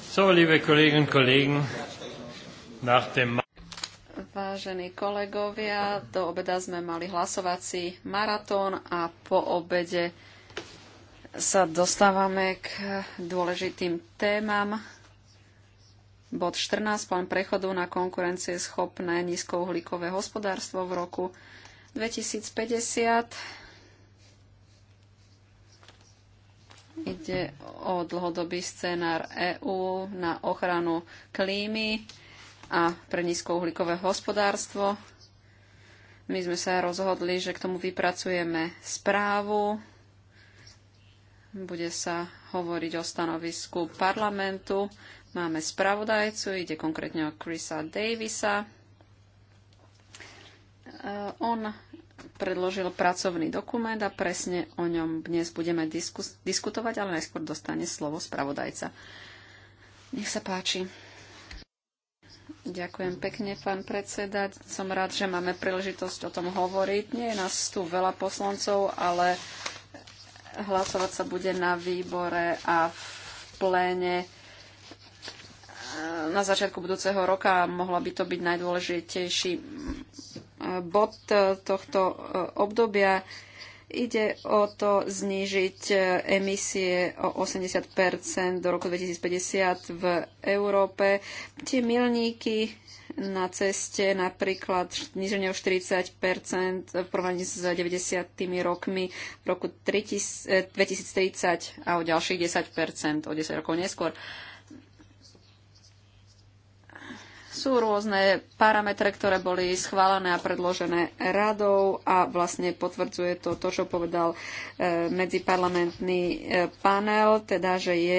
So, liebe Kolleginnen und Kollegen, nach dem Vážení kolegovia, do obeda sme mali hlasovací maratón a po obede sa dostávame k dôležitým témam. Bod 14, plán prechodu na konkurencie schopné nízkouhlíkové hospodárstvo v roku 2050 Ide o dlhodobý scénar EÚ na ochranu klímy a pre nízkouhlíkové hospodárstvo. My sme sa rozhodli, že k tomu vypracujeme správu. Bude sa hovoriť o stanovisku parlamentu. Máme spravodajcu, ide konkrétne o Chrisa Davisa. E, on predložil pracovný dokument a presne o ňom dnes budeme diskus- diskutovať, ale najskôr dostane slovo spravodajca. Nech sa páči. Ďakujem pekne, pán predseda. Som rád, že máme príležitosť o tom hovoriť. Nie je nás tu veľa poslancov, ale hlasovať sa bude na výbore a v pléne e, na začiatku budúceho roka mohla by to byť najdôležitejší bod e, tohto e, obdobia. Ide o to znížiť e, emisie o 80 do roku 2050 v Európe. Tie milníky na ceste napríklad zniženie o 40 v porovnaní s 90 rokmi v roku 30, 2030 a o ďalších 10 o 10 rokov neskôr. Uh, sú rôzne parametre, ktoré boli schválené a predložené radou a vlastne potvrdzuje to to, čo povedal e, medziparlamentný e, panel, teda, že je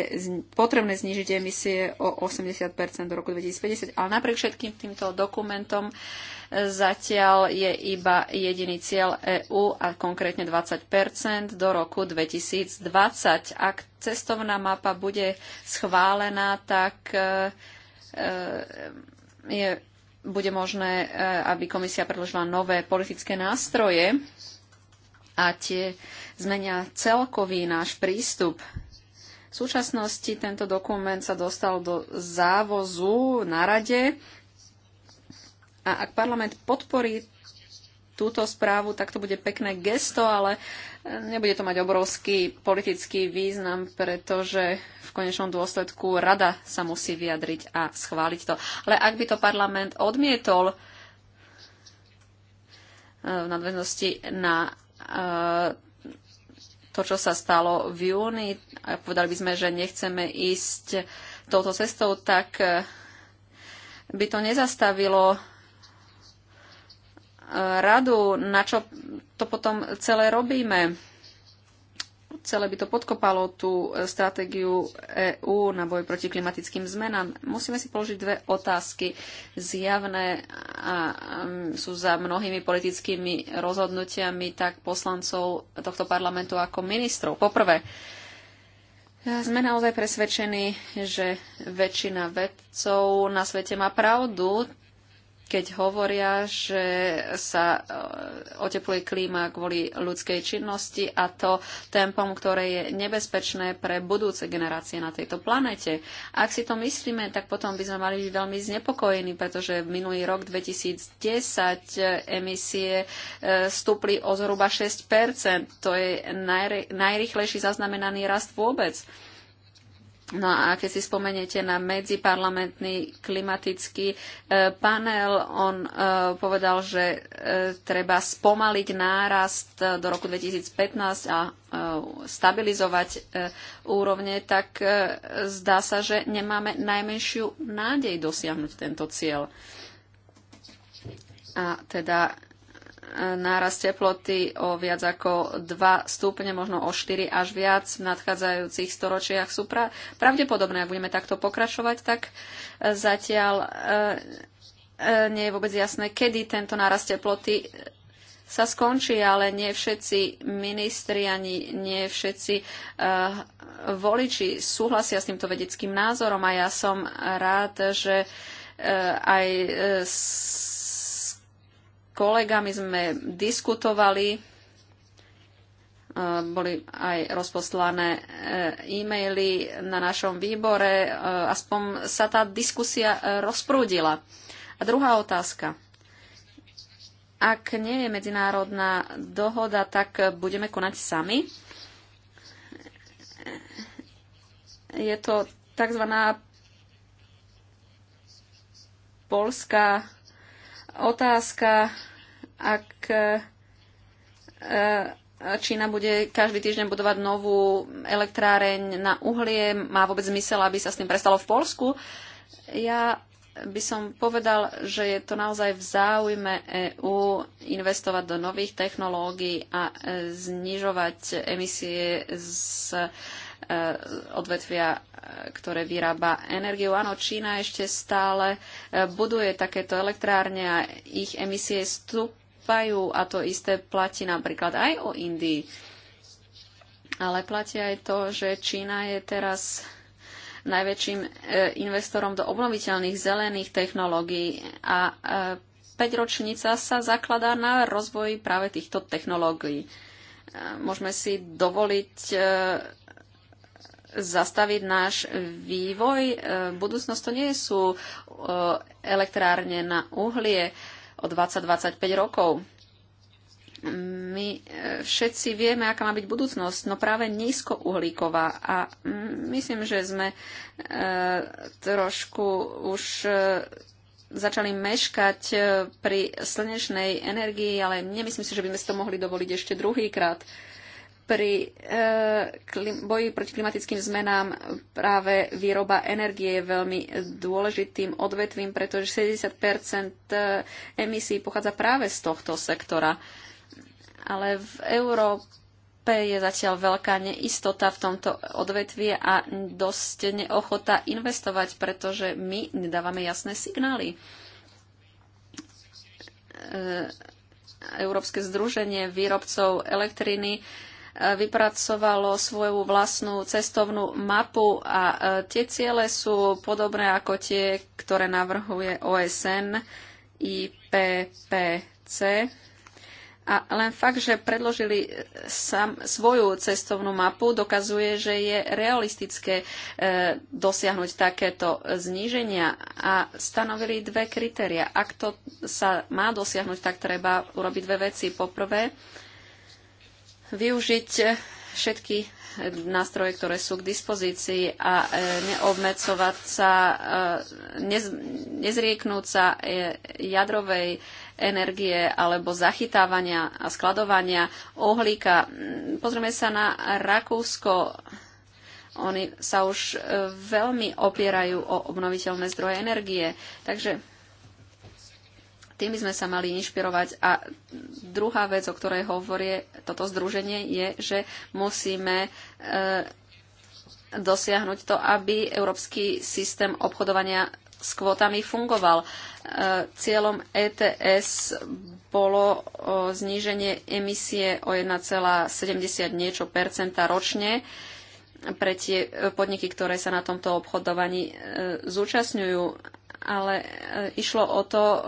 potrebné znižiť emisie o 80 do roku 2050, ale napriek všetkým týmto dokumentom e, Zatiaľ je iba jediný cieľ EÚ a konkrétne 20 do roku 2020. Ak cestovná mapa bude schválená, tak e, je, bude možné, e, aby komisia predložila nové politické nástroje a tie zmenia celkový náš prístup. V súčasnosti tento dokument sa dostal do závozu na rade a ak parlament podporí túto správu, tak to bude pekné gesto, ale Nebude to mať obrovský politický význam, pretože v konečnom dôsledku rada sa musí vyjadriť a schváliť to. Ale ak by to parlament odmietol e, v nadväznosti na e, to, čo sa stalo v júni, a povedali by sme, že nechceme ísť touto cestou, tak e, by to nezastavilo radu, na čo to potom celé robíme. Celé by to podkopalo tú stratégiu EÚ na boj proti klimatickým zmenám. Musíme si položiť dve otázky zjavné a um, sú za mnohými politickými rozhodnutiami tak poslancov tohto parlamentu ako ministrov. Poprvé, sme naozaj presvedčení, že väčšina vedcov na svete má pravdu keď hovoria, že sa e, otepluje klíma kvôli ľudskej činnosti a to tempom, ktoré je nebezpečné pre budúce generácie na tejto planete. Ak si to myslíme, tak potom by sme mali byť veľmi znepokojení, pretože v minulý rok 2010 emisie e, stúpli o zhruba 6 To je najrychlejší zaznamenaný rast vôbec. No a keď si spomeniete na medziparlamentný klimatický e, panel, on e, povedal, že e, treba spomaliť nárast do roku 2015 a stabilizovať úrovne, tak zdá sa, že nemáme najmenšiu nádej dosiahnuť tento cieľ. A teda nárast teploty o viac ako 2 stupne, možno o 4 až viac v nadchádzajúcich storočiach sú pra- pravdepodobné. Ak budeme takto pokračovať, tak e, zatiaľ e, e, nie je vôbec jasné, kedy tento nárast teploty sa skončí, ale nie všetci ministri ani nie všetci uh, voliči súhlasia s týmto vedeckým názorom a ja som rád, že uh, aj uh, kolegami sme diskutovali, e, boli aj rozposlané e, e-maily na našom výbore, e, aspoň sa tá diskusia rozprúdila. A druhá otázka. Ak nie je medzinárodná dohoda, tak budeme konať sami. Je to tzv. polská otázka, ak e, e, Čína bude každý týždeň budovať novú elektráreň na uhlie, má vôbec zmysel, aby sa s tým prestalo v Polsku? Ja by som povedal, že je to naozaj v záujme EÚ investovať do nových technológií a e, znižovať emisie z Eh, odvetvia, eh, ktoré vyrába energiu. Áno, Čína ešte stále eh, buduje takéto elektrárne a ich emisie stúpajú a to isté platí napríklad aj o Indii. Ale platí aj to, že Čína je teraz najväčším investorom do obnoviteľných zelených technológií a 5 sa zakladá na rozvoji práve týchto technológií. Môžeme si dovoliť zastaviť náš vývoj. E, budúcnosť to nie sú e, elektrárne na uhlie o 20-25 rokov. My e, všetci vieme, aká má byť budúcnosť, no práve nízkouhlíková. A mm, myslím, že sme trošku už začali meškať pri slnečnej energii, ale nemyslím si, že by sme si to mohli dovoliť ešte druhýkrát. krát pri e, boji proti klimatickým zmenám práve výroba energie je veľmi dôležitým odvetvím, pretože 60 e, emisí pochádza práve z tohto sektora. Ale v Európe je zatiaľ veľká neistota v tomto odvetvi a dosť neochota investovať, pretože my nedávame jasné signály. E, Európske združenie výrobcov elektriny vypracovalo svoju vlastnú cestovnú mapu a e, tie ciele sú podobné ako tie, ktoré navrhuje OSN IPPC. A len fakt, že predložili e, sam, svoju cestovnú mapu, dokazuje, že je realistické e, dosiahnuť takéto zníženia a stanovili dve kritéria. Ak to sa má dosiahnuť, tak treba urobiť dve veci. Poprvé, e, využiť všetky nástroje, ktoré sú k dispozícii a e, neobmedzovať sa, e, nez, nezrieknúť sa e, jadrovej energie alebo zachytávania a skladovania uhlíka. Pozrieme sa na Rakúsko. Oni sa už veľmi opierajú o obnoviteľné zdroje energie. Takže tým by sme sa mali inšpirovať. A druhá vec, o ktorej hovorí toto združenie, je, že musíme e, dosiahnuť to, aby európsky systém obchodovania s kvotami fungoval. E, cieľom ETS bolo o zníženie emisie o 1,70 niečo percenta ročne pre tie podniky, ktoré sa na tomto obchodovaní e, zúčastňujú ale e, išlo o to e,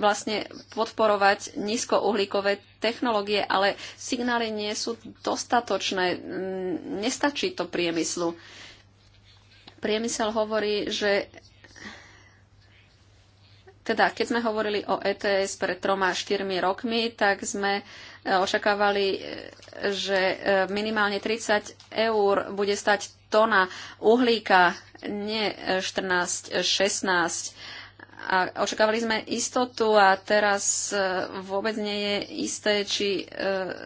vlastne podporovať nízkouhlíkové technológie, ale signály nie sú dostatočné. Mm, nestačí to priemyslu. Priemysel hovorí, že teda, keď sme hovorili o ETS pred troma, štyrmi rokmi, tak sme e, očakávali, že minimálne 30 eur bude stať tona uhlíka, nie 14, 16. A očakávali sme istotu a teraz e, vôbec nie je isté, či e,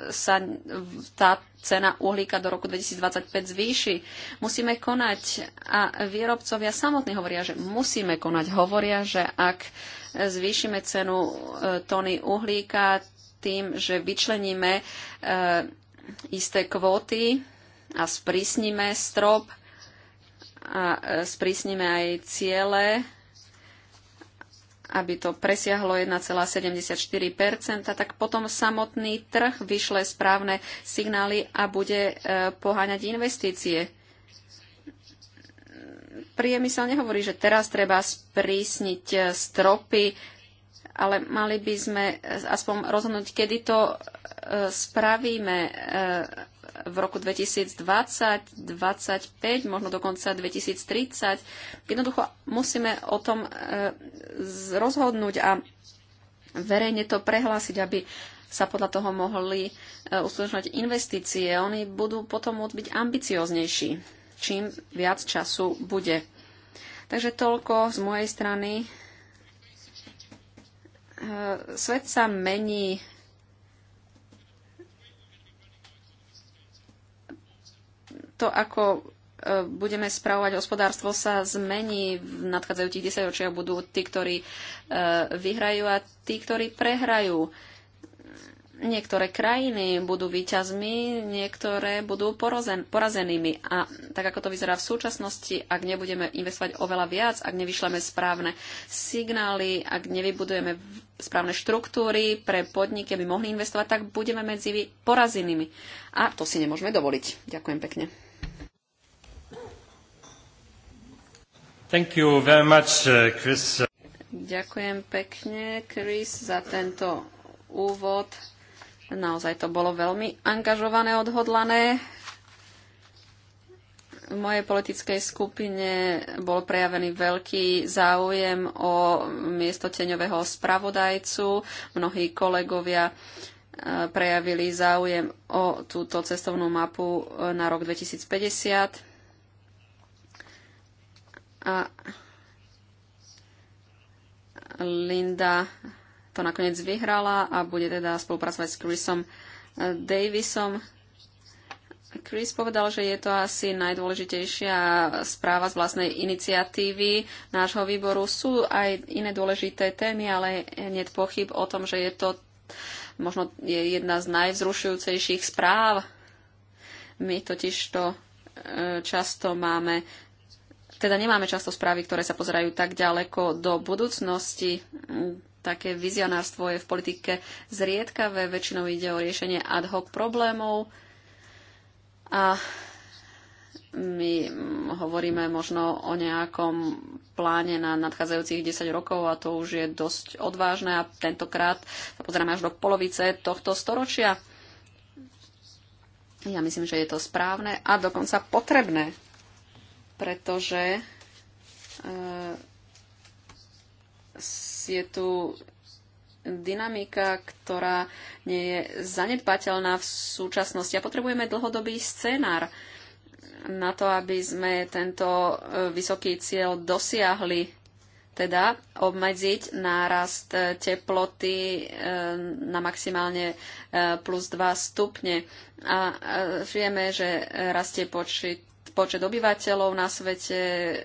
sa tá cena uhlíka do roku 2025 zvýši. Musíme konať a výrobcovia samotní hovoria, že musíme konať. Hovoria, že ak zvýšime cenu e, tony uhlíka tým, že vyčleníme isté kvóty a sprísnime strop a e, sprísnime aj ciele, aby to presiahlo 1,74 tak potom samotný trh vyšle správne signály a bude e, poháňať investície. Priemysel nehovorí, že teraz treba sprísniť e, stropy, ale mali by sme aspoň rozhodnúť, kedy to spravíme v roku 2020, 2025 možno dokonca 2030. Jednoducho musíme o tom e, rozhodnúť a verejne to prehlásiť, aby sa podľa toho mohli e, uskutočňovať investície. Oni budú potom môcť byť ambicioznejší, čím viac času bude. Takže toľko z mojej strany. E, svet sa mení, to, ako e, budeme spravovať hospodárstvo, sa zmení v nadchádzajúcich desaťročiach. Budú tí, ktorí e, vyhrajú a tí, ktorí prehrajú. Niektoré krajiny budú výťazmi, niektoré budú porozen, porazenými. A tak ako to vyzerá v súčasnosti, ak nebudeme investovať oveľa viac, ak nevyšleme správne signály, ak nevybudujeme správne štruktúry pre podniky, aby mohli investovať, tak budeme medzi porazenými. A to si nemôžeme dovoliť. Ďakujem pekne. Thank you very much, uh, Chris. Ďakujem pekne, Chris, za tento úvod. Naozaj to bolo veľmi angažované, odhodlané. V mojej politickej skupine bol prejavený veľký záujem o miesto teňového spravodajcu. Mnohí kolegovia e, prejavili záujem o túto cestovnú mapu na rok 2050 a Linda to nakoniec vyhrala a bude teda spolupracovať s Chrisom eh, Davisom. Chris povedal, že je to asi najdôležitejšia správa z vlastnej iniciatívy nášho výboru. Sú aj iné dôležité témy, ale hneď pochyb o tom, že je to možno je jedna z najvzrušujúcejších správ. My totiž to eh, často máme teda nemáme často správy, ktoré sa pozerajú tak ďaleko do budúcnosti. Také vizionárstvo je v politike zriedkavé, väčšinou ide o riešenie ad hoc problémov a my hovoríme možno o nejakom pláne na nadchádzajúcich 10 rokov a to už je dosť odvážne a tentokrát sa pozeráme až do polovice tohto storočia. Ja myslím, že je to správne a dokonca potrebné pretože eh, je tu dynamika, ktorá nie je zanedbateľná v súčasnosti a potrebujeme dlhodobý scenár na to, aby sme tento eh, vysoký cieľ dosiahli, teda obmedziť nárast eh, teploty na maximálne plus 2 stupne. A vieme, že rastie počet počet obyvateľov na svete, e,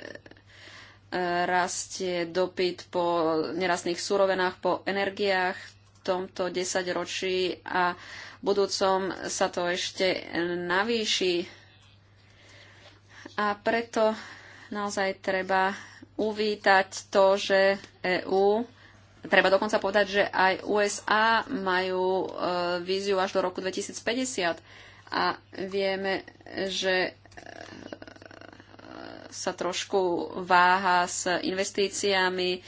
rastie dopyt po nerastných surovinách, po energiách v tomto desaťročí a v budúcom sa to ešte navýši. A preto naozaj treba uvítať to, že EÚ, treba dokonca povedať, že aj USA majú e, víziu až do roku 2050 a vieme, že sa trošku váha s investíciami. E,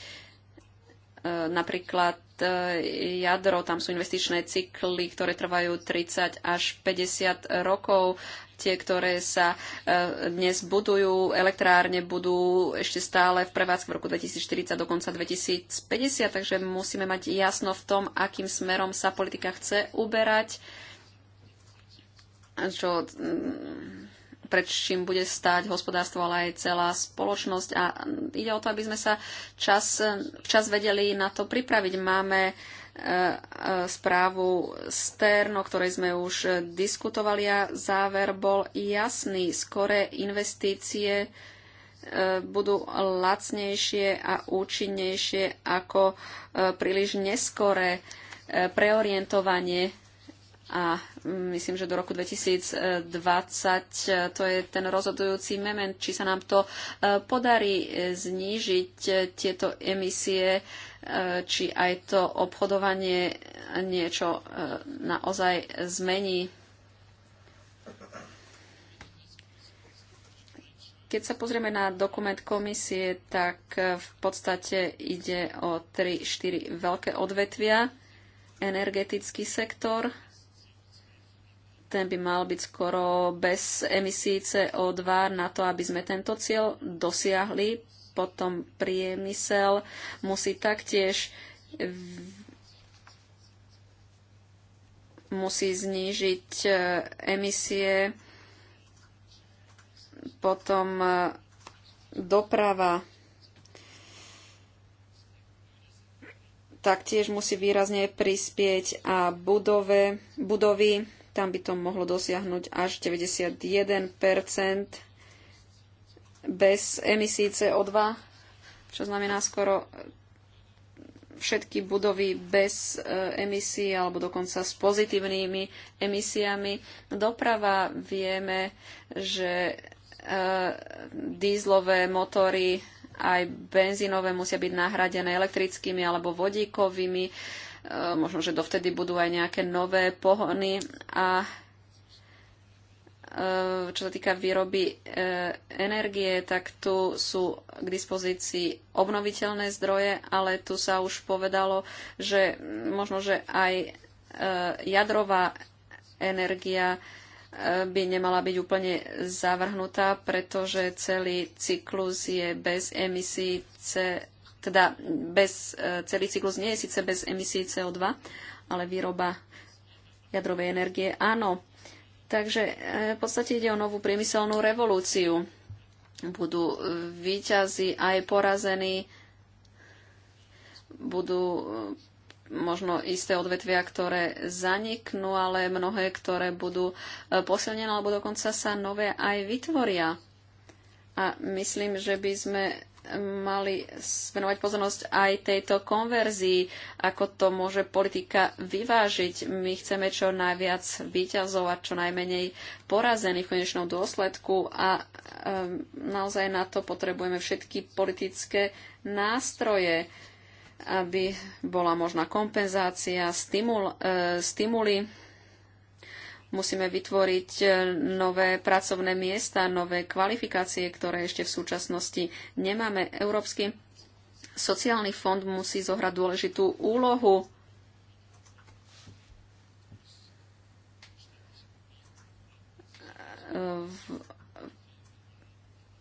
napríklad e, jadro, tam sú investičné cykly, ktoré trvajú 30 až 50 rokov. Tie, ktoré sa e, dnes budujú, elektrárne budú ešte stále v prevádzke v roku 2040 do konca 2050, takže musíme mať jasno v tom, akým smerom sa politika chce uberať. Čo mm, pred čím bude stať hospodárstvo, ale aj celá spoločnosť. A ide o to, aby sme sa čas, včas vedeli na to pripraviť. Máme e, e, správu Stern, o ktorej sme už diskutovali a záver bol jasný. Skore investície e, budú lacnejšie a účinnejšie ako príliš neskore preorientovanie a myslím, že do roku 2020 to je ten rozhodujúci moment, či sa nám to e, podarí e, znížiť e, tieto emisie, či aj to obchodovanie niečo naozaj zmení. Keď sa pozrieme na dokument komisie, tak v podstate ide o 3-4 veľké odvetvia. Energetický sektor, ten by mal byť skoro bez emisí CO2 na to, aby sme tento cieľ dosiahli. Potom priemysel musí taktiež musí znížiť e, emisie. Potom e, doprava taktiež musí výrazne prispieť a budove, budovy tam by to mohlo dosiahnuť až 91 bez emisí CO2, čo znamená skoro všetky budovy bez e, emisí alebo dokonca s pozitívnymi emisiami. Doprava vieme, že e, dízlové motory aj benzínové musia byť nahradené elektrickými alebo vodíkovými. Eh, možno, že dovtedy budú aj nejaké nové pohony a eh, čo sa týka výroby eh, energie, tak tu sú k dispozícii obnoviteľné zdroje, ale tu sa už povedalo, že možno, že aj jadrová energia by nemala byť úplne zavrhnutá, pretože celý cyklus je bez emisí teda bez, e, celý cyklus nie je síce bez emisí CO2, ale výroba jadrovej energie áno. Takže e, v podstate ide o novú priemyselnú revolúciu. Budú výťazí aj porazení, budú e, možno isté odvetvia, ktoré zaniknú, ale mnohé, ktoré budú posilnené, alebo dokonca sa nové aj vytvoria. A myslím, že by sme mali venovať pozornosť aj tejto konverzii, ako to môže politika vyvážiť. My chceme čo najviac výťazov a čo najmenej porazených v konečnom dôsledku a ehm, naozaj na to potrebujeme všetky politické nástroje, aby bola možná kompenzácia, stimul, e, stimuly Musíme vytvoriť e, nové pracovné miesta, nové kvalifikácie, ktoré ešte v súčasnosti nemáme. Európsky sociálny fond musí zohrať dôležitú úlohu.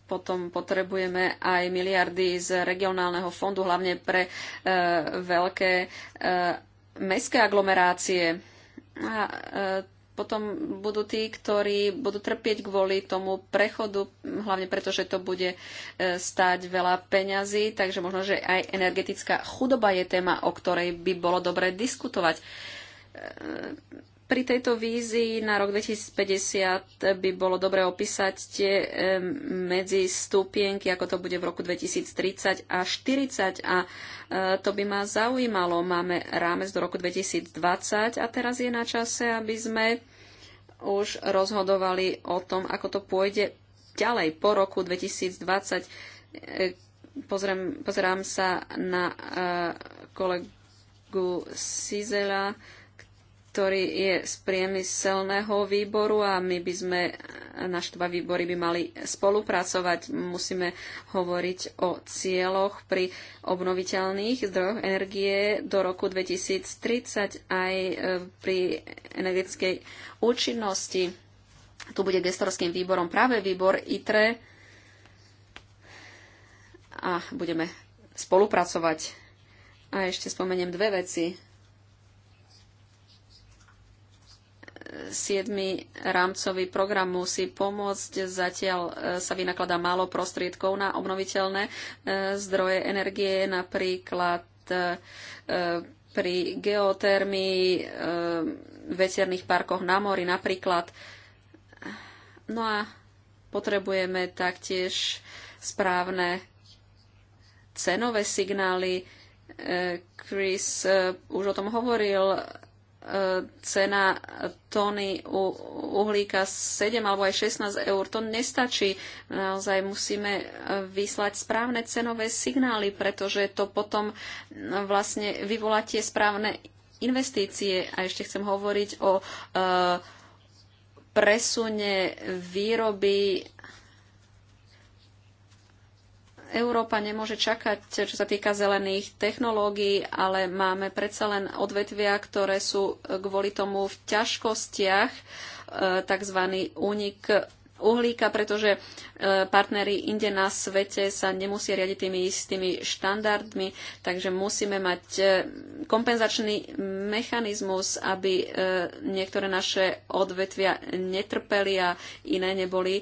potom potrebujeme aj miliardy z regionálneho fondu, hlavne pre e, veľké e, mestské aglomerácie. A e, potom budú tí, ktorí budú trpieť kvôli tomu prechodu, hlavne preto, že to bude e, stáť veľa peňazí, takže možno, že aj energetická chudoba je téma, o ktorej by bolo dobre diskutovať. E, pri tejto vízii na rok 2050 by bolo dobre opísať tie e, medzi stupienky, ako to bude v roku 2030 a 40 a to by ma zaujímalo. Máme rámec do roku 2020 a teraz je na čase, aby sme už rozhodovali o tom, ako to pôjde ďalej po roku 2020. E, pozriem, pozerám sa na e, kolegu Sizela, ktorý je z priemyselného výboru a my by sme, naš dva výbory by mali spolupracovať. Musíme hovoriť o cieľoch pri obnoviteľných zdrojoch energie do roku 2030 aj e, pri energetickej účinnosti. Tu bude gestorským výborom práve výbor ITRE a budeme spolupracovať. A ešte spomeniem dve veci siedmy rámcový program musí pomôcť. Zatiaľ e, sa vynakladá málo prostriedkov na obnoviteľné e, zdroje energie, napríklad e, pri geotermii, veterných parkoch na mori napríklad. No a potrebujeme taktiež správne cenové signály. Chris už o tom hovoril, cena tóny uhlíka 7 alebo aj 16 eur. To nestačí. Naozaj musíme vyslať správne cenové signály, pretože to potom vlastne vyvolá tie správne investície. A ešte chcem hovoriť o eh, presune výroby Európa nemôže čakať, čo sa týka zelených technológií, ale máme predsa len odvetvia, ktoré sú eh, kvôli tomu v ťažkostiach, eh, tzv. únik uhlíka, pretože e, partnery inde na svete sa nemusia riadiť tými istými štandardmi, takže musíme mať e, kompenzačný mechanizmus, aby e, niektoré naše odvetvia netrpeli a iné neboli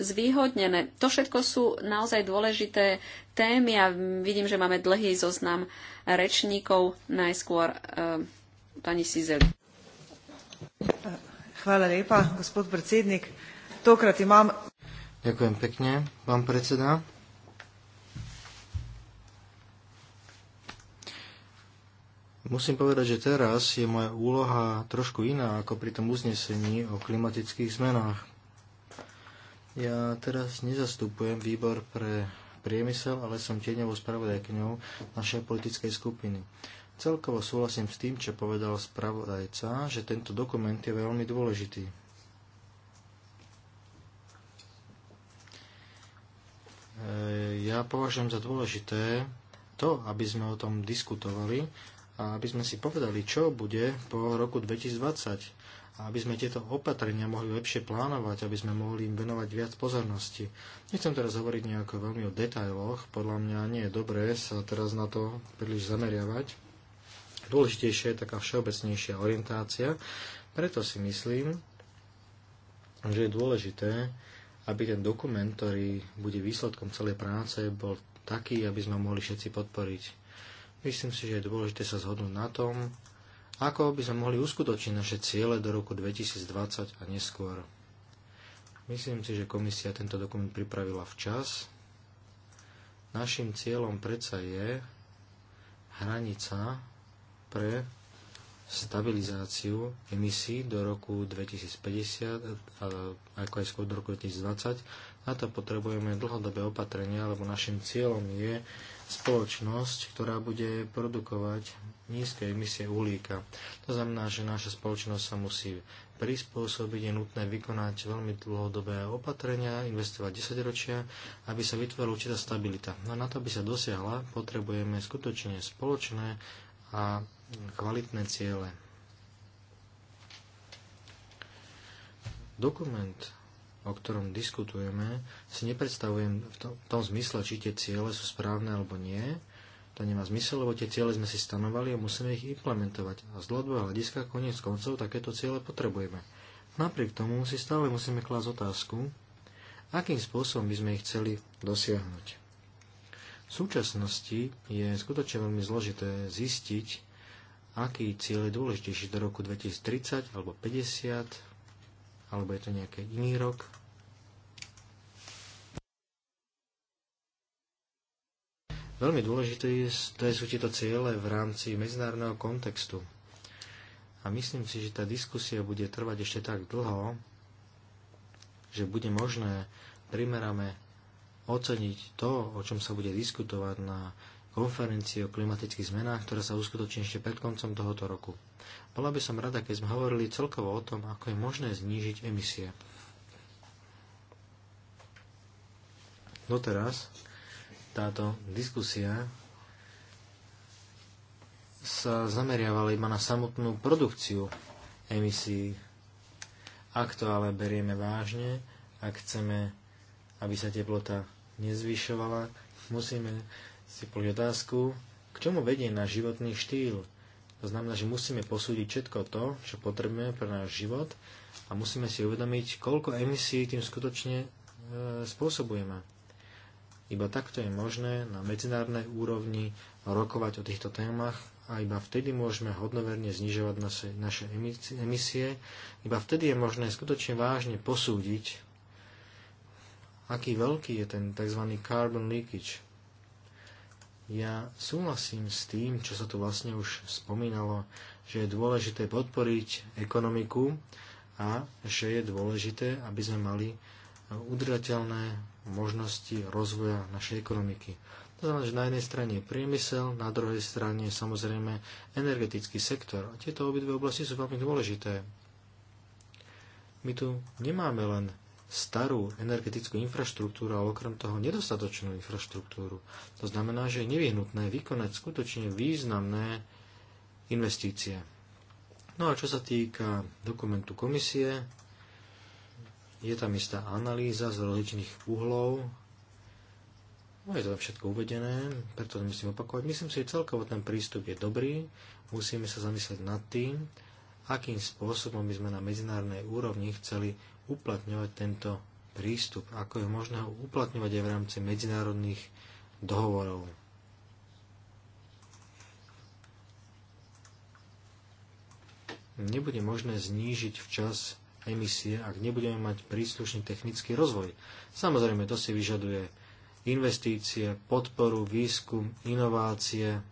zvýhodnené. To všetko sú naozaj dôležité témy a vidím, že máme dlhý zoznam rečníkov. Najskôr pani Sizeli. Hvala lepa, gospod predsednik. Tokrat imam... Ďakujem pekne, pán predseda. Musím povedať, že teraz je moja úloha trošku iná ako pri tom uznesení o klimatických zmenách. Ja teraz nezastupujem výbor pre priemysel, ale som tieňovou spravodajkňou našej politickej skupiny. Celkovo súhlasím s tým, čo povedal spravodajca, že tento dokument je veľmi dôležitý. E, ja považujem za dôležité to, aby sme o tom diskutovali a aby sme si povedali, čo bude po roku 2020 a aby sme tieto opatrenia mohli lepšie plánovať, aby sme mohli im venovať viac pozornosti. Nechcem teraz hovoriť nejako veľmi o detailoch, podľa mňa nie je dobré sa teraz na to príliš zameriavať. Dôležitejšia je taká všeobecnejšia orientácia, preto si myslím, že je dôležité aby ten dokument, ktorý bude výsledkom celej práce, bol taký, aby sme ho mohli všetci podporiť. Myslím si, že je dôležité sa zhodnúť na tom, ako by sme mohli uskutočniť naše ciele do roku 2020 a neskôr. Myslím si, že komisia tento dokument pripravila včas. Našim cieľom predsa je hranica pre stabilizáciu emisí do roku 2050, ako aj skôr do roku 2020. Na to potrebujeme dlhodobé opatrenia, lebo našim cieľom je spoločnosť, ktorá bude produkovať nízke emisie uhlíka. To znamená, že naša spoločnosť sa musí prispôsobiť, je nutné vykonať veľmi dlhodobé opatrenia, investovať 10 ročia, aby sa vytvorila určitá stabilita. No na to, aby sa dosiahla, potrebujeme skutočne spoločné a kvalitné ciele. Dokument, o ktorom diskutujeme, si nepredstavujem v tom, v tom zmysle, či tie ciele sú správne alebo nie. To nemá zmysel, lebo tie ciele sme si stanovali a musíme ich implementovať. A z dlhodobého hľadiska koniec koncov takéto ciele potrebujeme. Napriek tomu si stále musíme klásť otázku, akým spôsobom by sme ich chceli dosiahnuť. V súčasnosti je skutočne veľmi zložité zistiť, aký cieľ je dôležitejší do roku 2030 alebo 50, alebo je to nejaký iný rok. Veľmi dôležité sú tieto ciele v rámci medzinárodného kontextu. A myslím si, že tá diskusia bude trvať ešte tak dlho, že bude možné primerame oceniť to, o čom sa bude diskutovať na konferencii o klimatických zmenách, ktorá sa uskutoční ešte pred koncom tohoto roku. Bola by som rada, keď sme hovorili celkovo o tom, ako je možné znížiť emisie. No teraz táto diskusia sa zameriavala iba na samotnú produkciu emisí. Ak to ale berieme vážne, ak chceme, aby sa teplota nezvyšovala, musíme si položiť otázku, k čomu vedie náš životný štýl. To znamená, že musíme posúdiť všetko to, čo potrebujeme pre náš život a musíme si uvedomiť, koľko emisí tým skutočne e, spôsobujeme. Iba takto je možné na medzinárodnej úrovni rokovať o týchto témach a iba vtedy môžeme hodnoverne znižovať naše, naše emisie. Iba vtedy je možné skutočne vážne posúdiť, aký veľký je ten tzv. carbon leakage, ja súhlasím s tým, čo sa tu vlastne už spomínalo, že je dôležité podporiť ekonomiku a že je dôležité, aby sme mali udržateľné možnosti rozvoja našej ekonomiky. To znamená, že na jednej strane je priemysel, na druhej strane je samozrejme energetický sektor. A tieto obidve oblasti sú veľmi dôležité. My tu nemáme len starú energetickú infraštruktúru a okrem toho nedostatočnú infraštruktúru. To znamená, že je nevyhnutné vykonať skutočne významné investície. No a čo sa týka dokumentu komisie, je tam istá analýza z rozličných uhlov, No je to tam všetko uvedené, preto to musím opakovať. Myslím si, že celkovo ten prístup je dobrý, musíme sa zamyslieť nad tým, akým spôsobom by sme na medzinárodnej úrovni chceli uplatňovať tento prístup, ako je možné ho uplatňovať aj v rámci medzinárodných dohovorov. Nebude možné znížiť včas emisie, ak nebudeme mať príslušný technický rozvoj. Samozrejme, to si vyžaduje investície, podporu, výskum, inovácie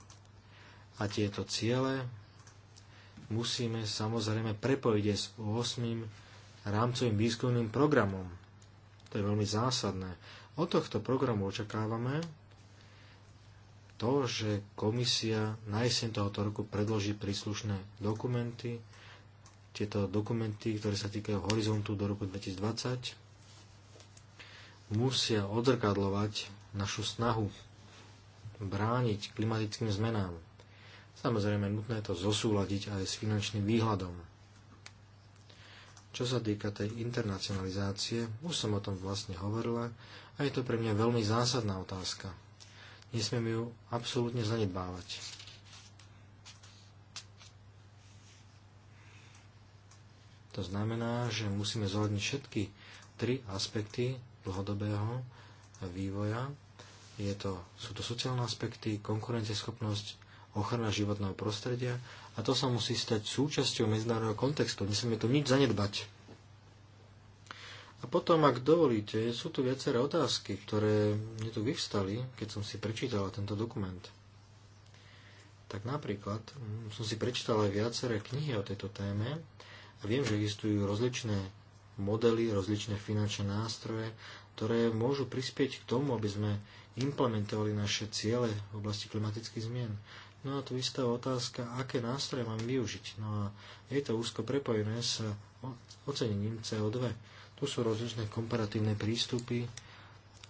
a tieto ciele musíme samozrejme prepojiť s 8. rámcovým výskumným programom. To je veľmi zásadné. Od tohto programu očakávame to, že komisia na jeseň tohoto roku predloží príslušné dokumenty, tieto dokumenty, ktoré sa týkajú horizontu do roku 2020, musia odrkadlovať našu snahu brániť klimatickým zmenám. Samozrejme, nutné to zosúľadiť aj s finančným výhľadom. Čo sa týka tej internacionalizácie, už som o tom vlastne hovorila a je to pre mňa veľmi zásadná otázka. Nesmiem ju absolútne zanedbávať. To znamená, že musíme zohľadniť všetky tri aspekty dlhodobého vývoja. Je to, sú to sociálne aspekty, konkurencieschopnosť ochrana životného prostredia a to sa musí stať súčasťou medzinárodného kontextu. Nesmieme tu nič zanedbať. A potom, ak dovolíte, sú tu viaceré otázky, ktoré mne tu vyvstali, keď som si prečítala tento dokument. Tak napríklad mm, som si prečítala aj viaceré knihy o tejto téme a viem, že existujú rozličné modely, rozličné finančné nástroje, ktoré môžu prispieť k tomu, aby sme implementovali naše ciele v oblasti klimatických zmien. No a tu istá otázka, aké nástroje máme využiť. No a je to úzko prepojené s ocenením CO2. Tu sú rozličné komparatívne prístupy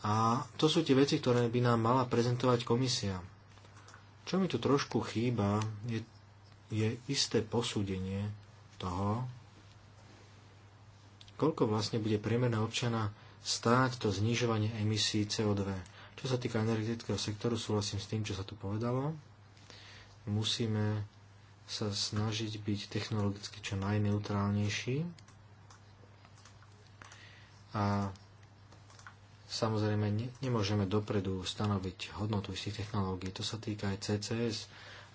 a to sú tie veci, ktoré by nám mala prezentovať komisia. Čo mi tu trošku chýba, je, je isté posúdenie toho, koľko vlastne bude priemerná občana stáť to znižovanie emisí CO2. Čo sa týka energetického sektoru, súhlasím s tým, čo sa tu povedalo musíme sa snažiť byť technologicky čo najneutrálnejší a samozrejme ne, nemôžeme dopredu stanoviť hodnotu istých technológií. To sa týka aj CCS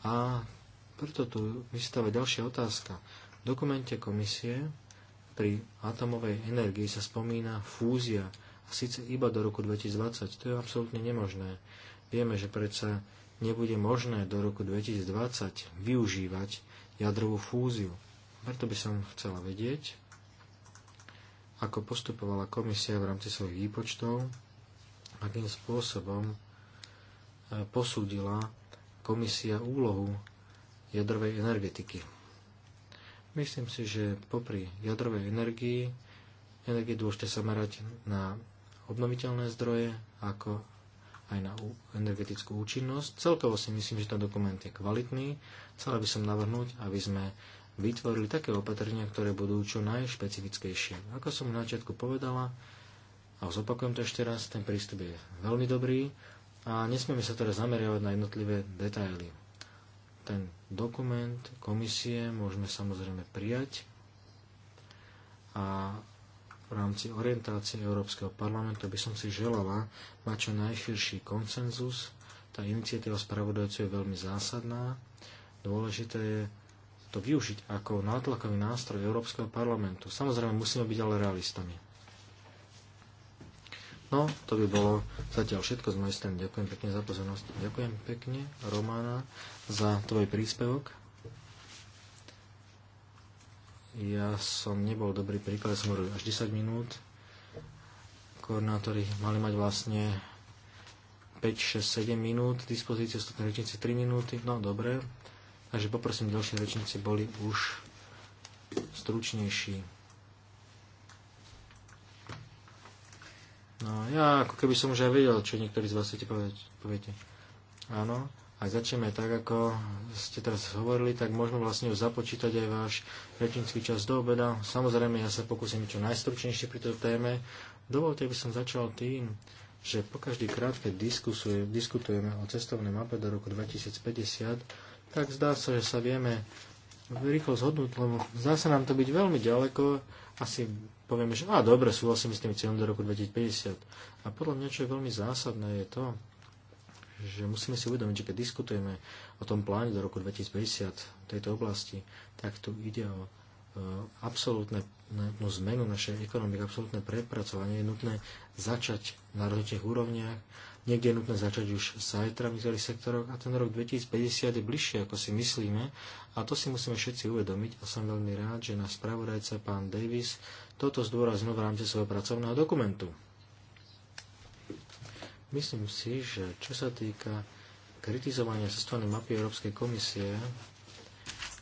a preto tu vystáva ďalšia otázka. V dokumente komisie pri atomovej energii sa spomína fúzia a síce iba do roku 2020. To je absolútne nemožné. Vieme, že predsa nebude možné do roku 2020 využívať jadrovú fúziu. Preto by som chcela vedieť, ako postupovala komisia v rámci svojich výpočtov, akým spôsobom e, posúdila komisia úlohu jadrovej energetiky. Myslím si, že popri jadrovej energii, energie dôžte sa merať na obnoviteľné zdroje, ako aj na energetickú účinnosť. Celkovo si myslím, že ten dokument je kvalitný. Chcel by som navrhnúť, aby sme vytvorili také opatrenia, ktoré budú čo najšpecifickejšie. Ako som na začiatku povedala, a zopakujem to ešte raz, ten prístup je veľmi dobrý a nesmieme sa teraz zameriavať na jednotlivé detaily. Ten dokument komisie môžeme samozrejme prijať a v rámci orientácie Európskeho parlamentu by som si želala mať čo najširší konsenzus. Tá iniciatíva spravodajcu je veľmi zásadná. Dôležité je to využiť ako nátlakový nástroj Európskeho parlamentu. Samozrejme, musíme byť ale realistami. No, to by bolo zatiaľ všetko z mojej strany. Ďakujem pekne za pozornosť. Ďakujem pekne, Romana, za tvoj príspevok. Ja som nebol dobrý príklad, som hovoril až 10 minút. Koordinátori mali mať vlastne 5, 6, 7 minút, dispozície ostatní rečníci 3 minúty, no dobre. Takže poprosím, ďalšie rečníci boli už stručnejší. No ja ako keby som už aj vedel, čo niektorí z vás chcete povedať, poviete. Áno, ak začneme tak, ako ste teraz hovorili, tak môžeme vlastne už započítať aj váš rečnícky čas do obeda. Samozrejme, ja sa pokúsim čo najstručnejšie pri tejto téme. Dovolte, by som začal tým, že po každý krát, keď diskutujeme o cestovnej mape do roku 2050, tak zdá sa, že sa vieme rýchlo zhodnúť, lebo zdá sa nám to byť veľmi ďaleko. Asi povieme, že á, dobre, súhlasím s tým cieľom do roku 2050. A podľa mňa, čo je veľmi zásadné, je to, že musíme si uvedomiť, že keď diskutujeme o tom pláne do roku 2050 v tejto oblasti, tak tu ide o eh, absolútne no, zmenu našej ekonomiky, absolútne prepracovanie. Je nutné začať na rozličných úrovniach, niekde je nutné začať už zajtra v niektorých sektoroch a ten rok 2050 je bližšie, ako si myslíme a to si musíme všetci uvedomiť a som veľmi rád, že náš spravodajca pán Davis toto zdôraznil v rámci svojho pracovného dokumentu. Myslím si, že čo sa týka kritizovania cestovnej mapy Európskej komisie,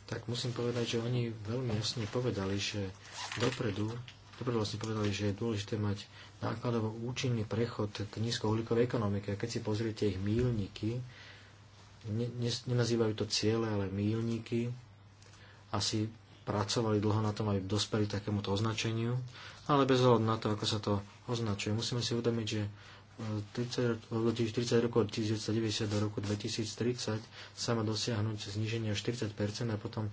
tak musím povedať, že oni veľmi jasne povedali, že dopredu, dopredu vlastne povedali, že je dôležité mať nákladovo účinný prechod k nízkouhlíkovej ekonomike. A keď si pozriete ich mílniky, ne, ne, nenazývajú to ciele, ale mílniky, asi pracovali dlho na tom, aby dospeli takémuto označeniu, ale bez ohľadu na to, ako sa to označuje, musíme si uvedomiť, že 30, v 40 rokov od 1990 do roku 2030 sa má dosiahnuť zniženie o 40 a potom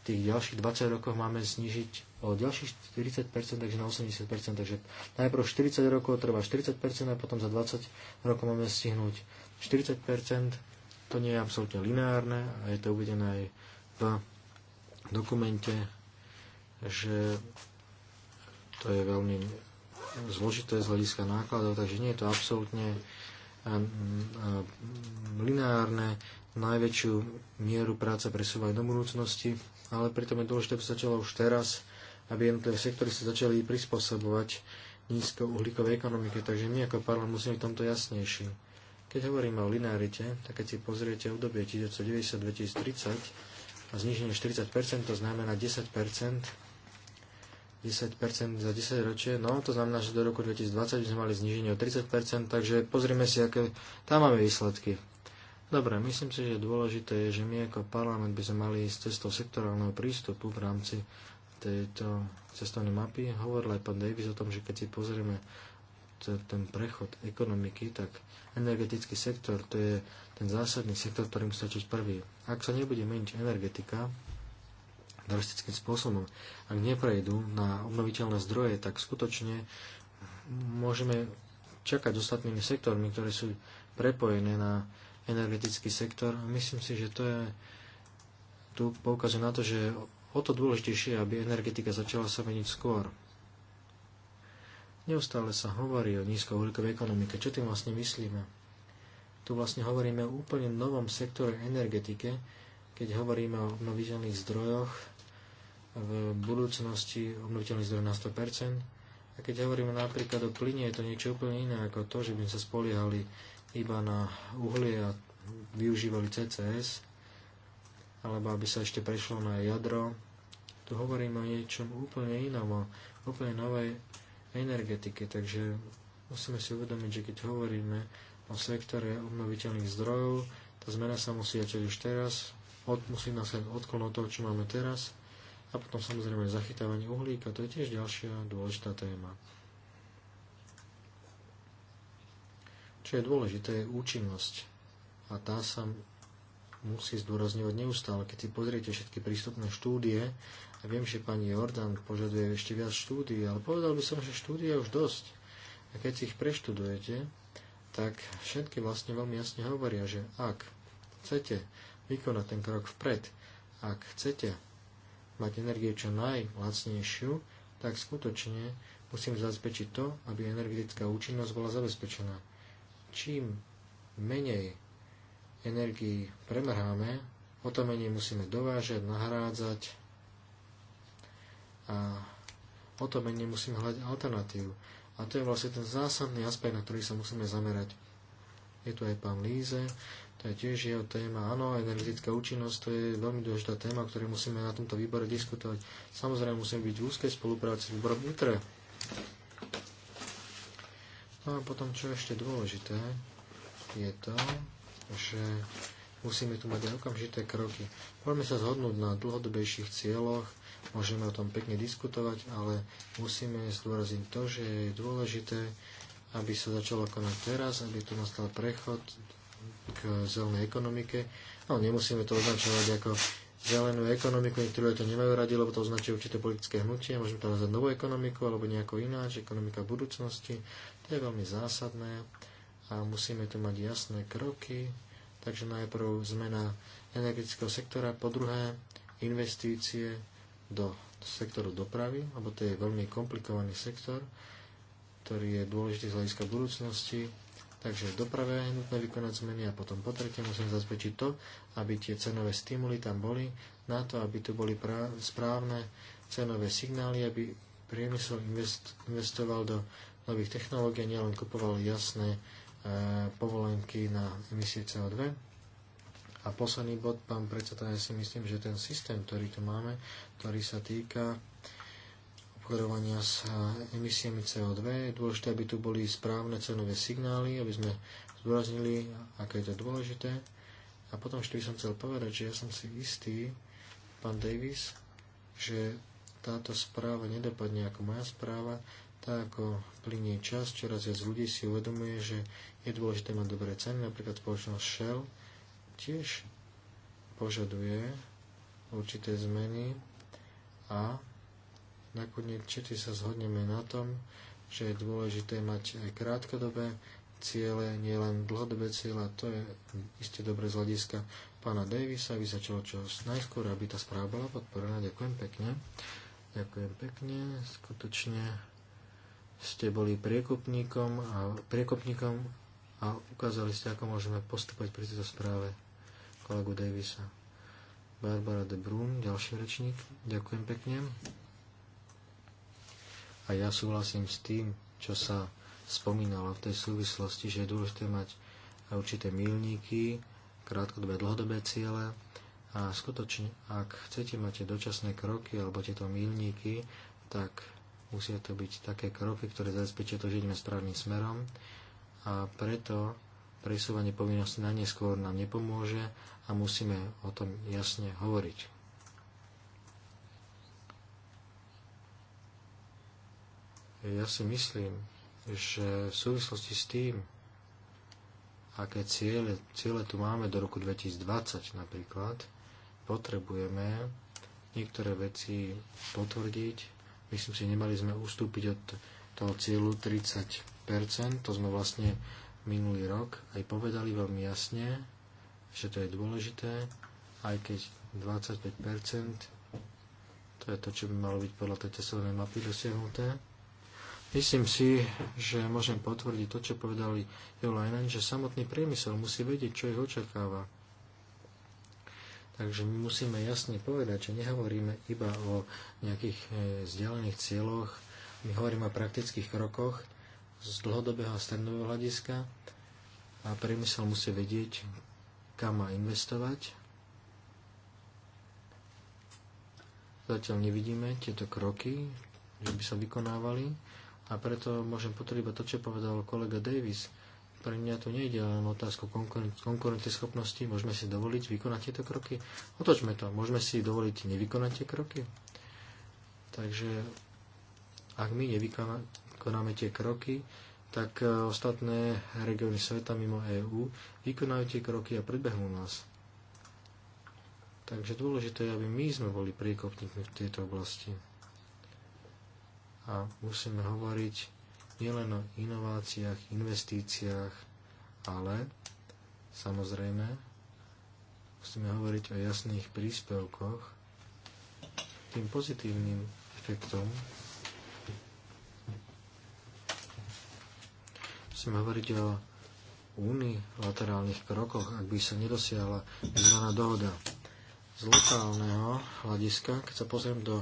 v tých ďalších 20 rokoch máme znižiť o ďalších 40 takže na 80 Takže najprv 40 rokov trvá 40 a potom za 20 rokov máme stihnúť 40 To nie je absolútne lineárne a je to uvedené aj v dokumente, že to je veľmi zložité z hľadiska nákladov, takže nie je to absolútne eh, eh, lineárne. Najväčšiu mieru práce presúvajú do budúcnosti, ale pritom je dôležité, aby sa začalo už teraz, aby jednotlivé sektory sa začali prispôsobovať nízkouhlíkovej ekonomike, takže my ako parlament musíme v tomto jasnejší. Keď hovoríme o linearite, tak keď si pozriete obdobie 1990-2030 a zniženie 40%, to znamená 10% 10% za 10 ročie, no to znamená, že do roku 2020 by sme mali zníženie o 30%, takže pozrieme si, aké tam máme výsledky. Dobre, myslím si, že dôležité je, že my ako parlament by sme mali ísť cestou sektorálneho prístupu v rámci tejto cestovnej mapy. Hovoril aj pán Davis o tom, že keď si pozrieme ten prechod ekonomiky, tak energetický sektor to je ten zásadný sektor, ktorým stačiť prvý. Ak sa nebude meniť energetika, drastickým spôsobom. Ak neprejdú na obnoviteľné zdroje, tak skutočne môžeme čakať s ostatnými sektormi, ktoré sú prepojené na energetický sektor. A myslím si, že to je tu poukazuje na to, že o to dôležitejšie, aby energetika začala sa meniť skôr. Neustále sa hovorí o nízkouhlíkovej ekonomike. Čo tým vlastne myslíme? Tu vlastne hovoríme o úplne novom sektore energetike, keď hovoríme o obnoviteľných zdrojoch, v budúcnosti obnoviteľný zdroj na 100%. A keď hovoríme napríklad o plyne, je to niečo úplne iné ako to, že by sa spoliehali iba na uhlie a využívali CCS, alebo aby sa ešte prešlo na jadro. Tu hovoríme o niečom úplne inom, o úplne novej energetike, takže musíme si uvedomiť, že keď hovoríme o sektore obnoviteľných zdrojov, tá zmena sa musí začať už teraz, od, musí nás odklon od toho, čo máme teraz, a potom samozrejme zachytávanie uhlíka, to je tiež ďalšia dôležitá téma. Čo je dôležité, je účinnosť. A tá sa musí zdôrazňovať neustále. Keď si pozriete všetky prístupné štúdie, a viem, že pani Jordan požaduje ešte viac štúdií, ale povedal by som, že štúdie je už dosť. A keď si ich preštudujete, tak všetky vlastne veľmi jasne hovoria, že ak chcete vykonať ten krok vpred, ak chcete mať energiu čo najlacnejšiu, tak skutočne musíme zabezpečiť to, aby energetická účinnosť bola zabezpečená. Čím menej energii premrháme, o to menej musíme dovážať, nahrádzať a o to menej musíme hľadať alternatívu. A to je vlastne ten zásadný aspekt, na ktorý sa musíme zamerať. Je tu aj pán Líze, to je tiež jeho téma. Áno, energetická účinnosť to je veľmi dôležitá téma, ktorú ktorej musíme na tomto výbore diskutovať. Samozrejme musíme byť v úzkej spolupráci s výborom ITRE. No a potom, čo je ešte dôležité, je to, že musíme tu mať aj okamžité kroky. Môžeme sa zhodnúť na dlhodobejších cieľoch, môžeme o tom pekne diskutovať, ale musíme zdôraziť to, že je dôležité, aby sa začalo konať teraz, aby tu nastal prechod k zelenej ekonomike, ale nemusíme to označovať ako zelenú ekonomiku, niektorí to nemajú radi, lebo to označuje určité politické hnutie, môžeme to nazvať novú ekonomiku alebo nejako ináč, ekonomika budúcnosti, to je veľmi zásadné a musíme tu mať jasné kroky, takže najprv zmena energetického sektora, po druhé investície do sektoru dopravy, lebo to je veľmi komplikovaný sektor, ktorý je dôležitý z hľadiska budúcnosti, Takže doprave je nutné vykonať zmeny a potom po tretie musíme zabezpečiť to, aby tie cenové stimuly tam boli, na to, aby tu boli správne cenové signály, aby priemysel invest- investoval do nových technológií a nielen kupoval jasné e, povolenky na emisie CO2. A posledný bod, pán predseda, ja si myslím, že ten systém, ktorý tu máme, ktorý sa týka obchodovania s eh, emisiami CO2. Je dôležité, aby tu boli správne cenové signály, aby sme zdôraznili, aké je to dôležité. A potom ešte by som chcel povedať, že ja som si istý, pán Davis, že táto správa nedopadne ako moja správa, tak ako plinie čas, čoraz viac ľudí si uvedomuje, že je dôležité mať dobré ceny, napríklad spoločnosť Shell tiež požaduje určité zmeny a Nakoniec všetci sa zhodneme na tom, že je dôležité mať aj krátkodobé ciele, nielen dlhodobé ciele. To je isté dobre z hľadiska pána Davisa, aby začalo čo najskôr, aby tá správa bola podporená. Ďakujem pekne. Ďakujem pekne. Skutočne ste boli priekopníkom a, priekopníkom a ukázali ste, ako môžeme postupovať pri tejto správe kolegu Davisa. Barbara de Brun, ďalší rečník. Ďakujem pekne. A ja súhlasím s tým, čo sa spomínalo v tej súvislosti, že je dôležité mať určité milníky, krátkodobé, dlhodobé ciele. A skutočne, ak chcete mať dočasné kroky alebo tieto milníky, tak musia to byť také kroky, ktoré zabezpečia to, že ideme správnym smerom. A preto presúvanie povinnosti na neskôr nám nepomôže a musíme o tom jasne hovoriť. Ja si myslím, že v súvislosti s tým, aké ciele, ciele tu máme do roku 2020 napríklad, potrebujeme niektoré veci potvrdiť. Myslím si, nemali sme ustúpiť od toho cieľu 30%, to sme vlastne minulý rok aj povedali veľmi jasne, že to je dôležité, aj keď 25%, to je to, čo by malo byť podľa tej cestovnej mapy dosiahnuté. Myslím si, že môžem potvrdiť to, čo povedali Jolajnen, že samotný priemysel musí vedieť, čo ich očakáva. Takže my musíme jasne povedať, že nehovoríme iba o nejakých e, vzdialených cieľoch, my hovoríme o praktických krokoch z dlhodobého a strednového hľadiska a priemysel musí vedieť, kam má investovať. Zatiaľ nevidíme tieto kroky, že by sa vykonávali. A preto môžem potvrdiť iba to, čo povedal kolega Davis. Pre mňa tu nejde len otázku schopnosti. Môžeme si dovoliť vykonať tieto kroky? Otočme to. Môžeme si dovoliť nevykonať tie kroky? Takže ak my nevykonáme tie kroky, tak e, ostatné regióny sveta mimo EÚ vykonajú tie kroky a predbehnú nás. Takže dôležité je, aby my sme boli priekopníkmi v tejto oblasti a musíme hovoriť nielen o inováciách, investíciách, ale samozrejme musíme hovoriť o jasných príspevkoch tým pozitívnym efektom. Musíme hovoriť o unilaterálnych krokoch, ak by sa nedosiahla vyzvaná dohoda. Z lokálneho hľadiska, keď sa pozriem do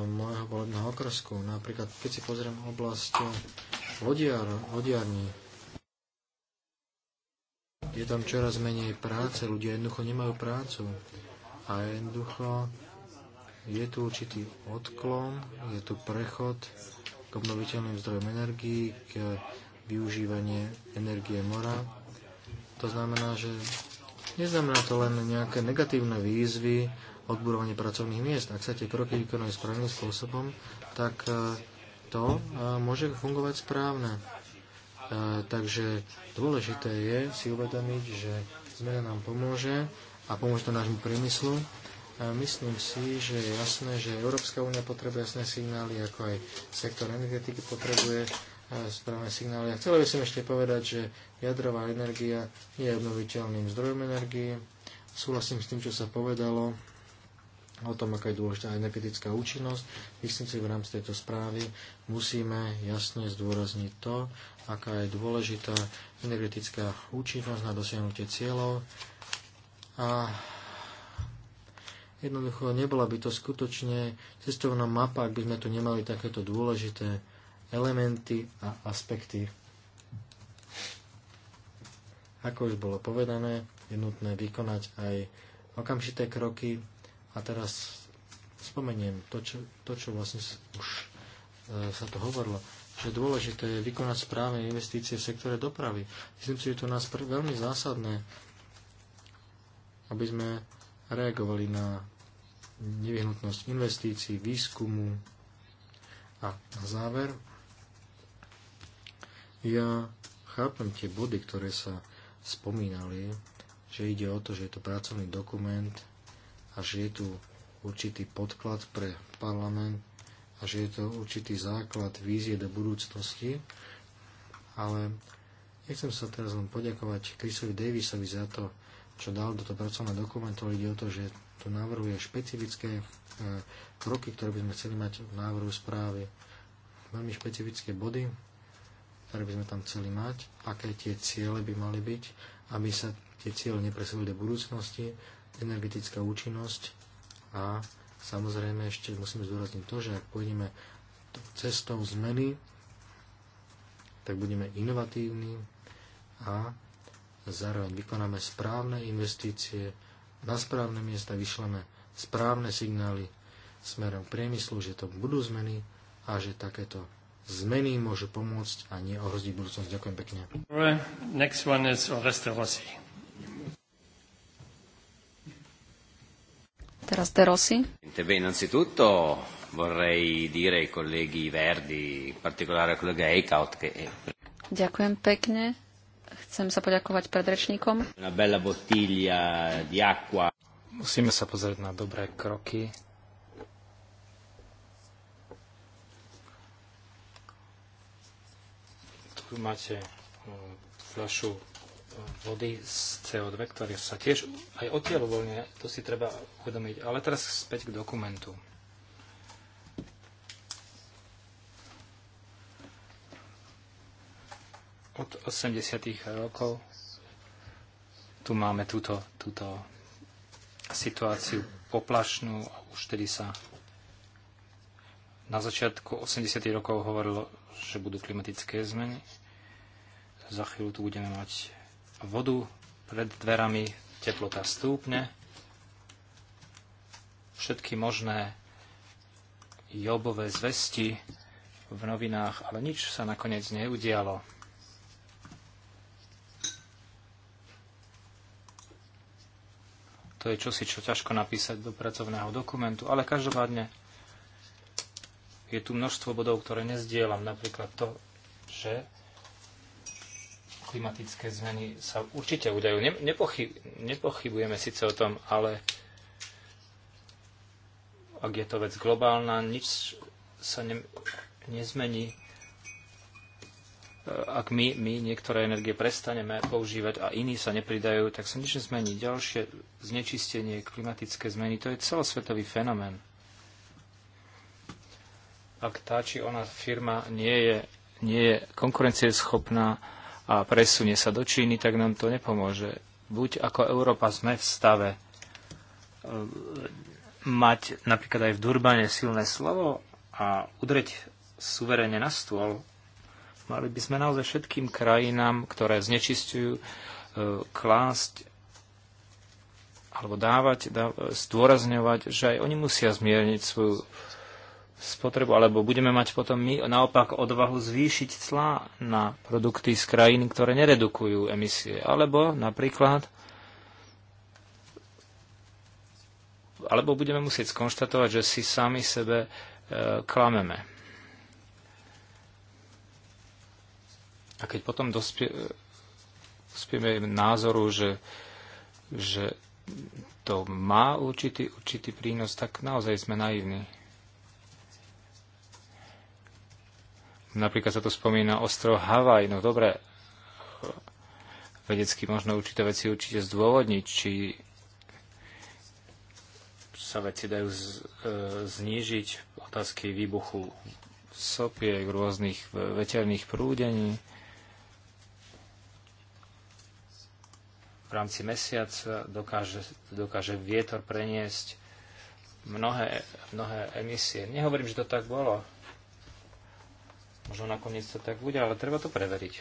môjho volebného okresku. Napríklad, keď si pozriem oblasť vodiar, vodiarní, je tam čoraz menej práce, ľudia jednoducho nemajú prácu. A jednoducho je tu určitý odklon, je tu prechod k obnoviteľným zdrojom energii, k využívanie energie mora. To znamená, že neznamená to len nejaké negatívne výzvy, odburovanie pracovných miest. Ak sa tie kroky vykonajú správnym spôsobom, tak e, to e, môže fungovať správne. E, takže dôležité je si uvedomiť, že zmena nám pomôže a pomôže to nášmu priemyslu. Myslím si, že je jasné, že Európska únia potrebuje jasné signály, ako aj sektor energetiky potrebuje správne signály. A chcel by som ešte povedať, že jadrová energia je obnoviteľným zdrojom energie. Súhlasím s tým, čo sa povedalo o tom, aká je dôležitá energetická účinnosť. Myslím si, že v rámci tejto správy musíme jasne zdôrazniť to, aká je dôležitá energetická účinnosť na dosiahnutie cieľov. A jednoducho nebola by to skutočne cestovná mapa, ak by sme tu nemali takéto dôležité elementy a aspekty. Ako už bolo povedané, je nutné vykonať aj okamžité kroky a teraz spomeniem to, čo, to, čo vlastne už e, sa to hovorilo, že dôležité je vykonať správne investície v sektore dopravy. Myslím si, že to nás veľmi zásadné, aby sme reagovali na nevyhnutnosť investícií, výskumu. A na záver, ja chápem tie body, ktoré sa spomínali, že ide o to, že je to pracovný dokument, a že je tu určitý podklad pre parlament a že je to určitý základ vízie do budúcnosti. Ale nechcem sa teraz len poďakovať Chrisovi Davisovi za to, čo dal do toho pracovného dokumentu, ide o to, že tu navrhuje špecifické e, kroky, ktoré by sme chceli mať v návrhu správy. Veľmi špecifické body, ktoré by sme tam chceli mať, aké tie ciele by mali byť, aby sa tie ciele nepresúvali do budúcnosti, energetická účinnosť a samozrejme ešte musíme zdôrazniť to, že ak pôjdeme cestou zmeny, tak budeme inovatívni a zároveň vykonáme správne investície na správne miesta, vyšleme správne signály smerom k priemyslu, že to budú zmeny a že takéto zmeny môžu pomôcť a nie ohroziť budúcnosť. Ďakujem pekne. Next one is Teraz De Rossi. Beh, innanzitutto vorrei dire ai colleghi Verdi, in particolare al collega Eichhout, che... Eh, Ďakujem pekne. Chcem sa poďakovať predrečníkom. Una bella bottiglia di acqua. Musíme sa pozrieť na dobré kroky. Tu máte mm, fľašu vody z CO2, ktoré sa tiež aj odtiaľ uvoľňuje, to si treba uvedomiť. Ale teraz späť k dokumentu. Od 80. rokov tu máme túto, túto situáciu poplašnú a už tedy sa na začiatku 80. rokov hovorilo, že budú klimatické zmeny. Za chvíľu tu budeme mať vodu pred dverami, teplota stúpne, všetky možné jobové zvesti v novinách, ale nič sa nakoniec neudialo. To je čosi, čo ťažko napísať do pracovného dokumentu, ale každopádne je tu množstvo bodov, ktoré nezdielam. Napríklad to, že klimatické zmeny sa určite udajú. Ne, nepochyb, nepochybujeme síce o tom, ale ak je to vec globálna, nič sa ne, nezmení. E, ak my, my niektoré energie prestaneme používať a iní sa nepridajú, tak sa nič nezmení. Ďalšie znečistenie, klimatické zmeny, to je celosvetový fenomén. Ak tá či ona firma nie je nie je konkurencieschopná a presunie sa do Číny, tak nám to nepomôže. Buď ako Európa sme v stave e, mať napríklad aj v Durbane silné slovo a udreť suverene na stôl, mali by sme naozaj všetkým krajinám, ktoré znečistujú, e, klásť alebo dávať, dá, zdôrazňovať, že aj oni musia zmierniť svoju spotrebu, alebo budeme mať potom my naopak odvahu zvýšiť clá na produkty z krajín, ktoré neredukujú emisie. Alebo napríklad alebo budeme musieť skonštatovať, že si sami sebe e, klameme. A keď potom dospie, dospieme názoru, že, že to má určitý, určitý prínos, tak naozaj sme naivní. Napríklad sa tu spomína ostrov Havaj. No dobre, vedecky možno určité veci určite zdôvodniť, či sa veci dajú z, e, znížiť, otázky výbuchu sopiek, rôznych veterných prúdení. V rámci mesiaca dokáže, dokáže vietor preniesť mnohé, mnohé emisie. Nehovorím, že to tak bolo. Možno nakoniec to tak bude, ale treba to preveriť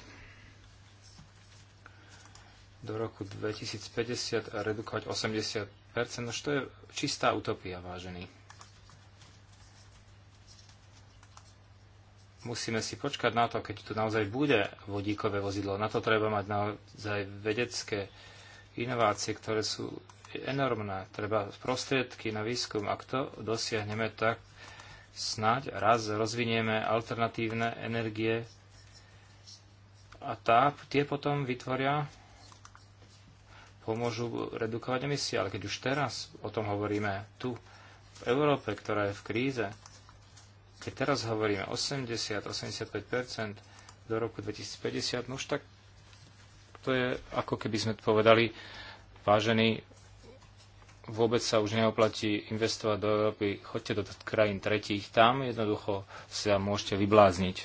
do roku 2050 a redukovať 80%. no to je čistá utopia, vážený. Musíme si počkať na to, keď tu naozaj bude vodíkové vozidlo. Na to treba mať naozaj vedecké inovácie, ktoré sú enormné. Treba prostriedky na výskum. Ak to dosiahneme, tak snáď raz rozvinieme alternatívne energie a tá, tie potom vytvoria, pomôžu redukovať emisie. Ale keď už teraz o tom hovoríme tu, v Európe, ktorá je v kríze, keď teraz hovoríme 80-85% do roku 2050, no už tak to je ako keby sme povedali, vážení vôbec sa už neoplatí investovať do Európy, choďte do krajín tretích, tam jednoducho sa môžete vyblázniť.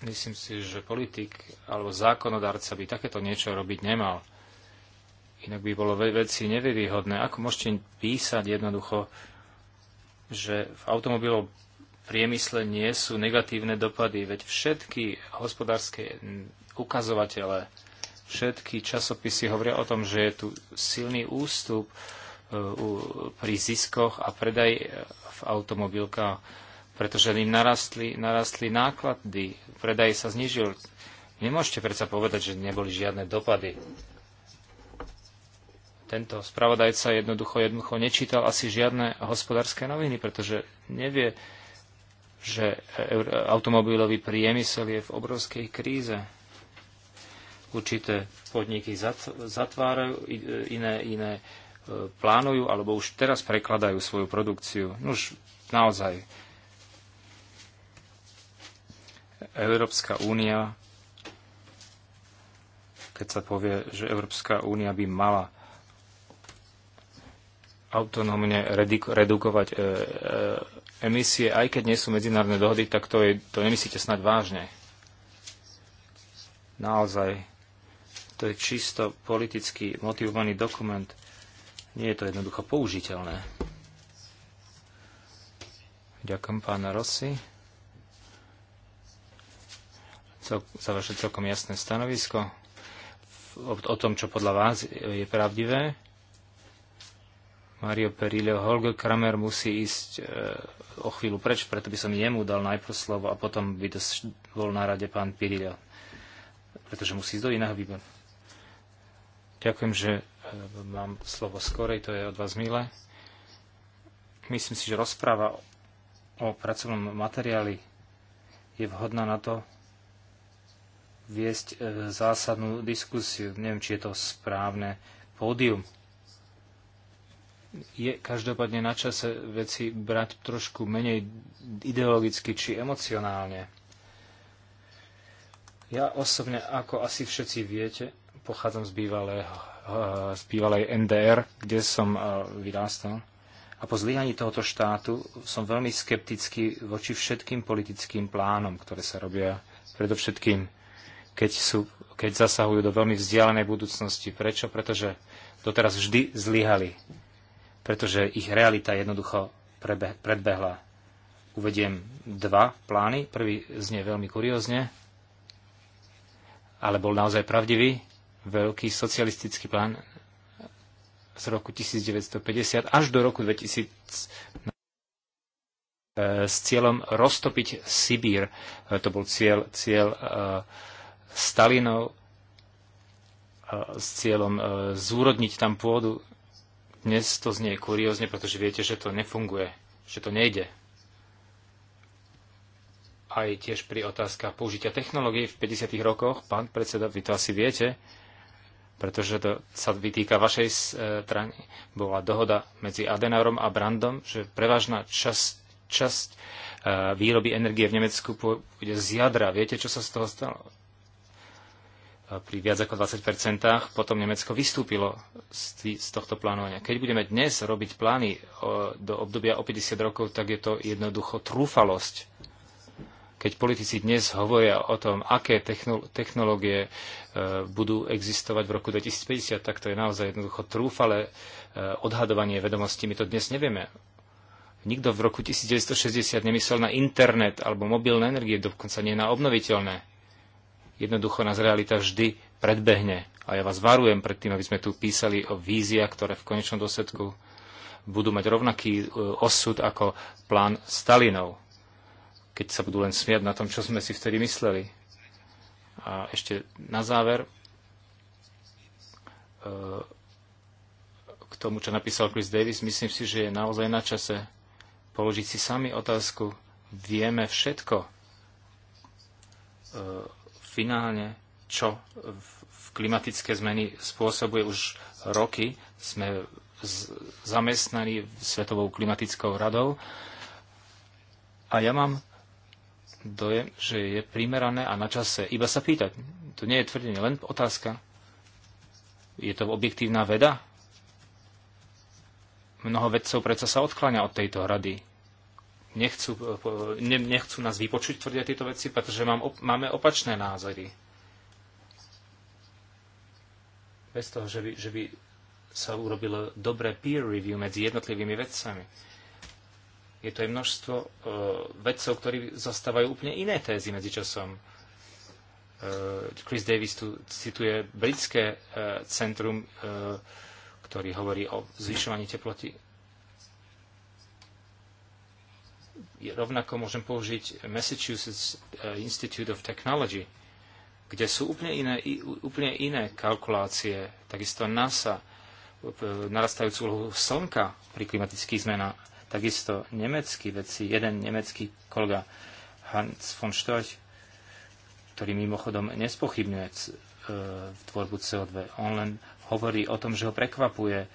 Myslím si, že politik alebo zákonodárca by takéto niečo robiť nemal. Inak by bolo veci nevyvýhodné. Ako môžete písať jednoducho, že v automobilov priemysle nie sú negatívne dopady, veď všetky hospodárske ukazovatele, Všetky časopisy hovoria o tom, že je tu silný ústup e, pri ziskoch a predaj e, v automobilkách, pretože im narastli, narastli náklady, predaj sa znižil. Nemôžete predsa povedať, že neboli žiadne dopady tento spravodajca jednoducho, jednoducho nečítal asi žiadne hospodárske noviny, pretože nevie, že e, automobilový priemysel je v obrovskej kríze. Určité podniky zatvárajú, e, iné, iné e, plánujú alebo už teraz prekladajú svoju produkciu. No Už naozaj Európska únia, keď sa povie, že Európska únia by mala autonómne redukovať e, e, emisie, aj keď nie sú medzinárodné dohody, tak to, je, to nemyslíte snať vážne. Naozaj to je čisto politicky motivovaný dokument. Nie je to jednoducho použiteľné. Ďakujem pána Rossi za vaše celkom jasné stanovisko o, tom, čo podľa vás je pravdivé. Mario Perillo, Holger Kramer musí ísť e, o chvíľu preč, preto by som jemu dal najprv slovo a potom by to bol na rade pán Perillo, pretože musí ísť do iného výboru. Ďakujem, že e, mám slovo skorej, to je od vás milé. Myslím si, že rozpráva o pracovnom materiáli je vhodná na to viesť e, zásadnú diskusiu. Neviem, či je to správne pódium. Je každopádne na čase veci brať trošku menej ideologicky či emocionálne. Ja osobne, ako asi všetci viete, pochádzam z, bývalého, eh, z bývalej NDR, kde som eh, vyrástol. A po zlyhaní tohoto štátu som veľmi skeptický voči všetkým politickým plánom, ktoré sa robia predovšetkým, keď, sú, keď zasahujú do veľmi vzdialenej budúcnosti. Prečo? Pretože doteraz vždy zlyhali. Pretože ich realita jednoducho prebe, predbehla. Uvediem dva plány. Prvý znie veľmi kuriózne, ale bol naozaj pravdivý veľký socialistický plán z roku 1950 až do roku 2000 e, s cieľom roztopiť Sibír. E, to bol cieľ, cieľ e, Stalinov s cieľom zúrodniť tam pôdu. Dnes to znie kuriózne, pretože viete, že to nefunguje, že to nejde. Aj tiež pri otázkach použitia technológií v 50. rokoch, pán predseda, vy to asi viete, pretože to sa vytýka vašej e, strany. Bola dohoda medzi Adenaurom a Brandom, že prevažná časť, časť e, výroby energie v Nemecku bude z jadra. Viete, čo sa z toho stalo? E, pri viac ako 20% potom Nemecko vystúpilo z, z tohto plánovania. Keď budeme dnes robiť plány do obdobia o 50 rokov, tak je to jednoducho trúfalosť. Keď politici dnes hovoria o tom, aké technológie e, budú existovať v roku 2050, tak to je naozaj jednoducho trúfale e, odhadovanie vedomostí. My to dnes nevieme. Nikto v roku 1960 nemyslel na internet alebo mobilné energie, dokonca nie na obnoviteľné. Jednoducho nás realita vždy predbehne. A ja vás varujem pred tým, aby sme tu písali o víziách, ktoré v konečnom dôsledku budú mať rovnaký e, osud ako plán Stalinov keď sa budú len smiať na tom, čo sme si vtedy mysleli. A ešte na záver eh, k tomu, čo napísal Chris Davis, myslím si, že je naozaj na čase položiť si sami otázku. Vieme všetko. Eh, finálne, čo v klimatické zmeny spôsobuje už roky. Sme zamestnaní Svetovou klimatickou radou. A ja mám dojem, že je primerané a na čase iba sa pýtať. To nie je tvrdenie, len otázka. Je to objektívna veda? Mnoho vedcov predsa sa odkláňa od tejto rady. Nechcú, eh, ne, nechcú nás vypočuť, tvrdia tieto veci, pretože mám, máme opačné názory. Bez toho, že by, že by sa urobilo dobré peer review medzi jednotlivými vedcami je to aj množstvo uh, vedcov, ktorí zastávajú úplne iné tézy medzičasom. Uh, e, Chris Davis tu cituje britské uh, centrum, uh, ktorý hovorí o zvyšovaní teploty. Rovnako môžem použiť Massachusetts Institute of Technology, kde sú úplne iné, úplne iné kalkulácie. Takisto NASA, narastajúcu úlohu Slnka pri klimatických zmenách takisto nemeckí vedci, jeden nemecký kolega Hans von Storch, ktorý mimochodom nespochybňuje v e, tvorbu CO2. On len hovorí o tom, že ho prekvapuje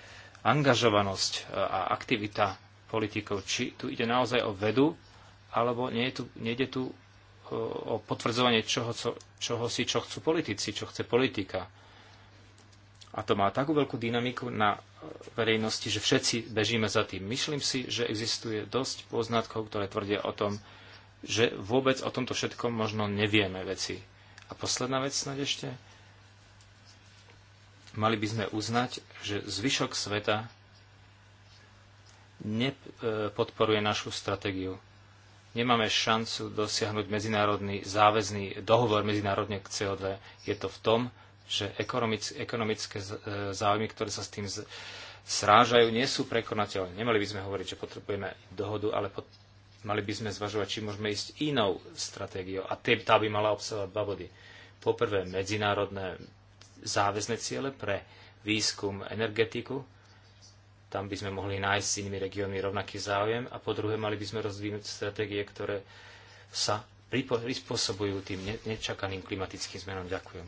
angažovanosť e, a aktivita politikov. Či tu ide naozaj o vedu, alebo nie je tu, nejde tu e, o potvrdzovanie čoho, čoho si, čo chcú politici, čo chce politika a to má takú veľkú dynamiku na verejnosti, že všetci bežíme za tým. Myslím si, že existuje dosť poznatkov, ktoré tvrdia o tom, že vôbec o tomto všetkom možno nevieme veci. A posledná vec snad ešte. Mali by sme uznať, že zvyšok sveta nepodporuje našu stratégiu. Nemáme šancu dosiahnuť medzinárodný záväzný dohovor medzinárodne k CO2. Je to v tom, že ekonomické e, záujmy, ktoré sa s tým srážajú, nie sú prekonateľné. Nemali by sme hovoriť, že potrebujeme dohodu, ale pot- mali by sme zvažovať, či môžeme ísť inou stratégiou. A tá by mala obsahovať dva body. Poprvé, medzinárodné záväzne ciele pre výskum energetiku. Tam by sme mohli nájsť s inými regiónmi rovnaký záujem. A po druhé, mali by sme rozvinúť stratégie, ktoré sa prispôsobujú tým nečakaným klimatickým zmenám. Ďakujem.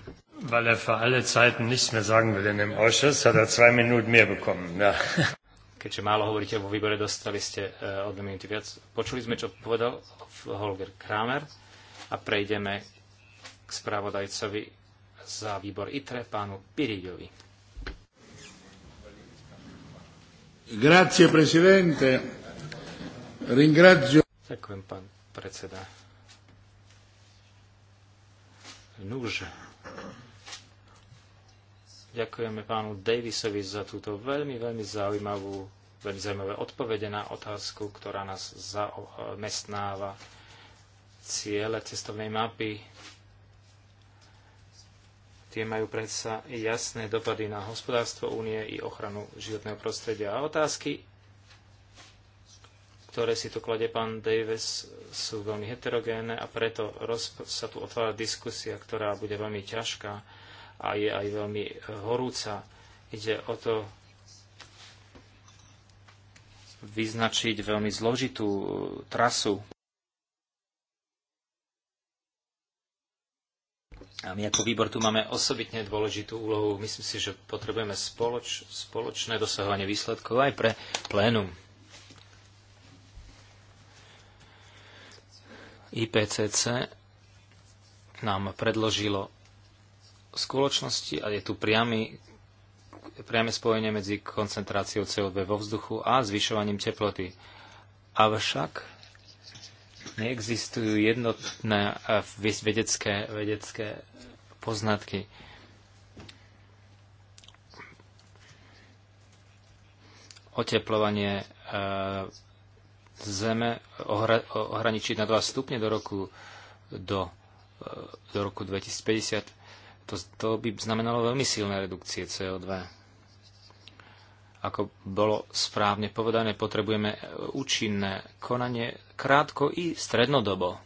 Weil er für alle Zeiten nichts mehr sagen will in dem Ausschuss, hat er zwei Minuten mehr bekommen. Ja. Keďže málo hovoríte vo výbore, dostali ste uh, o dve minúty viac. Počuli sme, čo povedal Holger Kramer a prejdeme k správodajcovi za výbor ITRE, pánu Piridovi. Grazie, presidente. Ringrazio... Ďakujem, pán predseda Nuže. Ďakujeme pánu Davisovi za túto veľmi, veľmi zaujímavú, veľmi zaujímavé odpovede na otázku, ktorá nás zamestnáva. Ciele cestovnej mapy, tie majú predsa jasné dopady na hospodárstvo únie i ochranu životného prostredia. A otázky ktoré si tu klade pán Davis, sú veľmi heterogénne a preto sa tu otvára diskusia, ktorá bude veľmi ťažká a je aj veľmi e, horúca. Ide o to vyznačiť veľmi zložitú e, trasu. A my ako výbor tu máme osobitne dôležitú úlohu. Myslím si, že potrebujeme spoloč, spoločné dosahovanie výsledkov aj pre plénum. IPCC nám predložilo skutočnosti a je tu priamy, priame spojenie medzi koncentráciou CO2 vo vzduchu a zvyšovaním teploty. Avšak neexistujú jednotné vedecké, vedecké poznatky. Oteplovanie e, zeme ohra- ohraničiť na 2 stupne do roku, do, e, do roku 2050, to, to by znamenalo veľmi silné redukcie CO2. Ako bolo správne povedané, potrebujeme účinné konanie krátko i strednodobo.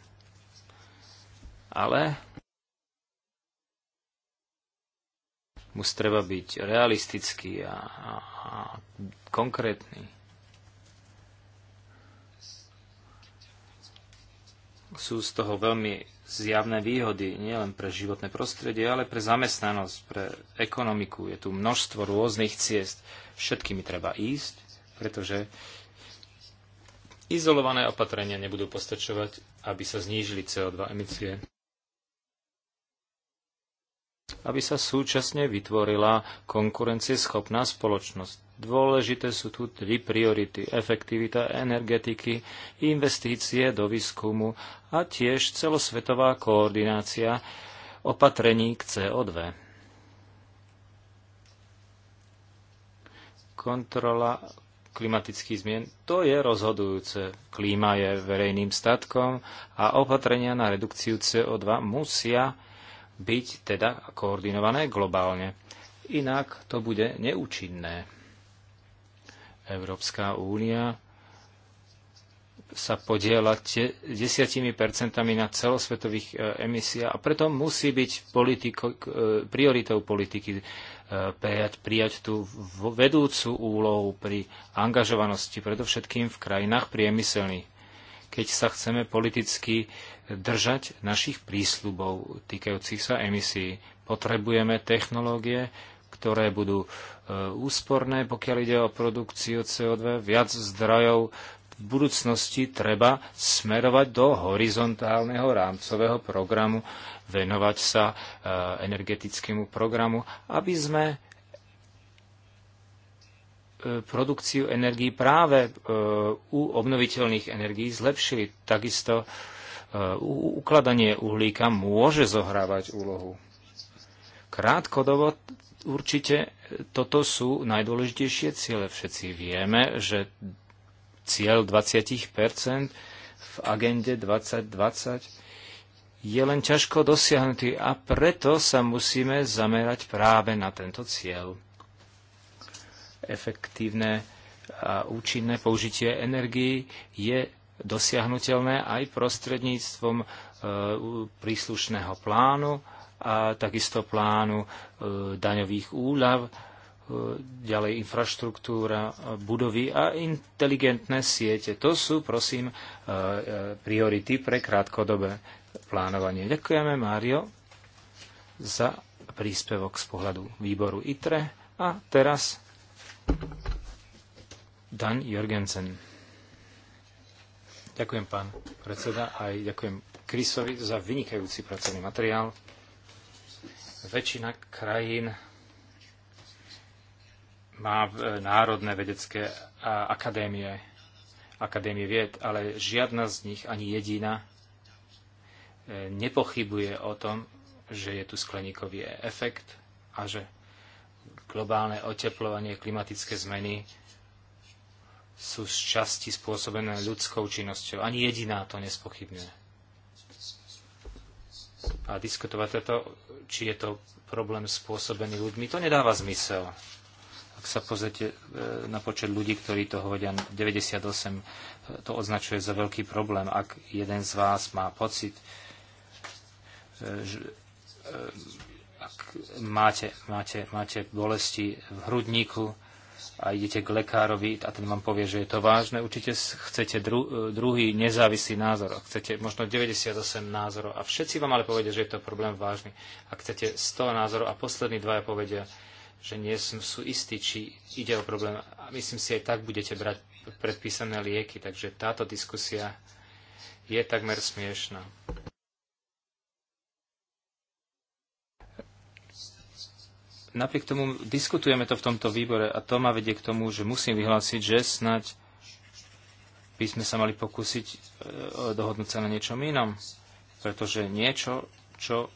Ale musí treba byť realistický a, a, a konkrétny sú z toho veľmi zjavné výhody, nielen pre životné prostredie, ale pre zamestnanosť, pre ekonomiku. Je tu množstvo rôznych ciest, všetkými treba ísť, pretože izolované opatrenia nebudú postačovať, aby sa znížili CO2 emisie aby sa súčasne vytvorila konkurencieschopná spoločnosť. Dôležité sú tu tri priority. Efektivita energetiky, investície do výskumu a tiež celosvetová koordinácia opatrení k CO2. Kontrola klimatických zmien, to je rozhodujúce. Klíma je verejným statkom a opatrenia na redukciu CO2 musia byť teda koordinované globálne. Inak to bude neúčinné. Európska únia sa podiela desiatimi percentami na celosvetových e, emisiách a preto musí byť politiko, e, prioritou politiky e, prijať, prijať tú vedúcu úlohu pri angažovanosti, predovšetkým v krajinách priemyselných. Keď sa chceme politicky držať našich prísľubov týkajúcich sa emisí. Potrebujeme technológie, ktoré budú e, úsporné, pokiaľ ide o produkciu CO2, viac zdrojov v budúcnosti treba smerovať do horizontálneho rámcového programu, venovať sa e, energetickému programu, aby sme e, produkciu energií práve u obnoviteľných energií zlepšili. Takisto E, ukladanie uhlíka môže zohrávať úlohu. Krátkodobo určite toto sú najdôležitejšie ciele. Všetci vieme, že cieľ 20 v agende 2020 je len ťažko dosiahnutý a preto sa musíme zamerať práve na tento cieľ. Efektívne a účinné použitie energii je dosiahnutelné aj prostredníctvom e, príslušného plánu a takisto plánu e, daňových úľav, e, ďalej infraštruktúra, budovy a inteligentné siete. To sú, prosím, priority pre krátkodobé plánovanie. Ďakujeme, Mário, za príspevok z pohľadu výboru ITRE. A teraz Dan Jorgensen. Ďakujem, pán predseda, aj ďakujem Krisovi za vynikajúci pracovný materiál. Väčšina krajín má e, národné vedecké akadémie, akadémie vied, ale žiadna z nich, ani jediná, e, nepochybuje o tom, že je tu skleníkový efekt a že globálne oteplovanie, klimatické zmeny sú z časti spôsobené ľudskou činnosťou. Ani jediná to nespochybňuje. A diskutovať to, či je to problém spôsobený ľuďmi, to nedáva zmysel. Ak sa pozrite e, na počet ľudí, ktorí to hovoria 98, e, to označuje za veľký problém. Ak jeden z vás má pocit, e, že ak máte, máte, máte bolesti v hrudníku, a idete k lekárovi a ten vám povie, že je to vážne, určite chcete dru- e, druhý nezávislý názor. Ak chcete možno 98 názorov a všetci vám ale povedia, že je to problém vážny. Ak chcete 100 názorov a poslední dvaja povedia, že nie som, sú istí, či ide o problém. A myslím si, aj tak budete brať predpísané lieky. Takže táto diskusia je takmer smiešná. napriek tomu diskutujeme to v tomto výbore a to ma vedie k tomu, že musím vyhlásiť, že snať by sme sa mali pokúsiť e, dohodnúť sa na niečom inom. Pretože niečo, čo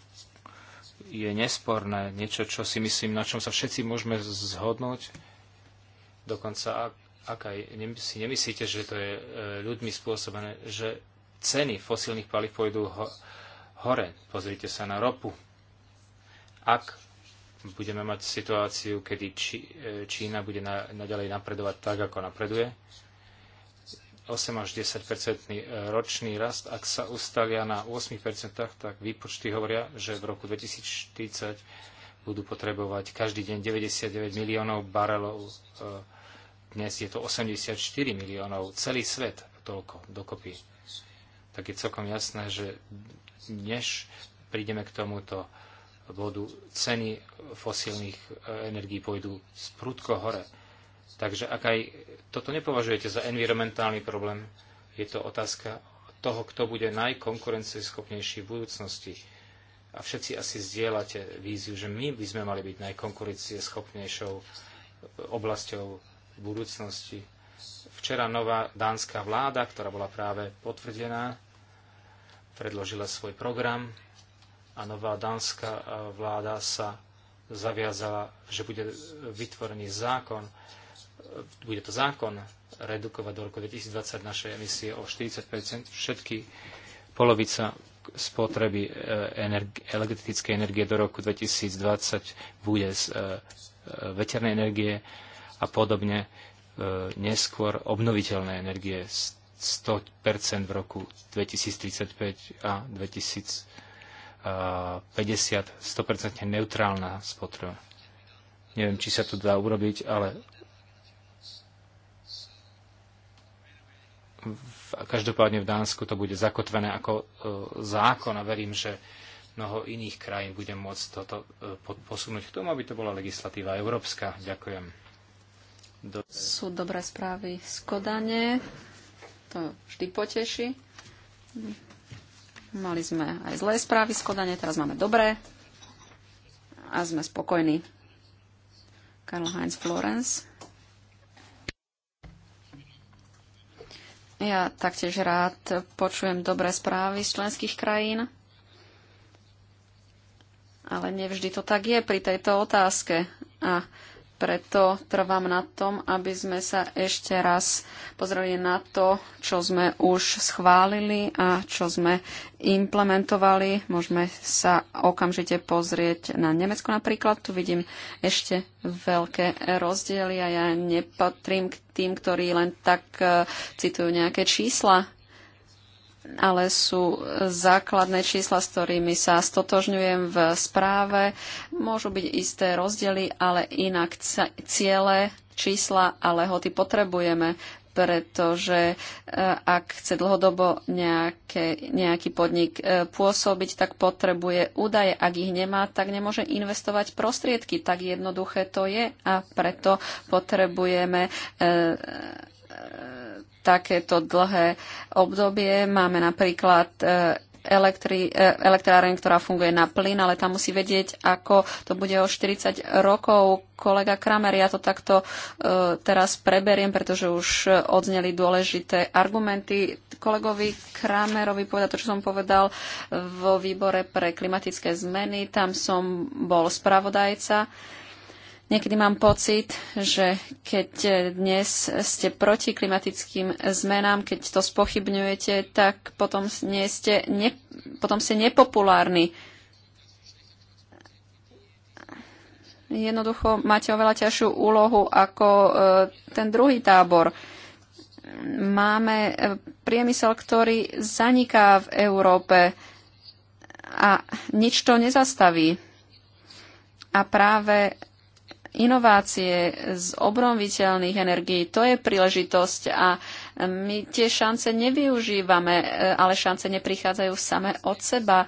je nesporné, niečo, čo si myslím, na čom sa všetci môžeme zhodnúť, dokonca ak, aj si nemyslíte, že to je e, ľuďmi spôsobené, že ceny fosílnych palív pôjdu hore. Pozrite sa na ropu. Ak budeme mať situáciu, kedy e, Čína bude na, naďalej napredovať tak, ako napreduje. 8 až 10 e, ročný rast, ak sa ustalia na 8 tak výpočty hovoria, že v roku 2040 budú potrebovať každý deň 99 miliónov barelov. E, dnes je to 84 miliónov, celý svet toľko dokopy. Tak je celkom jasné, že než prídeme k tomuto bodu ceny fosílnych e, energií pôjdu sprudko hore. Takže ak aj toto nepovažujete za environmentálny problém, je to otázka toho, kto bude najkonkurencieschopnejší v budúcnosti. A všetci asi zdieľate víziu, že my by sme mali byť najkonkurencieschopnejšou e, oblasťou v budúcnosti. Včera nová dánska vláda, ktorá bola práve potvrdená, predložila svoj program a nová dánska eh, vláda sa zaviazala, že bude vytvorený zákon, eh, bude to zákon redukovať do roku 2020 naše emisie o 40 všetky polovica spotreby eh, energi- elektrickej energie do roku 2020 bude z veternej energie a podobne neskôr obnoviteľné energie 100% v roku 2035 a 2050 50, 100% neutrálna spotreba. Neviem, či sa to dá urobiť, ale v, každopádne v Dánsku to bude zakotvené ako e, zákon a verím, že mnoho iných krajín bude môcť toto e, posunúť k tomu, aby to bola legislatíva európska. Ďakujem. Dobre. Sú dobré správy z Kodane. To vždy poteší. Mali sme aj zlé správy z Kodane, teraz máme dobré a sme spokojní. Karl Heinz Florence. Ja taktiež rád počujem dobré správy z členských krajín, ale nevždy to tak je pri tejto otázke. A preto trvám na tom, aby sme sa ešte raz pozreli na to, čo sme už schválili a čo sme implementovali. Môžeme sa okamžite pozrieť na Nemecko napríklad. Tu vidím ešte veľké rozdiely a ja nepatrím k tým, ktorí len tak eh, citujú nejaké čísla ale sú základné čísla, s ktorými sa stotožňujem v správe. Môžu byť isté rozdiely, ale inak ciele, čísla a lehoty potrebujeme pretože e, ak chce dlhodobo nejaké, nejaký podnik e, pôsobiť, tak potrebuje údaje. Ak ich nemá, tak nemôže investovať prostriedky. Tak jednoduché to je a preto potrebujeme e, takéto dlhé obdobie. Máme napríklad e, elektri, e, elektráreň, ktorá funguje na plyn, ale tam musí vedieť, ako to bude o 40 rokov. Kolega Kramer, ja to takto e, teraz preberiem, pretože už odzneli dôležité argumenty. Kolegovi Kramerovi povedať to, čo som povedal vo výbore pre klimatické zmeny. Tam som bol spravodajca. Niekedy mám pocit, že keď dnes ste proti klimatickým zmenám, keď to spochybňujete, tak potom, nie ste, ne, potom ste nepopulárni. Jednoducho máte oveľa ťažšiu úlohu ako e, ten druhý tábor. Máme e, priemysel, ktorý zaniká v Európe a nič to nezastaví. A práve inovácie z obnoviteľných energií. To je príležitosť a my tie šance nevyužívame, e, ale šance neprichádzajú same od seba.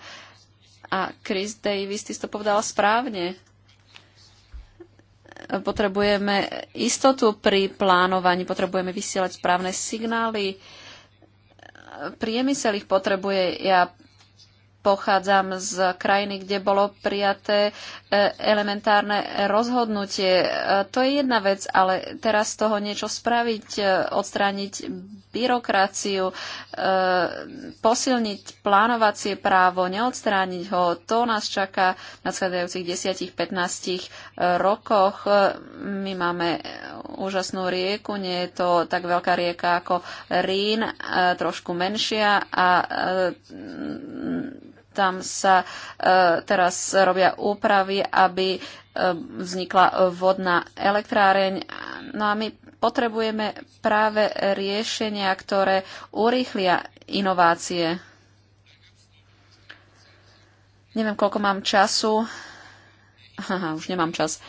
A Chris Davis, ty si to povedala správne. Potrebujeme istotu pri plánovaní, potrebujeme vysielať správne signály. Priemysel ich potrebuje. Ja pochádzam z krajiny, kde bolo prijaté e, elementárne rozhodnutie. E, to je jedna vec, ale teraz z toho niečo spraviť, e, odstrániť byrokraciu, posilniť plánovacie právo, neodstrániť ho, to nás čaká v nadchádzajúcich 10-15 rokoch. My máme úžasnú rieku, nie je to tak veľká rieka ako Rín, trošku menšia a tam sa e, teraz robia úpravy, aby e, vznikla vodná elektráreň. No a my potrebujeme práve riešenia, ktoré urýchlia inovácie. Neviem, koľko mám času. Aha, už nemám čas.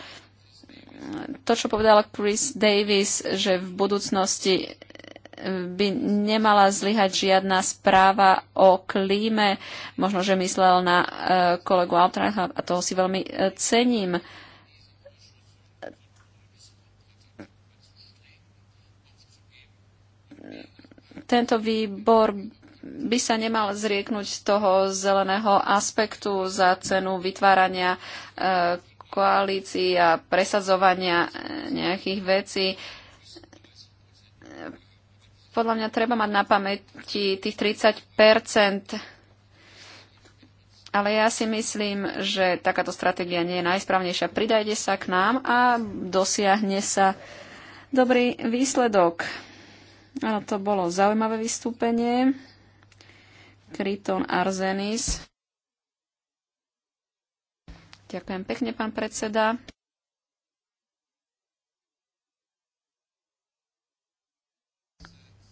To, čo povedala Chris Davis, že v budúcnosti by nemala zlyhať žiadna správa o klíme. Možno, že myslel na e, kolegu Altrana a toho si veľmi e, cením. Tento výbor by sa nemal zrieknúť z toho zeleného aspektu za cenu vytvárania e, koalícií a presadzovania nejakých vecí podľa mňa treba mať na pamäti tých 30 ale ja si myslím, že takáto stratégia nie je najsprávnejšia. Pridajte sa k nám a dosiahne sa dobrý výsledok. Áno, to bolo zaujímavé vystúpenie. Kryton Arzenis. Ďakujem pekne, pán predseda.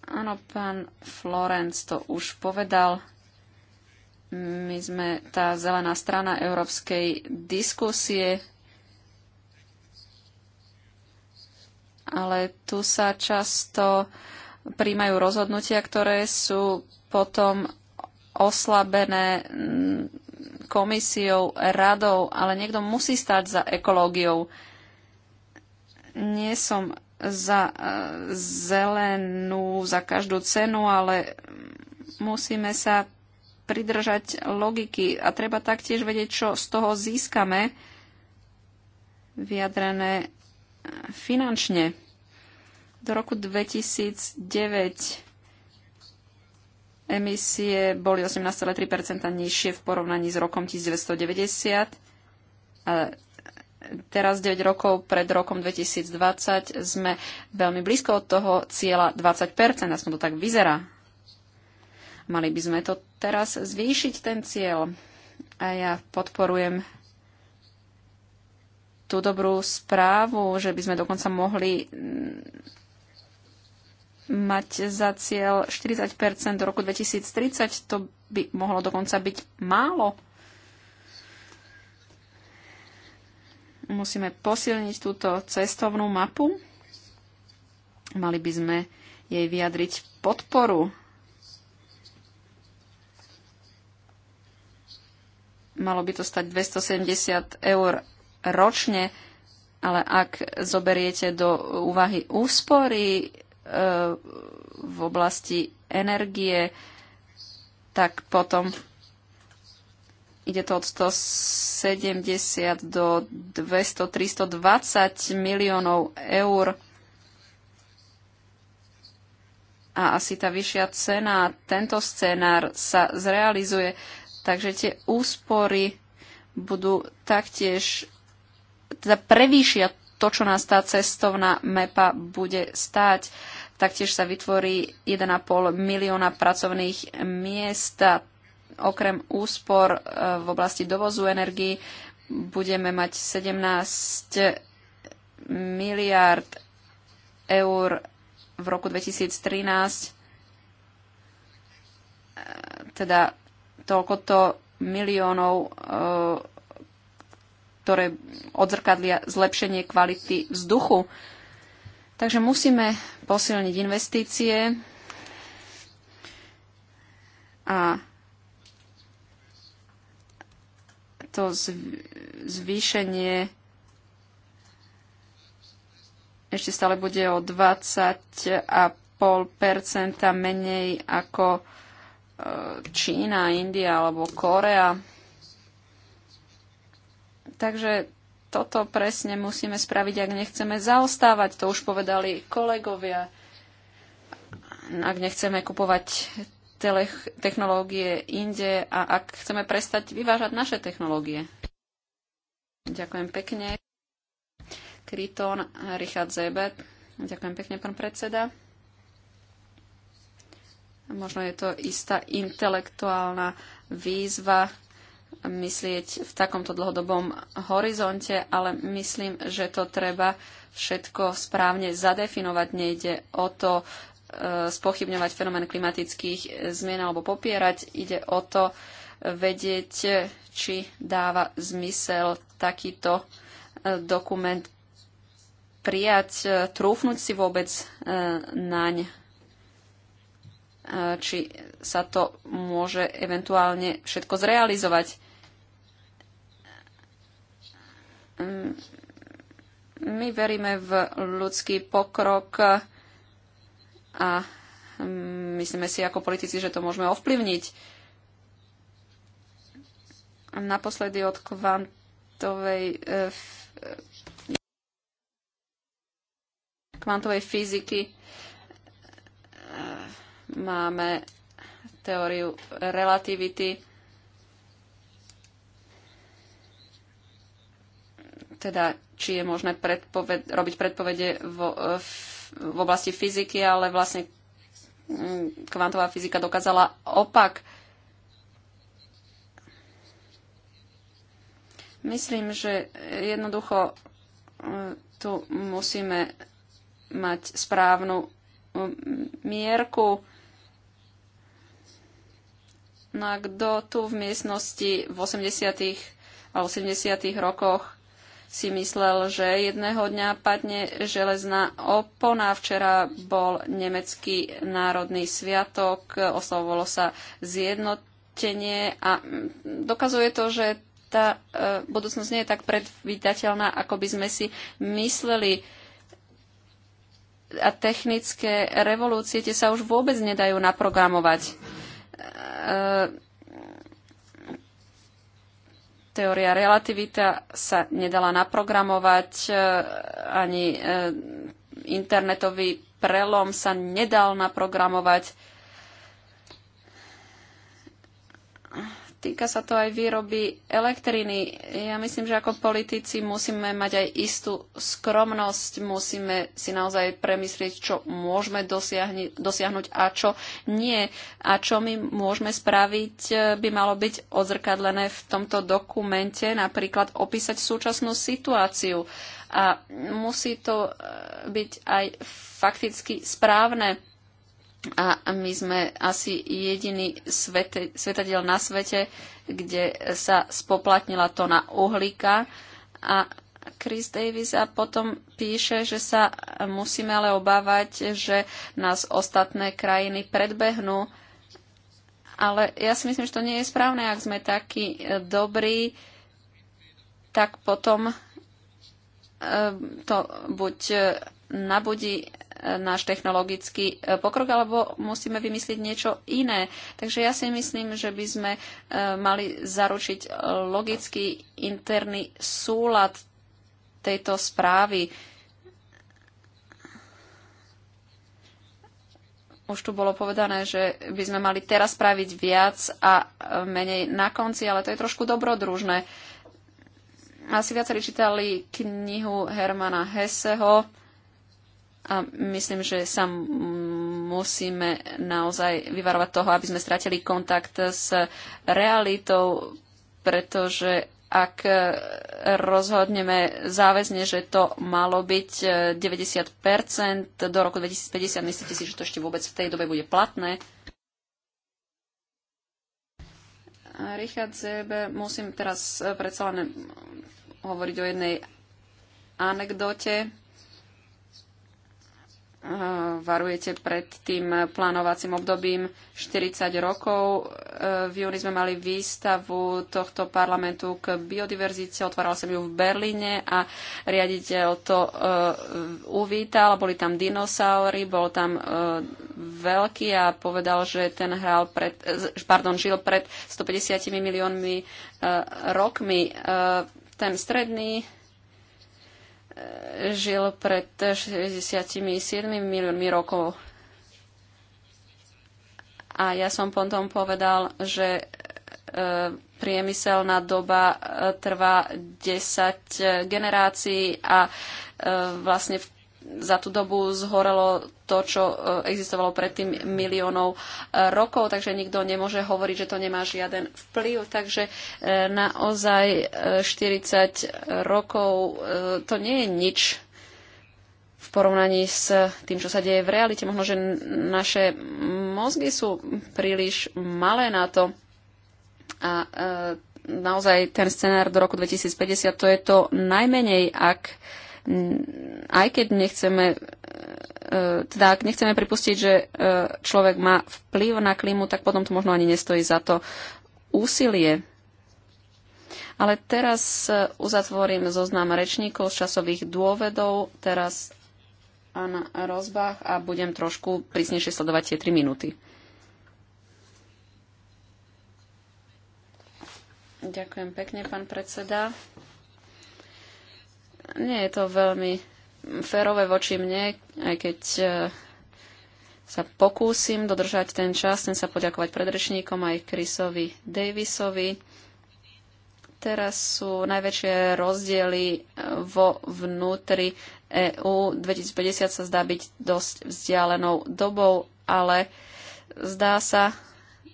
Áno, pán Florenc to už povedal. My sme tá zelená strana európskej diskusie, ale tu sa často príjmajú rozhodnutia, ktoré sú potom oslabené mm, komisiou, radou, ale niekto musí stať za ekológiou. Nie som za e, zelenú za každú cenu, ale musíme sa pridržať logiky a treba taktiež vedieť, čo z toho získame vyjadrené finančne. Do roku 2009 emisie boli 18,3 nižšie v porovnaní s rokom 1990 a teraz 9 rokov pred rokom 2020 sme veľmi blízko od toho cieľa 20%, aspoň to tak vyzerá. Mali by sme to teraz zvýšiť, ten cieľ. A ja podporujem tú dobrú správu, že by sme dokonca mohli mm, mať za cieľ 40 do roku 2030. To by mohlo dokonca byť málo Musíme posilniť túto cestovnú mapu. Mali by sme jej vyjadriť podporu. Malo by to stať 270 eur ročne, ale ak zoberiete do úvahy úspory e, v oblasti energie, tak potom Ide to od 170 do 200, 320 miliónov eur. A asi tá vyššia cena, tento scenár sa zrealizuje. Takže tie úspory budú taktiež teda prevýšia to, čo nás tá cestovná mapa bude stáť. Taktiež sa vytvorí 1,5 milióna pracovných miest a okrem úspor e, v oblasti dovozu energii budeme mať 17 miliard eur v roku 2013, e, teda toľkoto miliónov, e, ktoré odzrkadlia zlepšenie kvality vzduchu. Takže musíme posilniť investície a to zvýšenie ešte stále bude o 20,5 menej ako e, Čína, India alebo Korea. Takže toto presne musíme spraviť, ak nechceme zaostávať. To už povedali kolegovia. Ak nechceme kupovať technológie inde a ak chceme prestať vyvážať naše technológie. Ďakujem pekne. Kryton, Richard Zebet. Ďakujem pekne, pán predseda. Možno je to istá intelektuálna výzva myslieť v takomto dlhodobom horizonte, ale myslím, že to treba všetko správne zadefinovať. Nejde o to E, spochybňovať fenomén klimatických zmien alebo popierať. Ide o to vedieť, či dáva zmysel takýto e, dokument prijať, e, trúfnuť si vôbec naň, či sa to môže eventuálne všetko zrealizovať. My veríme v ľudský pokrok, a mm, myslíme si ako politici, že to môžeme ovplyvniť. A naposledy od kvantovej e, e, kvantovej fyziky e, máme teóriu relativity, teda či je možné predpoved- robiť predpovede vo, v v oblasti fyziky, ale vlastne mm, kvantová fyzika dokázala opak. Myslím, že jednoducho mm, tu musíme mať správnu mm, mierku. No a kto tu v miestnosti v 80. a 80. rokoch si myslel, že jedného dňa padne železná opona. Včera bol nemecký národný sviatok, oslovovalo sa zjednotenie a mm, dokazuje to, že tá e, budúcnosť nie je tak predvídateľná, ako by sme si mysleli a technické revolúcie tie sa už vôbec nedajú naprogramovať. E, Teória relativita sa nedala naprogramovať, e, ani e, internetový prelom sa nedal naprogramovať týka sa to aj výroby elektriny. Ja myslím, že ako politici musíme mať aj istú skromnosť, musíme si naozaj premyslieť, čo môžeme dosiahnuť a čo nie. A čo my môžeme spraviť, e, by malo byť odzrkadlené v tomto dokumente, napríklad opísať súčasnú situáciu. A musí to e, byť aj fakticky správne a my sme asi jediný svete, svetadiel na svete, kde sa spoplatnila tona uhlíka. A Chris Davis a potom píše, že sa musíme ale obávať, že nás ostatné krajiny predbehnú. Ale ja si myslím, že to nie je správne, ak sme takí e, dobrí, tak potom e, to buď e, nabudí náš technologický e, pokrok, alebo musíme vymyslieť niečo iné. Takže ja si myslím, že by sme e, mali zaručiť e, logický interný súlad tejto správy. Už tu bolo povedané, že by sme mali teraz spraviť viac a menej na konci, ale to je trošku dobrodružné. Asi viacerí čítali knihu Hermana Hesseho, a myslím, že sa musíme naozaj vyvarovať toho, aby sme stratili kontakt s realitou, pretože ak rozhodneme záväzne, že to malo byť 90% e, do roku 2050, myslíte si, že to ešte vôbec v tej dobe bude platné? Richard Zebe, musím teraz e, predsa len mm, hovoriť o jednej anekdote varujete pred tým plánovacím obdobím 40 rokov. E, v júni sme mali výstavu tohto parlamentu k biodiverzite, otváral som ju v Berlíne a riaditeľ to e, uvítal. Boli tam dinosaury, bol tam e, veľký a povedal, že ten hral pred, pardon, žil pred 150 miliónmi rokmi. Ten stredný žil pred 67 miliónmi rokov. A ja som potom povedal, že e, priemyselná doba e, trvá 10 e, generácií a vlastne v za tú dobu zhorelo to, čo e, existovalo predtým miliónov e, rokov, takže nikto nemôže hovoriť, že to nemá žiaden vplyv. Takže e, naozaj 40 rokov to nie je nič v porovnaní s tým, čo sa deje v realite. Možno, že naše mozgy sú príliš malé na to a naozaj ten scenár do roku 2050 to je to najmenej, ak aj keď nechceme e, teda ak nechceme pripustiť, že e, človek má vplyv na klímu, tak potom to možno ani nestojí za to úsilie. Ale teraz e, uzatvorím zoznam rečníkov z časových dôvedov. Teraz Anna Rozbach a budem trošku prísnejšie sledovať tie 3 minúty. Ďakujem pekne, pán predseda nie je to veľmi férové voči mne, aj keď e, sa pokúsim dodržať ten čas, chcem sa poďakovať predrečníkom aj Chrisovi Davisovi. Teraz sú najväčšie rozdiely e, vo vnútri EÚ. 2050 sa zdá byť dosť vzdialenou dobou, ale zdá sa,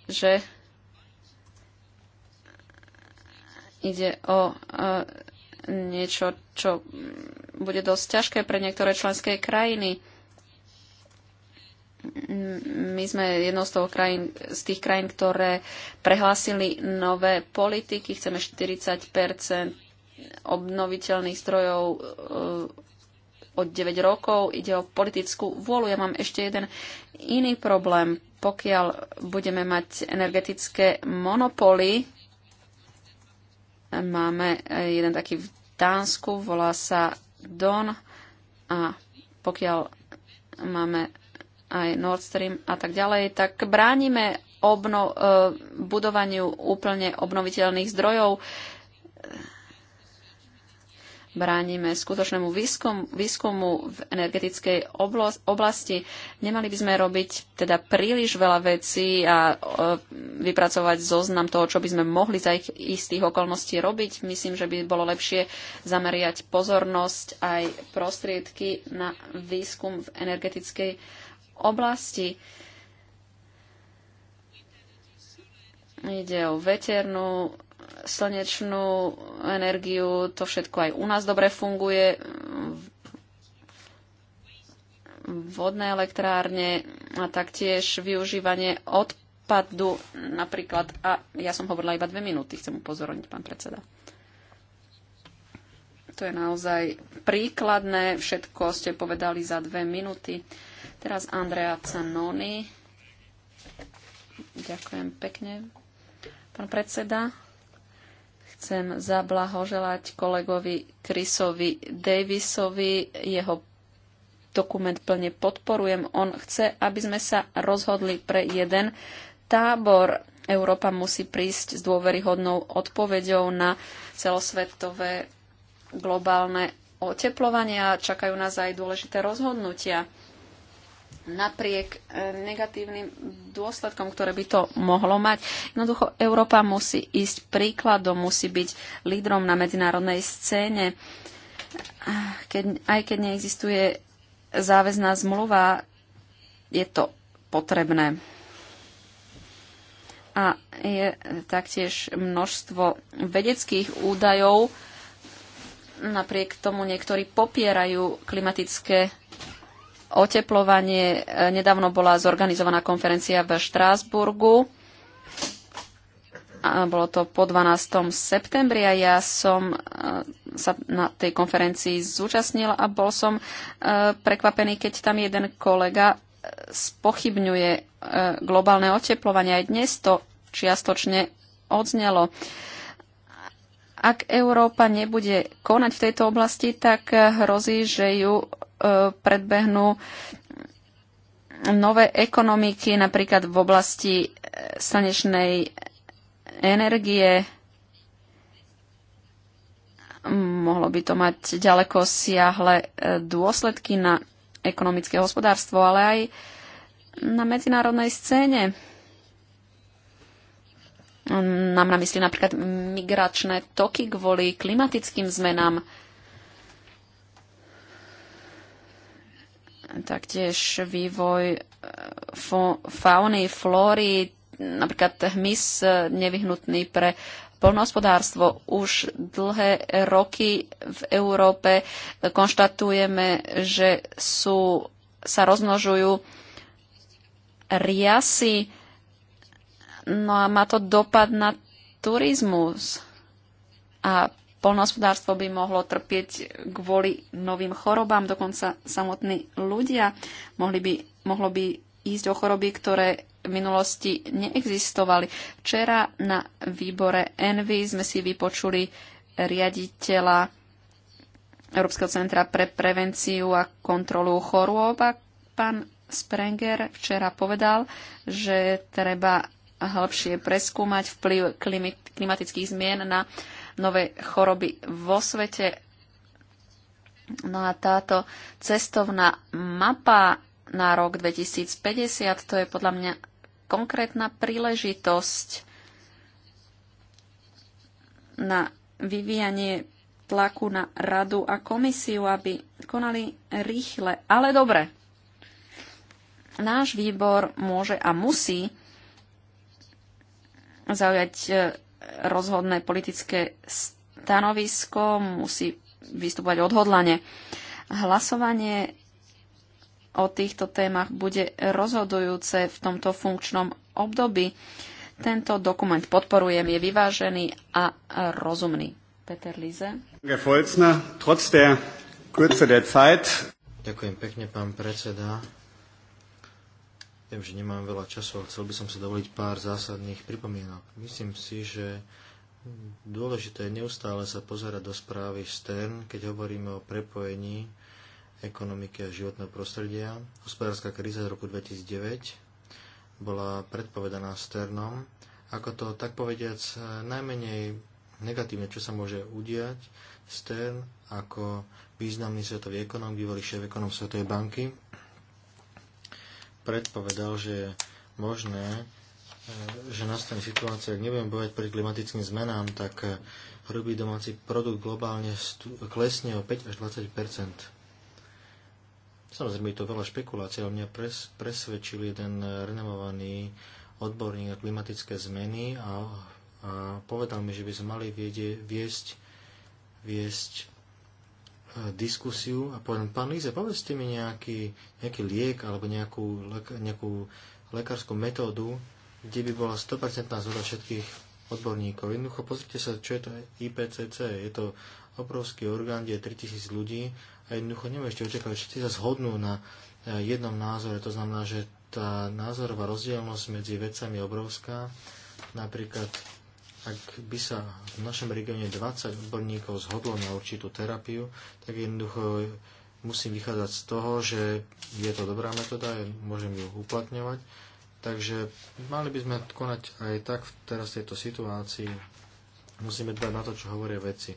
že ide o e, niečo, čo bude dosť ťažké pre niektoré členské krajiny. My sme jednou z, toho krajín, z tých krajín, ktoré prehlásili nové politiky. Chceme 40 obnoviteľných strojov e, od 9 rokov. Ide o politickú vôľu. Ja mám ešte jeden iný problém. Pokiaľ budeme mať energetické monopoly, máme e, jeden taký Dánsku, volá sa Don a pokiaľ máme aj Nord Stream a tak ďalej, tak bránime obno, e, budovaniu úplne obnoviteľných zdrojov bránime skutočnému výskum, výskumu v energetickej oblasti. Nemali by sme robiť teda príliš veľa vecí a e, vypracovať zoznam toho, čo by sme mohli za ich istých okolností robiť. Myslím, že by bolo lepšie zameriať pozornosť aj prostriedky na výskum v energetickej oblasti. Ide o veternú slnečnú energiu, to všetko aj u nás dobre funguje. Vodné elektrárne a taktiež využívanie odpadu napríklad. A ja som hovorila iba dve minúty, chcem upozorniť, pán predseda. To je naozaj príkladné. Všetko ste povedali za dve minúty. Teraz Andrea Canoni. Ďakujem pekne. Pán predseda, Chcem zablahoželať kolegovi Chrisovi Davisovi. Jeho dokument plne podporujem. On chce, aby sme sa rozhodli pre jeden tábor. Európa musí prísť s dôveryhodnou odpoveďou na celosvetové globálne oteplovanie a čakajú nás aj dôležité rozhodnutia napriek e, negatívnym dôsledkom, ktoré by to mohlo mať. Jednoducho Európa musí ísť príkladom, musí byť lídrom na medzinárodnej scéne. Keď, aj keď neexistuje záväzná zmluva, je to potrebné. A je taktiež množstvo vedeckých údajov, napriek tomu niektorí popierajú klimatické oteplovanie. E, nedávno bola zorganizovaná konferencia v Štrásburgu. bolo to po 12. septembri a ja som e, sa na tej konferencii zúčastnil a bol som e, prekvapený, keď tam jeden kolega spochybňuje globálne oteplovanie. Aj dnes to čiastočne odznelo. Ak Európa nebude konať v tejto oblasti, tak hrozí, že ju predbehnú nové ekonomiky, napríklad v oblasti e, slnečnej energie. Mohlo by to mať ďaleko siahle e, dôsledky na ekonomické hospodárstvo, ale aj na medzinárodnej scéne. Mám na mysli napríklad migračné toky kvôli klimatickým zmenám. taktiež vývoj e, fauny, flóry, napríklad hmyz e, nevyhnutný pre polnohospodárstvo. Už dlhé roky v Európe konštatujeme, že sú, sa rozmnožujú riasy, no a má to dopad na turizmus. A Polnohospodárstvo by mohlo trpieť kvôli novým chorobám, dokonca samotní ľudia mohli by, mohlo by ísť o choroby, ktoré v minulosti neexistovali. Včera na výbore Envy sme si vypočuli riaditeľa Európskeho centra pre prevenciu a kontrolu chorôb a pán Sprenger včera povedal, že treba hĺbšie preskúmať vplyv klimatických zmien na nové choroby vo svete. No a táto cestovná mapa na rok 2050, to je podľa mňa konkrétna príležitosť na vyvíjanie tlaku na radu a komisiu, aby konali rýchle, ale dobre. Náš výbor môže a musí zaujať rozhodné politické stanovisko, musí vystupovať odhodlane. Hlasovanie o týchto témach bude rozhodujúce v tomto funkčnom období. Tento dokument podporujem, je vyvážený a rozumný. Peter Lize. Ďakujem pekne, pán predseda Viem, že nemám veľa času, ale chcel by som si dovoliť pár zásadných pripomienok. Myslím si, že dôležité je neustále sa pozerať do správy Stern, keď hovoríme o prepojení ekonomiky a životného prostredia. Hospodárska kríza z roku 2009 bola predpovedaná Sternom ako to tak povediac najmenej negatívne, čo sa môže udiať. Stern ako významný svetový ekonom, bývalý šéf ekonom Svetovej banky, predpovedal, že je možné, e, že nastane situácia, ak nebudeme bojať pri klimatickým zmenám, tak e, hrubý domáci produkt globálne klesne o 5 až 20 Samozrejme, je to veľa špekulácií, ale mňa pres, presvedčil jeden renomovaný odborník na klimatické zmeny a, a povedal mi, že by sme mali viede, viesť, viesť diskusiu a poviem, pán Líze, povedzte mi nejaký, nejaký liek alebo nejakú, nejakú lekárskú metódu, kde by bola 100% zhoda všetkých odborníkov. Jednoducho pozrite sa, čo je to IPCC. Je to obrovský orgán, kde je 3000 ľudí a jednoducho nemôžete očakávať, všetci sa zhodnú na eh, jednom názore. To znamená, že tá názorová rozdielnosť medzi vedcami je obrovská. Napríklad ak by sa v našom regióne 20 odborníkov zhodlo na určitú terapiu, tak jednoducho musím vychádzať z toho, že je to dobrá metóda, môžem ju uplatňovať. Takže mali by sme konať aj tak v teraz tejto situácii. Musíme dbať na to, čo hovoria veci.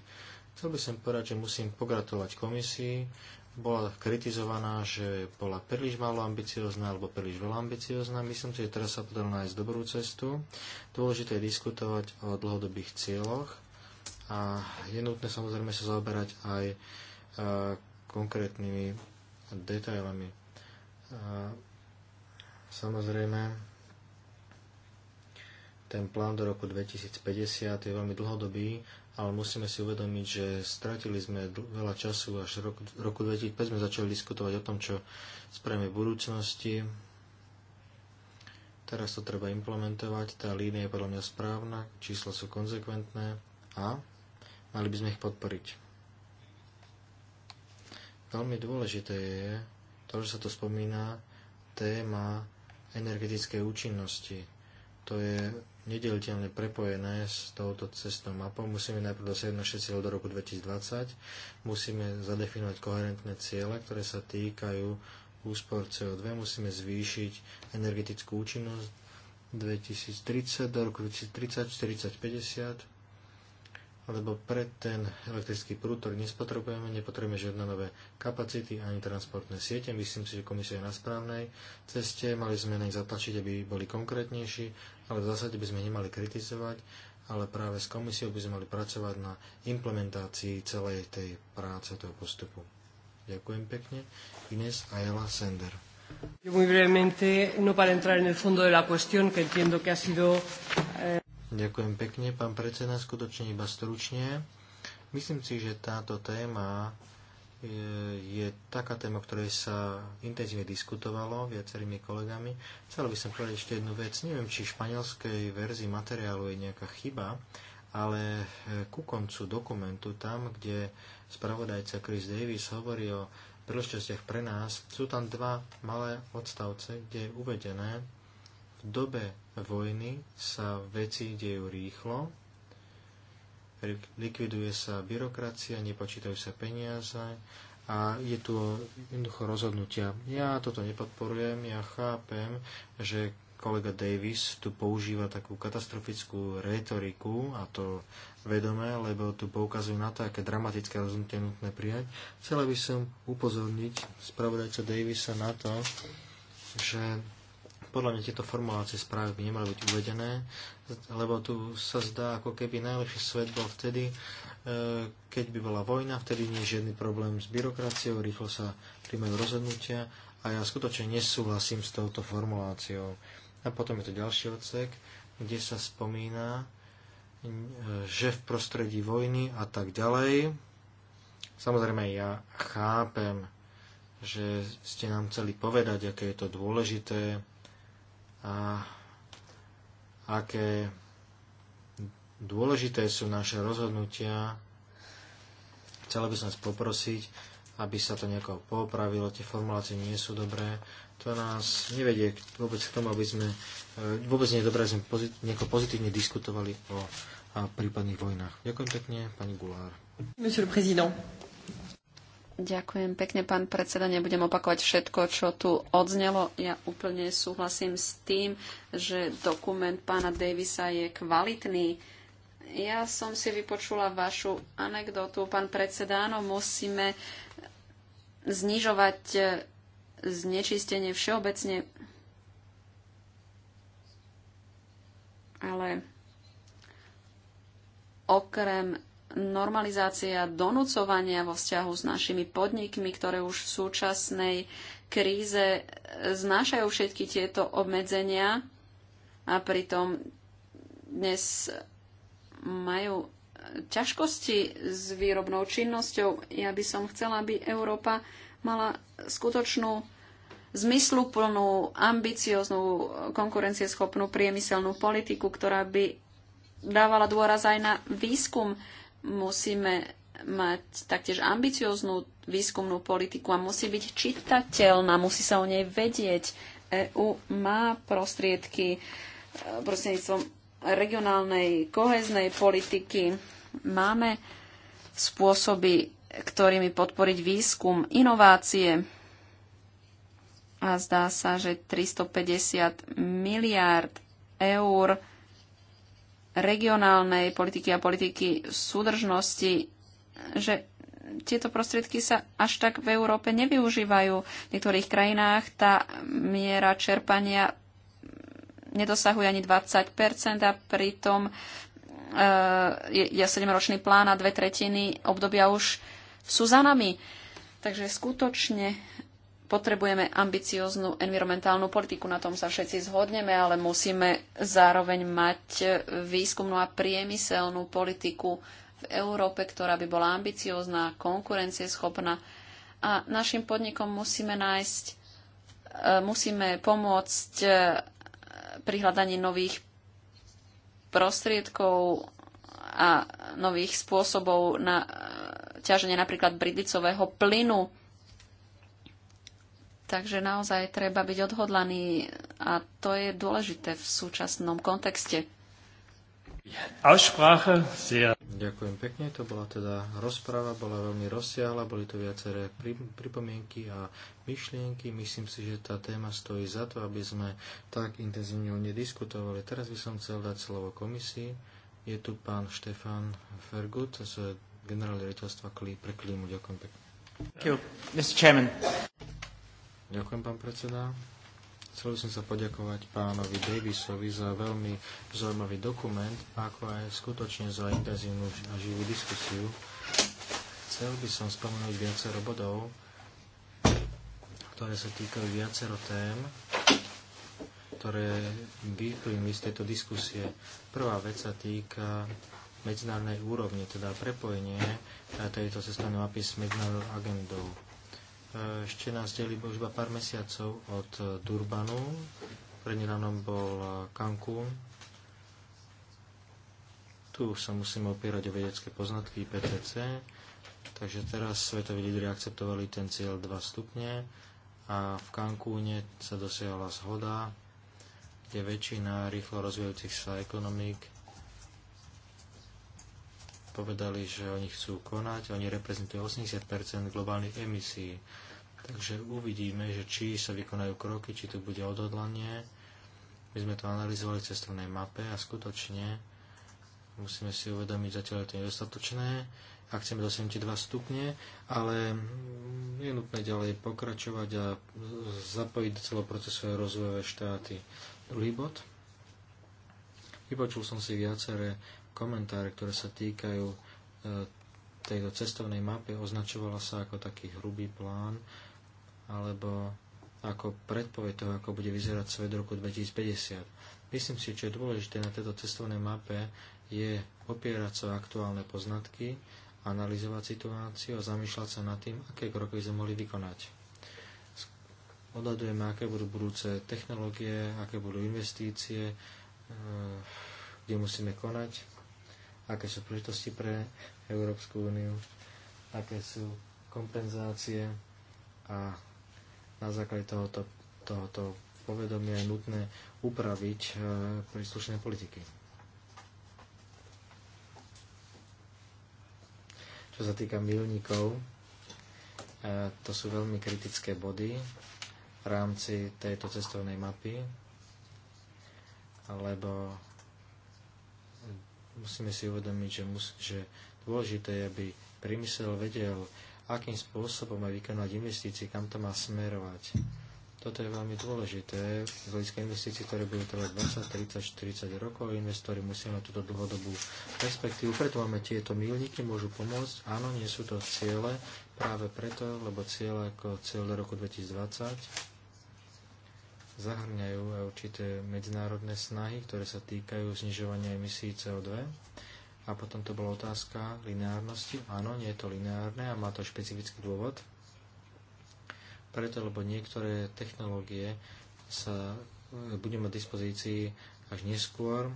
Chcel by som povedať, že musím pogratulovať komisii bola kritizovaná, že bola príliš málo ambiciozná alebo príliš veľa ambiciozná. Myslím si, že teraz sa podarilo nájsť dobrú cestu. Dôležité je diskutovať o dlhodobých cieľoch a je nutné samozrejme sa zaoberať aj e, konkrétnymi detailami. E, samozrejme, ten plán do roku 2050 je veľmi dlhodobý ale musíme si uvedomiť, že stratili sme veľa času, až v roku, roku 2005 sme začali diskutovať o tom, čo spravíme v budúcnosti. Teraz to treba implementovať, tá línia je podľa mňa správna, čísla sú konzekventné a mali by sme ich podporiť. Veľmi dôležité je to, že sa to spomína téma energetickej účinnosti. To je nedeliteľne prepojené s touto cestnou mapou. Musíme najprv dosiahnuť naše cieľ do roku 2020, musíme zadefinovať koherentné ciele, ktoré sa týkajú úspor CO2, musíme zvýšiť energetickú účinnosť 2030, do roku 2030, 40, 50, lebo pre ten elektrický prúd, ktorý nespotrebujeme, nepotrebujeme žiadne nové kapacity ani transportné siete. Myslím si, že komisia je na správnej ceste. Mali sme na nich zatlačiť, aby boli konkrétnejší ale v zásade by sme nemali kritizovať, ale práve s komisiou by sme mali pracovať na implementácii celej tej práce, toho postupu. Ďakujem pekne. Ines Ayala Sender. Muy brevemente, no para entrar en el fondo de la cuestión, que entiendo que ha sido... Eh... Ďakujem pekne, pán predseda, skutočne iba stručne. Myslím si, že táto téma je taká téma, ktorej sa intenzívne diskutovalo viacerými kolegami. Chcel by som povedať ešte jednu vec. Neviem, či v španielskej verzii materiálu je nejaká chyba, ale eh, ku koncu dokumentu, tam, kde spravodajca Chris Davis hovorí o príležitostiach pre nás, sú tam dva malé odstavce, kde je uvedené, v dobe vojny sa veci dejú rýchlo, likviduje sa byrokracia, nepočítajú sa peniaze a je tu jednoducho rozhodnutia. Ja toto nepodporujem, ja chápem, že kolega Davis tu používa takú katastrofickú retoriku a to vedomé, lebo tu poukazujú na to, aké dramatické rozhodnutie nutné prijať. Chcela by som upozorniť spravodajca Davisa na to, že podľa mňa tieto formulácie správy by nemali byť uvedené, lebo tu sa zdá, ako keby najlepší svet bol vtedy, e, keď by bola vojna, vtedy nie je žiadny problém s byrokraciou, rýchlo sa príjmajú rozhodnutia a ja skutočne nesúhlasím s touto formuláciou. A potom je to ďalší odsek, kde sa spomína, e, že v prostredí vojny a tak ďalej. Samozrejme, ja chápem, že ste nám chceli povedať, aké je to dôležité, a aké dôležité sú naše rozhodnutia. Chcela by som vás poprosiť, aby sa to nejako popravilo, tie formulácie nie sú dobré. To nás nevedie vôbec k tomu, aby sme, e, vôbec nie je dobré, aby sme nejako pozitívne diskutovali o prípadných vojnách. Ďakujem pekne, pani Gulár. Monsieur le président. Ďakujem pekne, pán predseda. Nebudem opakovať všetko, čo tu odznelo. Ja úplne súhlasím s tým, že dokument pána Davisa je kvalitný. Ja som si vypočula vašu anekdotu, pán predseda. Áno, musíme znižovať eh, znečistenie všeobecne. Ale okrem normalizácia donúcovania vo vzťahu s našimi podnikmi, ktoré už v súčasnej kríze znášajú všetky tieto obmedzenia a pritom dnes majú ťažkosti s výrobnou činnosťou. Ja by som chcela, aby Európa mala skutočnú zmysluplnú, ambicioznú, konkurencieschopnú priemyselnú politiku, ktorá by dávala dôraz aj na výskum Musíme mať taktiež ambicióznu výskumnú politiku a musí byť čitateľná, musí sa o nej vedieť. EU má prostriedky e, prostredníctvom regionálnej koheznej politiky. Máme spôsoby, ktorými podporiť výskum, inovácie. A zdá sa, že 350 miliárd eur regionálnej politiky a politiky súdržnosti, že tieto prostriedky sa až tak v Európe nevyužívajú. V niektorých krajinách tá miera čerpania nedosahuje ani 20 a pritom e, je sedemročný plán a dve tretiny obdobia už sú za nami. Takže skutočne Potrebujeme ambicióznu environmentálnu politiku, na tom sa všetci zhodneme, ale musíme zároveň mať výskumnú a priemyselnú politiku v Európe, ktorá by bola ambiciózna, konkurencieschopná. A našim podnikom musíme nájsť, e, musíme pomôcť e, pri hľadaní nových prostriedkov a nových spôsobov na e, ťaženie napríklad bridlicového plynu Takže naozaj treba byť odhodlaný a to je dôležité v súčasnom kontexte. Ďakujem pekne, to bola teda rozpráva, bola veľmi rozsiahla, boli to viaceré pripomienky a myšlienky. Myslím si, že tá téma stojí za to, aby sme tak intenzívne o nej diskutovali. Teraz by som chcel dať slovo komisii. Je tu pán Štefan Fergut z generálneho riaditeľstva pre klímu. Ďakujem pekne. Thank you, Mr. Chairman. Ďakujem, pán predseda. Chcel by som sa poďakovať pánovi Davisovi za veľmi zaujímavý dokument, ako aj skutočne za intenzívnu a živú diskusiu. Chcel by som spomenúť viacero bodov, ktoré sa týkajú viacero tém, ktoré vyplynuli z tejto diskusie. Prvá vec sa týka medzinárnej úrovne, teda prepojenie tejto cestovnej mapy s medzinárodnou agendou. E, ešte nás delí iba pár mesiacov od e, Durbanu. nedávnom bol e, Cancún. Tu sa musíme opierať o vedecké poznatky IPCC. Takže teraz svetoví lídry akceptovali ten cieľ 2 stupne a v Cancúne sa dosiahla zhoda, kde väčšina rýchlo rozvíjajúcich sa ekonomík povedali, že oni chcú konať, oni reprezentujú 80 globálnych emisí. Takže uvidíme, že či sa vykonajú kroky, či tu bude odhodlanie. My sme to analyzovali v cestovnej mape a skutočne musíme si uvedomiť, zatiaľ je to nedostatočné Ak chceme do 2 stupne, ale je nutné ďalej pokračovať a zapojiť do celého procesu aj rozvojové štáty. Druhý bod. Vypočul som si viaceré komentáre, ktoré sa týkajú e, tejto cestovnej mapy. Označovala sa ako taký hrubý plán, alebo ako predpoveď toho, ako bude vyzerať svet v roku 2050. Myslím si, čo je dôležité na tejto cestovnej mape, je opierať sa o aktuálne poznatky, analyzovať situáciu a zamýšľať sa nad tým, aké kroky by sme mohli vykonať. Odhadujeme, aké budú budúce technológie, aké budú investície, e, kde musíme konať, aké sú príležitosti pre Európsku úniu, aké sú kompenzácie a na základe tohoto, tohoto povedomia je nutné upraviť e, príslušné politiky. Čo sa týka milníkov, e, to sú veľmi kritické body v rámci tejto cestovnej mapy, lebo musíme si uvedomiť, že, mus, že dôležité je, aby prímysel vedel akým spôsobom aj vykonať investície, kam to má smerovať. Toto je veľmi dôležité. Z hľadiska investícií, ktoré budú trvať 20, 30, 40 rokov, investori musia mať túto dlhodobú perspektívu. Preto máme tieto milníky, môžu pomôcť. Áno, nie sú to ciele, práve preto, lebo ciele ako cieľ do roku 2020 zahrňajú aj určité medzinárodné snahy, ktoré sa týkajú znižovania emisí CO2 a potom to bola otázka lineárnosti. Áno, nie je to lineárne a má to špecifický dôvod. Preto, lebo niektoré technológie sa e, budú mať dispozícii až neskôr e,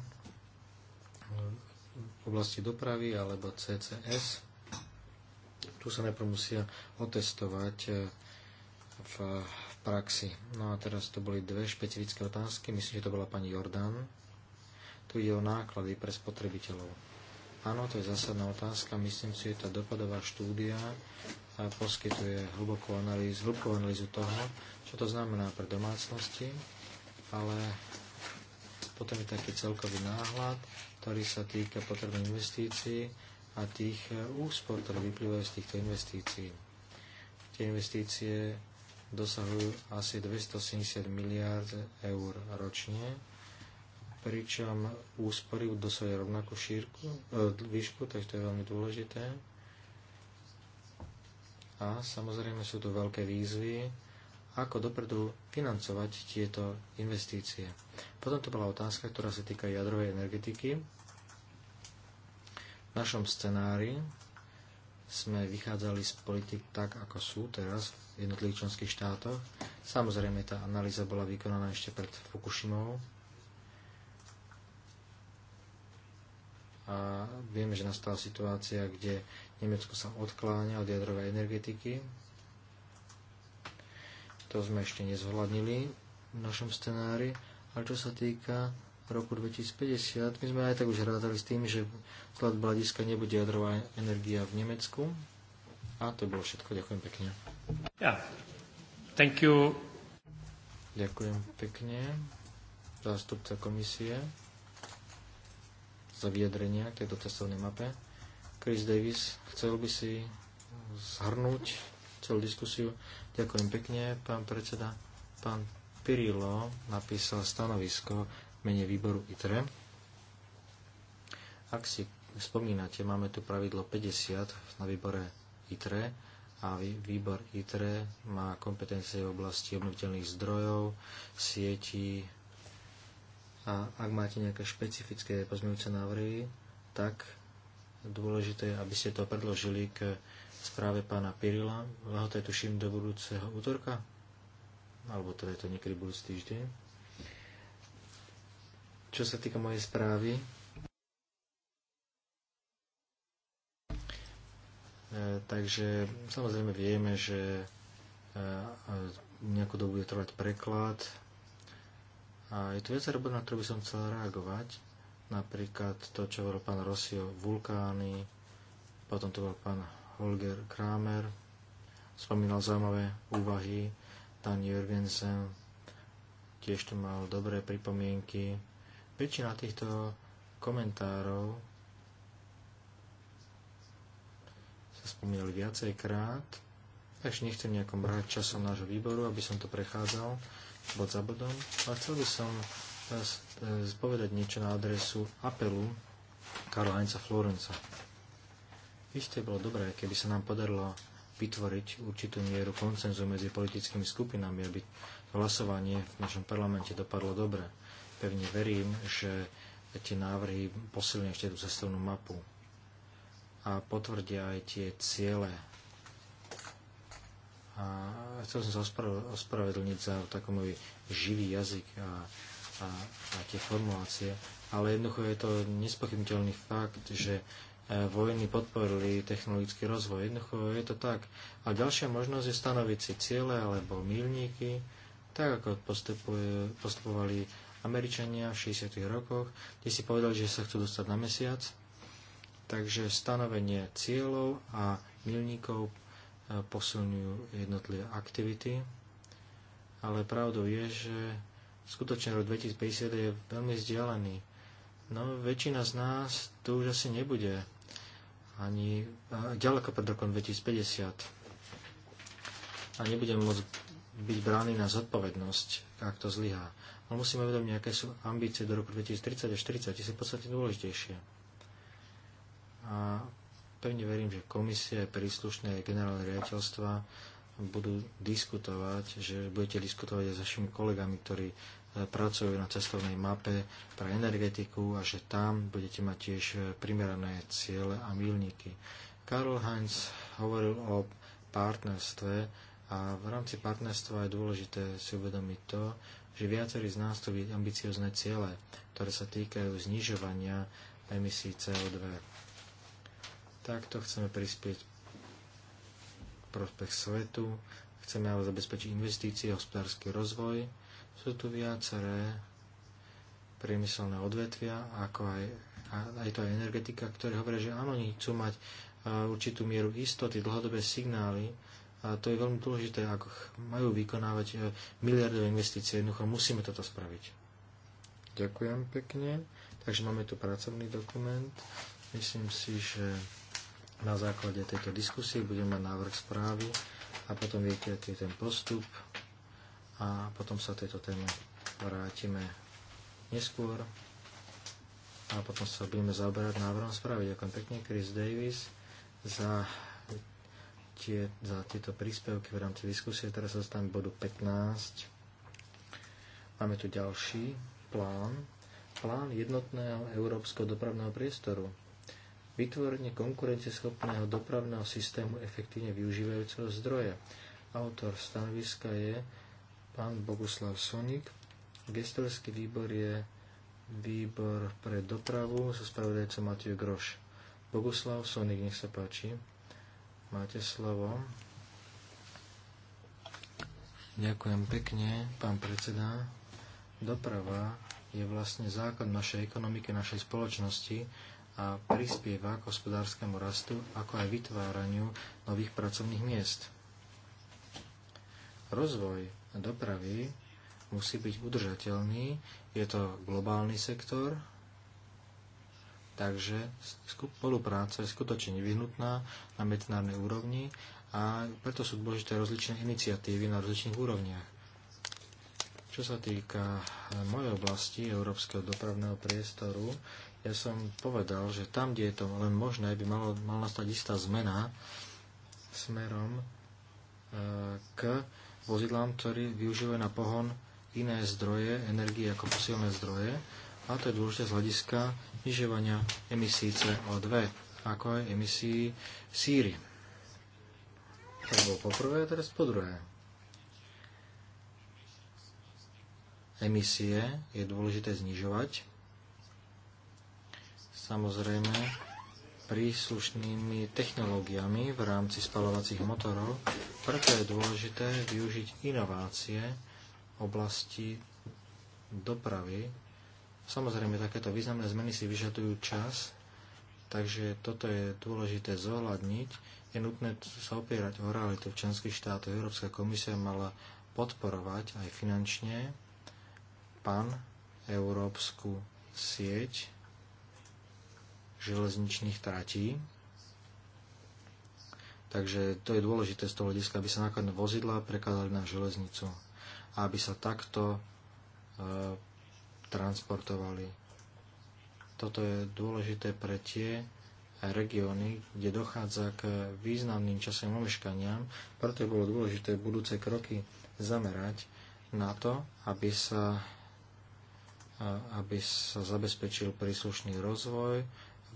v oblasti dopravy alebo CCS. Tu sa najprv musia otestovať e, v praxi. No a teraz to boli dve špecifické otázky. Myslím, že to bola pani Jordán. Tu ide o náklady pre spotrebiteľov Áno, to je zásadná otázka. Myslím si, že tá dopadová štúdia poskytuje hlbokú analýzu, hlbokú analýzu toho, čo to znamená pre domácnosti, ale potom je taký celkový náhľad, ktorý sa týka potrebných investícií a tých eh, úspor, ktoré vyplývajú z týchto investícií. Tie investície dosahujú asi 270 miliárd eur ročne pričom úspory dosahuje rovnakú šírku, e, výšku, takže to je veľmi dôležité. A samozrejme sú tu veľké výzvy, ako dopredu financovať tieto investície. Potom to bola otázka, ktorá sa týka jadrovej energetiky. V našom scenári sme vychádzali z politik tak, ako sú teraz v jednotlivých členských štátoch. Samozrejme, tá analýza bola vykonaná ešte pred Fukushimou, a vieme, že nastala situácia, kde Nemecko sa odkláňa od jadrovej energetiky. To sme ešte nezhľadnili v našom scenári. Ale čo sa týka roku 2050, my sme aj tak už rátali s tým, že vzhľad bladiska nebude jadrová energia v Nemecku. A to bolo všetko. Ďakujem pekne. Ja. Thank you. Ďakujem pekne. Zástupca komisie za vyjadrenia k tejto cestovnej mape. Chris Davis, chcel by si zhrnúť celú diskusiu. Ďakujem pekne, pán predseda. Pán Pirilo napísal stanovisko v mene výboru ITRE. Ak si spomínate, máme tu pravidlo 50 na výbore ITRE a výbor ITRE má kompetencie v oblasti obnoviteľných zdrojov, sietí, a ak máte nejaké špecifické pozmeňujúce návrhy, tak dôležité je, aby ste to predložili k správe pána Pirila. to je tuším do budúceho útorka, alebo teda je to niekedy budúci týždeň. Čo sa týka mojej správy, e, takže samozrejme vieme, že e, nejakú dobu bude trvať preklad, a je tu viac robot, na ktoré by som chcel reagovať. Napríklad to, čo hovoril pán Rosio, vulkány, potom to bol pán Holger Kramer, spomínal zaujímavé úvahy, Dan Jürgensen tiež tu mal dobré pripomienky. Väčšina týchto komentárov sa spomínali viacejkrát, takže nechcem nejakom brať časom nášho výboru, aby som to prechádzal bod za bodom, ale chcel by som teraz e, zpovedať niečo na adresu apelu Karla Heinza Florenca. Isté bolo dobré, keby sa nám podarilo vytvoriť určitú mieru koncenzu medzi politickými skupinami, aby hlasovanie v našom parlamente dopadlo dobre. Pevne verím, že tie návrhy posilnia ešte tú cestovnú mapu a potvrdia aj tie ciele a chcel som sa ospravedlniť za taký môj živý jazyk a, a, a tie formulácie, ale jednoducho je to nespochybniteľný fakt, že e, vojny podporili technologický rozvoj. Jednoducho je to tak. A ďalšia možnosť je stanoviť si ciele alebo milníky, tak ako postupovali Američania v 60. rokoch, kde si povedali, že sa chcú dostať na mesiac. Takže stanovenie cieľov a milníkov posilňujú jednotlivé aktivity, ale pravdou je, že skutočne rok 2050 je veľmi vzdialený. No väčšina z nás tu už asi nebude ani ďaleko pred rokom 2050 a nebudeme môcť byť brány na zodpovednosť, ak to zlyhá. Ale musíme vedomiť, aké sú ambície do roku 2030 a 2040, tie sú v podstate dôležitejšie. A Pevne verím, že komisie a príslušné generálne riaditeľstva budú diskutovať, že budete diskutovať aj s vašimi kolegami, ktorí e, pracujú na cestovnej mape pre energetiku a že tam budete mať tiež e, primerané ciele a milníky. Karl Heinz hovoril o partnerstve a v rámci partnerstva je dôležité si uvedomiť to, že viacerí z nás tu ambiciozne ciele, ktoré sa týkajú znižovania emisí CO2. Takto chceme prispieť prospech svetu, chceme ale zabezpečiť investície, hospodársky rozvoj. Sú tu viaceré priemyselné odvetvia, ako aj, aj to aj energetika, ktoré hovoria, že áno, oni chcú mať e, určitú mieru istoty, dlhodobé signály, a to je veľmi dôležité, ako majú vykonávať e, miliardové investície, jednoducho musíme toto spraviť. Ďakujem pekne. Takže máme tu pracovný dokument. Myslím si, že na základe tejto diskusie budeme mať návrh správy a potom viete, aký je ten postup a potom sa tejto téme vrátime neskôr a potom sa budeme zaoberať návrhom správy. Ďakujem pekne Chris Davis za, tie, za tieto príspevky v rámci diskusie. Teraz sa dostaneme bodu 15. Máme tu ďalší plán. Plán jednotného európskeho dopravného priestoru vytvorenie konkurencieschopného dopravného systému efektívne využívajúceho zdroja. Autor stanoviska je pán Boguslav Sonik. Gestorský výbor je výbor pre dopravu so spravodajcom Matiu Groš. Boguslav Sonik, nech sa páči. Máte slovo. Ďakujem pekne, pán predseda. Doprava je vlastne základ našej ekonomiky, našej spoločnosti a prispieva k hospodárskému rastu, ako aj vytváraniu nových pracovných miest. Rozvoj dopravy musí byť udržateľný, je to globálny sektor, takže spolupráca je skutočne nevyhnutná na medzinárodnej úrovni a preto sú dôležité rozličné iniciatívy na rozličných úrovniach. Čo sa týka mojej oblasti, európskeho dopravného priestoru, ja som povedal, že tam, kde je to len možné, by malo, mal nastať istá zmena smerom e, k vozidlám, ktorí využívajú na pohon iné zdroje energie ako posilné zdroje a to je dôležité z hľadiska znižovania emisí CO2 ako aj emisí síry. To bolo poprvé a teraz po druhé. Emisie je dôležité znižovať samozrejme príslušnými technológiami v rámci spalovacích motorov, preto je dôležité využiť inovácie v oblasti dopravy. Samozrejme, takéto významné zmeny si vyžadujú čas, takže toto je dôležité zohľadniť. Je nutné sa opierať o realitu v členských štátoch. Európska komisia mala podporovať aj finančne pan európsku sieť železničných tratí. Takže to je dôležité z toho hľadiska, aby sa nákladné vozidla prekladali na železnicu a aby sa takto e, transportovali. Toto je dôležité pre tie regióny, kde dochádza k významným časovým omeškaniam, preto je bolo dôležité budúce kroky zamerať na to, aby sa, aby sa zabezpečil príslušný rozvoj,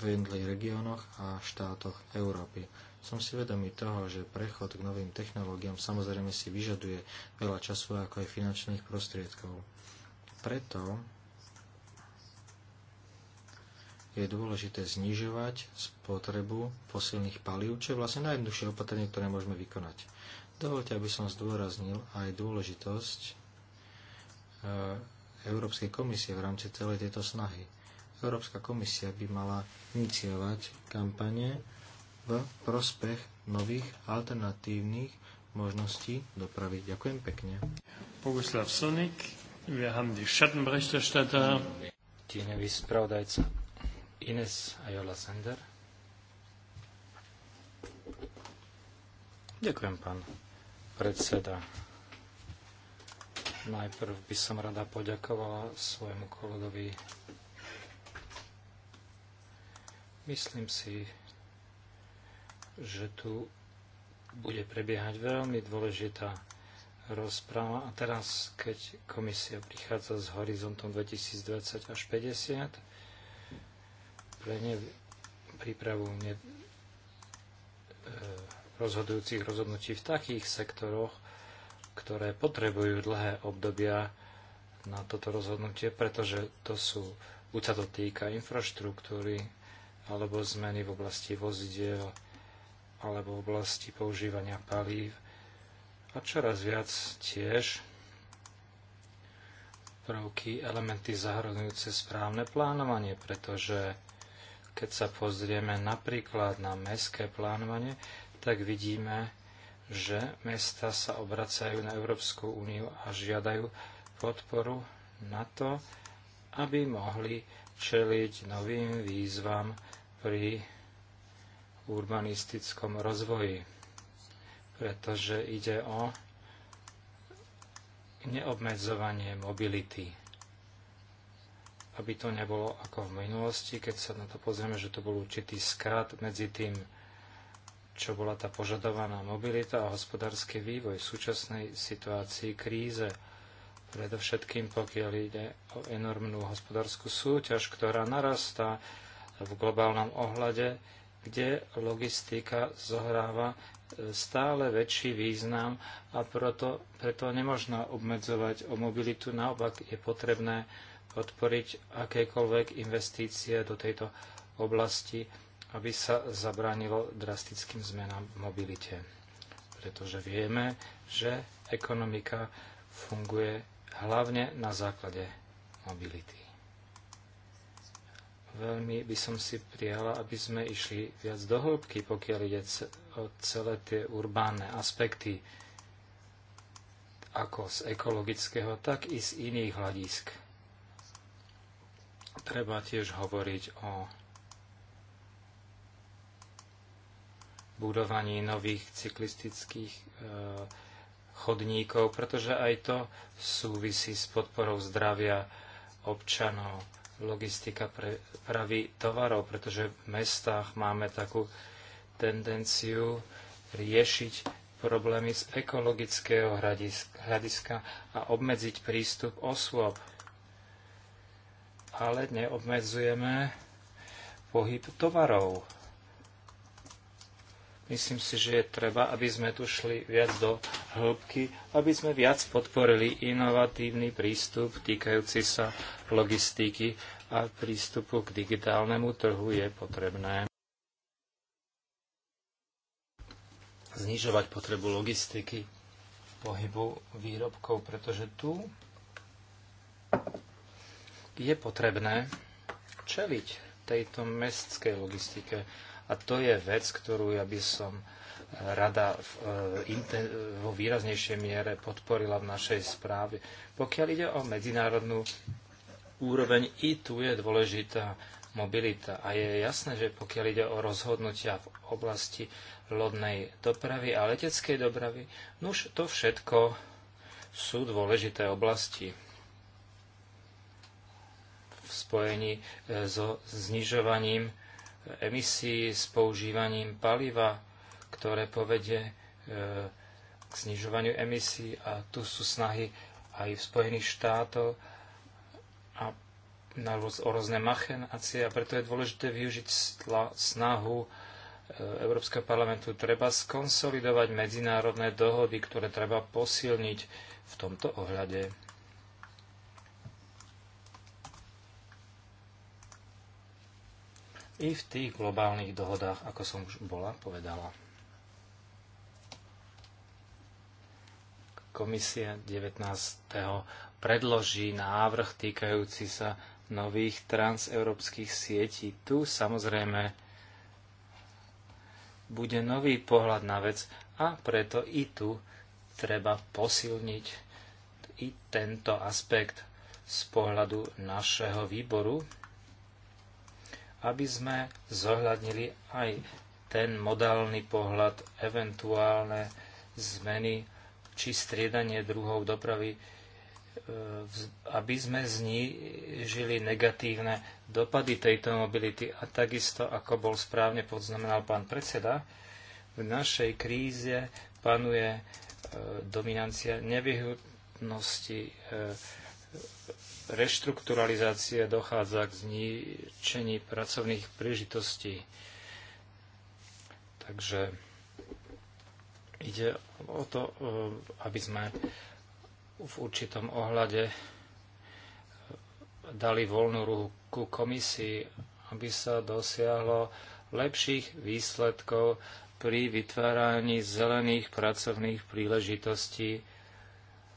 v jednotlivých regiónoch a štátoch Európy. Som si vedomý toho, že prechod k novým technológiám samozrejme si vyžaduje veľa času ako aj finančných prostriedkov. Preto je dôležité znižovať spotrebu fosilných palív, čo je vlastne najjednoduchšie opatrenie, ktoré môžeme vykonať. Dovolte, aby som zdôraznil aj dôležitosť e, Európskej komisie v rámci celej tejto snahy. Európska komisia by mala iniciovať kampane v prospech nových alternatívnych možností dopravy. Ďakujem pekne. Boguslav Sonik, wir haben die Schattenberichterstatter. Tieňový spravodajca Ines Ayola Sender. Ďakujem, pán predseda. Najprv by som rada poďakovala svojmu kolegovi Myslím si, že tu bude prebiehať veľmi dôležitá rozpráva. A teraz, keď komisia prichádza s horizontom 2020 až 50, pre ne, prípravu ne, e, rozhodujúcich rozhodnutí v takých sektoroch, ktoré potrebujú dlhé obdobia na toto rozhodnutie, pretože to sú, buď sa to týka infraštruktúry, alebo zmeny v oblasti vozidiel, alebo v oblasti používania palív a čoraz viac tiež prvky, elementy zahrnujúce správne plánovanie, pretože keď sa pozrieme napríklad na mestské plánovanie, tak vidíme, že mesta sa obracajú na Európsku úniu a žiadajú podporu na to, aby mohli čeliť novým výzvam pri urbanistickom rozvoji, pretože ide o neobmedzovanie mobility. Aby to nebolo ako v minulosti, keď sa na to pozrieme, že to bol určitý skrat medzi tým, čo bola tá požadovaná mobilita a hospodársky vývoj v súčasnej situácii kríze predovšetkým pokiaľ ide o enormnú hospodárskú súťaž, ktorá narastá v globálnom ohľade, kde logistika zohráva e, stále väčší význam a preto, preto nemožno obmedzovať o mobilitu. Naopak je potrebné podporiť akékoľvek investície do tejto oblasti, aby sa zabránilo drastickým zmenám v mobilite. Pretože vieme, že ekonomika funguje hlavne na základe mobility. Veľmi by som si prijala, aby sme išli viac do hĺbky, pokiaľ ide o celé tie urbánne aspekty, ako z ekologického, tak i z iných hľadisk. Treba tiež hovoriť o budovaní nových cyklistických e, chodníkov, pretože aj to súvisí s podporou zdravia občanov, logistika prepravy tovarov, pretože v mestách máme takú tendenciu riešiť problémy z ekologického hľadiska a obmedziť prístup osôb. Ale neobmedzujeme pohyb tovarov. Myslím si, že je treba, aby sme tu šli viac do hĺbky, aby sme viac podporili inovatívny prístup týkajúci sa logistiky a prístupu k digitálnemu trhu je potrebné. Znižovať potrebu logistiky, pohybu výrobkov, pretože tu je potrebné čeliť tejto mestskej logistike a to je vec, ktorú ja by som eh, rada eh, vo výraznejšej miere podporila v našej správe. Pokiaľ ide o medzinárodnú úroveň, i tu je dôležitá mobilita. A je jasné, že pokiaľ ide o rozhodnutia v oblasti lodnej dopravy a leteckej dopravy, nuž no to všetko sú dôležité oblasti v spojení eh, so znižovaním emisí s používaním paliva, ktoré povedie e, k znižovaniu emisí a tu sú snahy aj v Spojených štátoch a na, o rôzne machenácie a preto je dôležité využiť snahu e, Európskeho parlamentu treba skonsolidovať medzinárodné dohody, ktoré treba posilniť v tomto ohľade. i v tých globálnych dohodách, ako som už bola povedala. Komisia 19. predloží návrh týkajúci sa nových transeurópskych sietí. Tu samozrejme bude nový pohľad na vec a preto i tu treba posilniť i tento aspekt z pohľadu našeho výboru, aby sme zohľadnili aj ten modálny pohľad, eventuálne zmeny či striedanie druhov dopravy, e, aby sme znížili negatívne dopady tejto mobility. A takisto, ako bol správne podznamenal pán predseda, v našej kríze panuje e, dominancia nevyhnutnosti e, reštrukturalizácie dochádza k zničení pracovných príležitostí. Takže ide o to, eh, aby sme v určitom ohľade eh, dali voľnú ruku ku komisii, aby sa dosiahlo lepších výsledkov pri vytváraní zelených pracovných príležitostí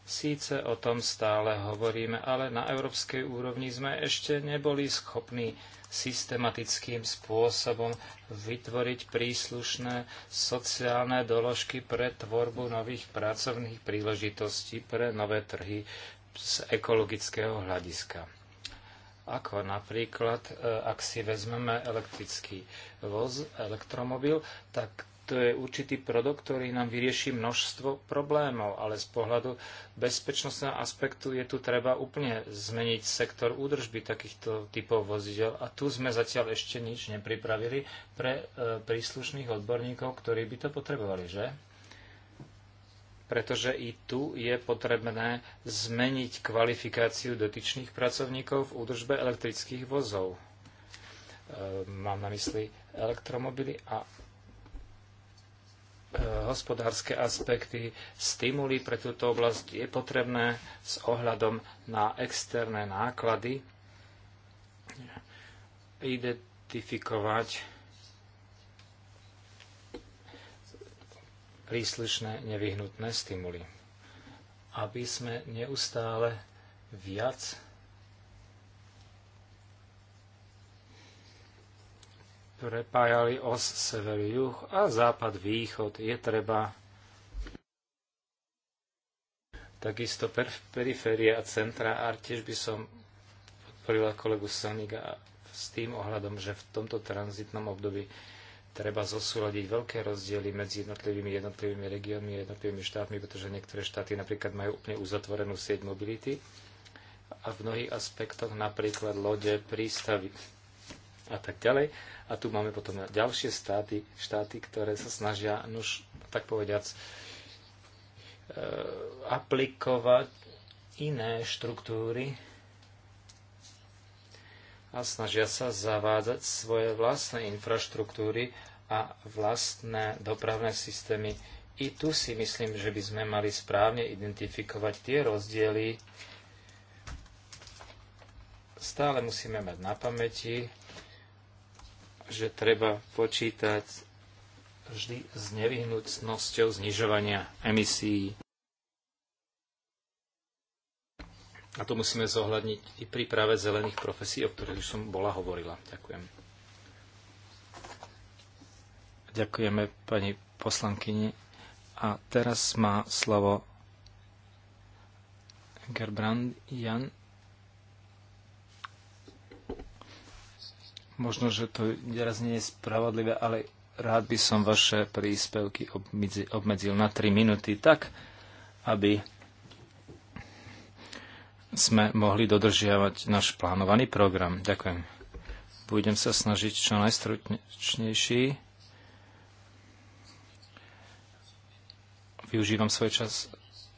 Síce o tom stále hovoríme, ale na európskej úrovni sme ešte neboli schopní systematickým spôsobom vytvoriť príslušné sociálne doložky pre tvorbu nových pracovných príležitostí pre nové trhy z ekologického hľadiska. Ako napríklad, e, ak si vezmeme elektrický voz, elektromobil, tak to je určitý produkt, ktorý nám vyrieši množstvo problémov, ale z pohľadu bezpečnostného aspektu je tu treba úplne zmeniť sektor údržby takýchto typov vozidel a tu sme zatiaľ ešte nič nepripravili pre e, príslušných odborníkov, ktorí by to potrebovali, že? Pretože i tu je potrebné zmeniť kvalifikáciu dotyčných pracovníkov v údržbe elektrických vozov. E, mám na mysli elektromobily a E, hospodárske aspekty, stimuly pre túto oblasť je potrebné s ohľadom na externé náklady identifikovať príslušné nevyhnutné stimuly, aby sme neustále viac ktoré pájali os sever-juh a západ-východ. Je treba takisto periférie a centra a tiež by som podporila kolegu Saniga s tým ohľadom, že v tomto tranzitnom období treba zosúľadiť veľké rozdiely medzi jednotlivými jednotlivými regiónmi a jednotlivými štátmi, pretože niektoré štáty napríklad majú úplne uzatvorenú sieť mobility a v mnohých aspektoch napríklad lode, prístavy, a tak ďalej. A tu máme potom ďalšie státy, štáty, ktoré sa snažia, nuž, tak povediac, e, aplikovať iné štruktúry a snažia sa zavádzať svoje vlastné infraštruktúry a vlastné dopravné systémy. I tu si myslím, že by sme mali správne identifikovať tie rozdiely. Stále musíme mať na pamäti, že treba počítať vždy s nevyhnutnosťou znižovania emisí. A to musíme zohľadniť i pri práve zelených profesí, o ktorých už som bola hovorila. Ďakujem. Ďakujeme pani poslankyni. A teraz má slovo Gerbrand Jan Možno, že to teraz nie je spravodlivé, ale rád by som vaše príspevky obmedzil na 3 minúty tak, aby sme mohli dodržiavať náš plánovaný program. Ďakujem. Budem sa snažiť čo najstručnejší. Využívam svoj čas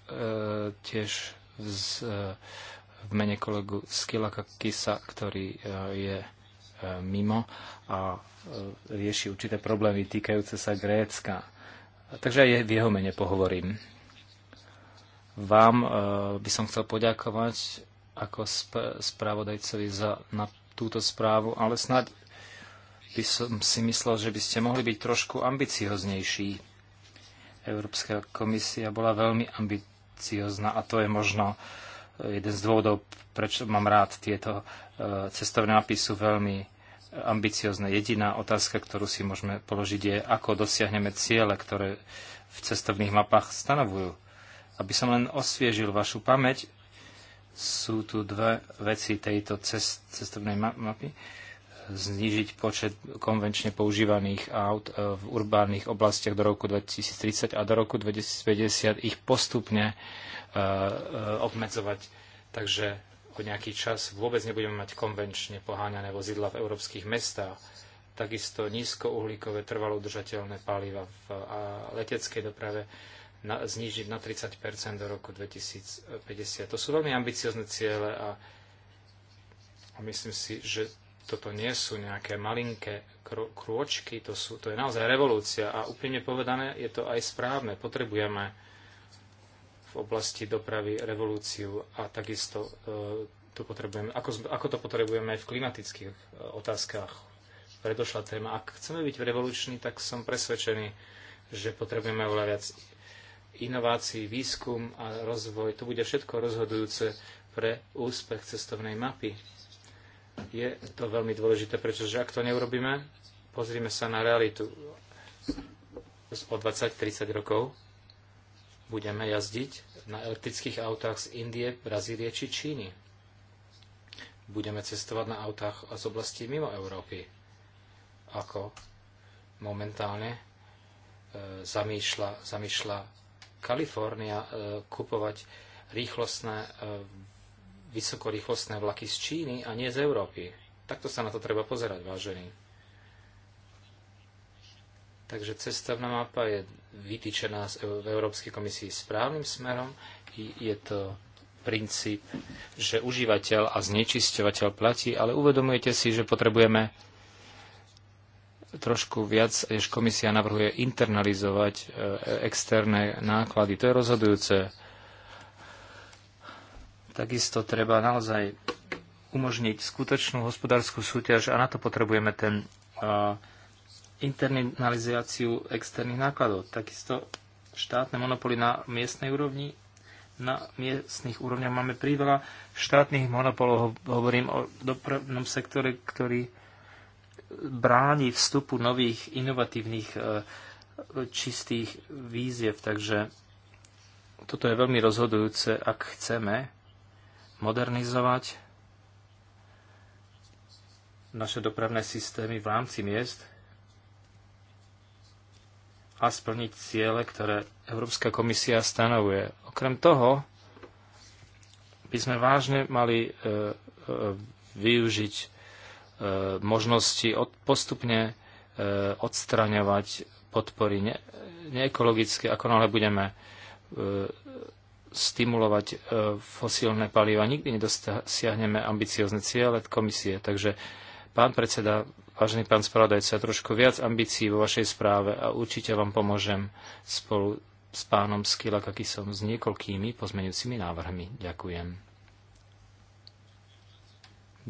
e, tiež z, e, v mene kolegu Skilaka Kisa, ktorý e, je mimo a e, rieši určité problémy týkajúce sa Grécka. Takže aj v jeho mene pohovorím. Vám e, by som chcel poďakovať ako spravodajcovi za, na túto správu, ale snad by som si myslel, že by ste mohli byť trošku ambicioznejší. Európska komisia bola veľmi ambiciozná a to je možno uh, jeden z dôvodov, prečo mám rád tieto e, cestovné mapy, sú veľmi ambiciozne. Jediná otázka, ktorú si môžeme položiť, je, ako dosiahneme ciele, ktoré v cestovných mapách stanovujú. Aby som len osviežil vašu pamäť, sú tu dve veci tejto cest, cestovnej mapy. Znížiť počet konvenčne používaných aut e, v urbánnych oblastiach do roku 2030 a do roku 2050 ich postupne Eh, obmedzovať. Takže o nejaký čas vôbec nebudeme mať konvenčne poháňané vozidla v európskych mestách. Takisto nízkouhlíkové trvalo udržateľné paliva v leteckej doprave na, znížiť na 30 do roku 2050. To sú veľmi ambiciozne ciele a, a myslím si, že toto nie sú nejaké malinké krôčky, to, sú, to je naozaj revolúcia a úplne povedané je to aj správne. Potrebujeme v oblasti dopravy revolúciu a takisto e, to potrebujeme, ako, ako to potrebujeme aj v klimatických e, otázkach. Predošla téma. Ak chceme byť revoluční, tak som presvedčený, že potrebujeme oveľa viac inovácií, výskum a rozvoj. To bude všetko rozhodujúce pre úspech cestovnej mapy. Je to veľmi dôležité, pretože ak to neurobíme, pozrime sa na realitu o 20-30 rokov, budeme jazdiť na elektrických autách z Indie, Brazílie či Číny. Budeme cestovať na autách z oblastí mimo Európy, ako momentálne e, zamýšľa, zamýšľa Kalifornia e, kupovať rýchlostné, e, vysokorýchlostné vlaky z Číny a nie z Európy. Takto sa na to treba pozerať, vážení. Takže cestovná mapa je vytýčená v Európskej komisii správnym smerom. Je to princíp, že užívateľ a znečisťovateľ platí, ale uvedomujete si, že potrebujeme trošku viac, než komisia navrhuje internalizovať e, externé náklady. To je rozhodujúce. Takisto treba naozaj umožniť skutočnú hospodárskú súťaž a na to potrebujeme ten uh, internalizáciu externých nákladov. Takisto štátne monopoly na miestnej úrovni. Na miestnych úrovniach máme príveľa štátnych monopolov. Hovorím o dopravnom sektore, ktorý bráni vstupu nových inovatívnych e, čistých víziev. Takže toto je veľmi rozhodujúce, ak chceme modernizovať naše dopravné systémy v rámci miest a splniť ciele, ktoré Európska komisia stanovuje. Okrem toho by sme vážne mali e, e, využiť e, možnosti postupne odstraňovať podpory neekologické, ako náhle budeme stimulovať fosílne paliva. Nikdy nedosiahneme ambiciozne ciele komisie. Takže, pán predseda, Vážený pán spravodajca, trošku viac ambícií vo vašej správe a určite vám pomôžem spolu s pánom Skilakakisom s niekoľkými pozmeňujúcimi návrhmi. Ďakujem.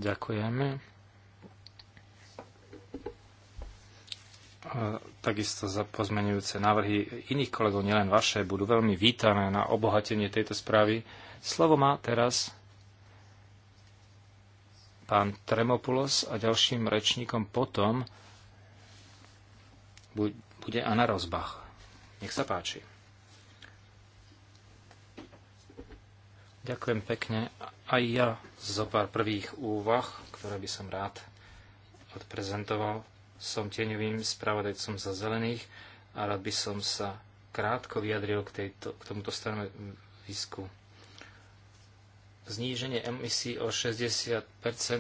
Ďakujeme. takisto za pozmenujúce návrhy iných kolegov, nielen vaše, budú veľmi vítané na obohatenie tejto správy. Slovo má teraz pán Tremopulos a ďalším rečníkom potom bude Anna Rozbach. Nech sa páči. Ďakujem pekne. Aj ja zo pár prvých úvah, ktoré by som rád odprezentoval. Som tieňovým spravodajcom za zelených a rád by som sa krátko vyjadril k, tejto, k tomuto stanovisku zníženie emisí o 60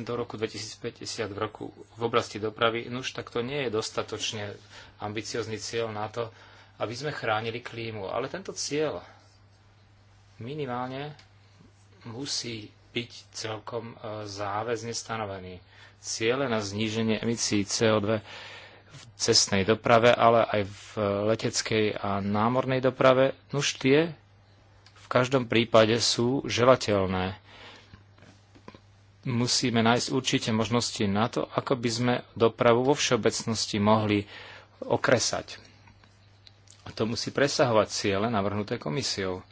do roku 2050 v, roku v oblasti dopravy, nuž tak to nie je dostatočne ambiciozný cieľ na to, aby sme chránili klímu. Ale tento cieľ minimálne musí byť celkom e, záväzne stanovený. Ciele na zníženie emisí CO2 v cestnej doprave, ale aj v e, leteckej a námornej doprave, nuž tie každom prípade sú želateľné. Musíme nájsť určite možnosti na to, ako by sme dopravu vo všeobecnosti mohli okresať. A to musí presahovať ciele navrhnuté komisiou.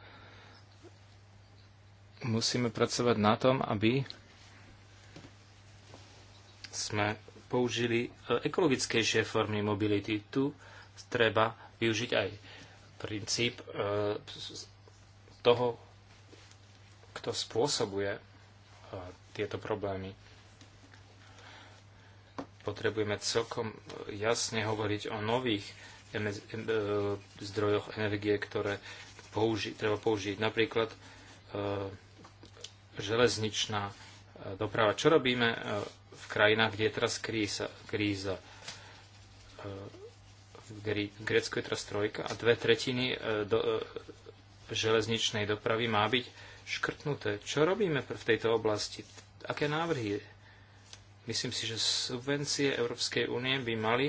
Musíme pracovať na tom, aby sme použili e, ekologickejšie formy mobility. Tu treba využiť aj princíp e, toho, kto spôsobuje e, tieto problémy. Potrebujeme celkom e, jasne hovoriť o nových e, zdrojoch energie, ktoré použi- treba použiť. Napríklad e, železničná doprava. Čo robíme v krajinách, kde je teraz kríza? kríza? E, v Grécku je teraz trojka a dve tretiny e, do, železničnej dopravy má byť škrtnuté. Čo robíme v tejto oblasti? Aké návrhy? Myslím si, že subvencie Európskej únie by mali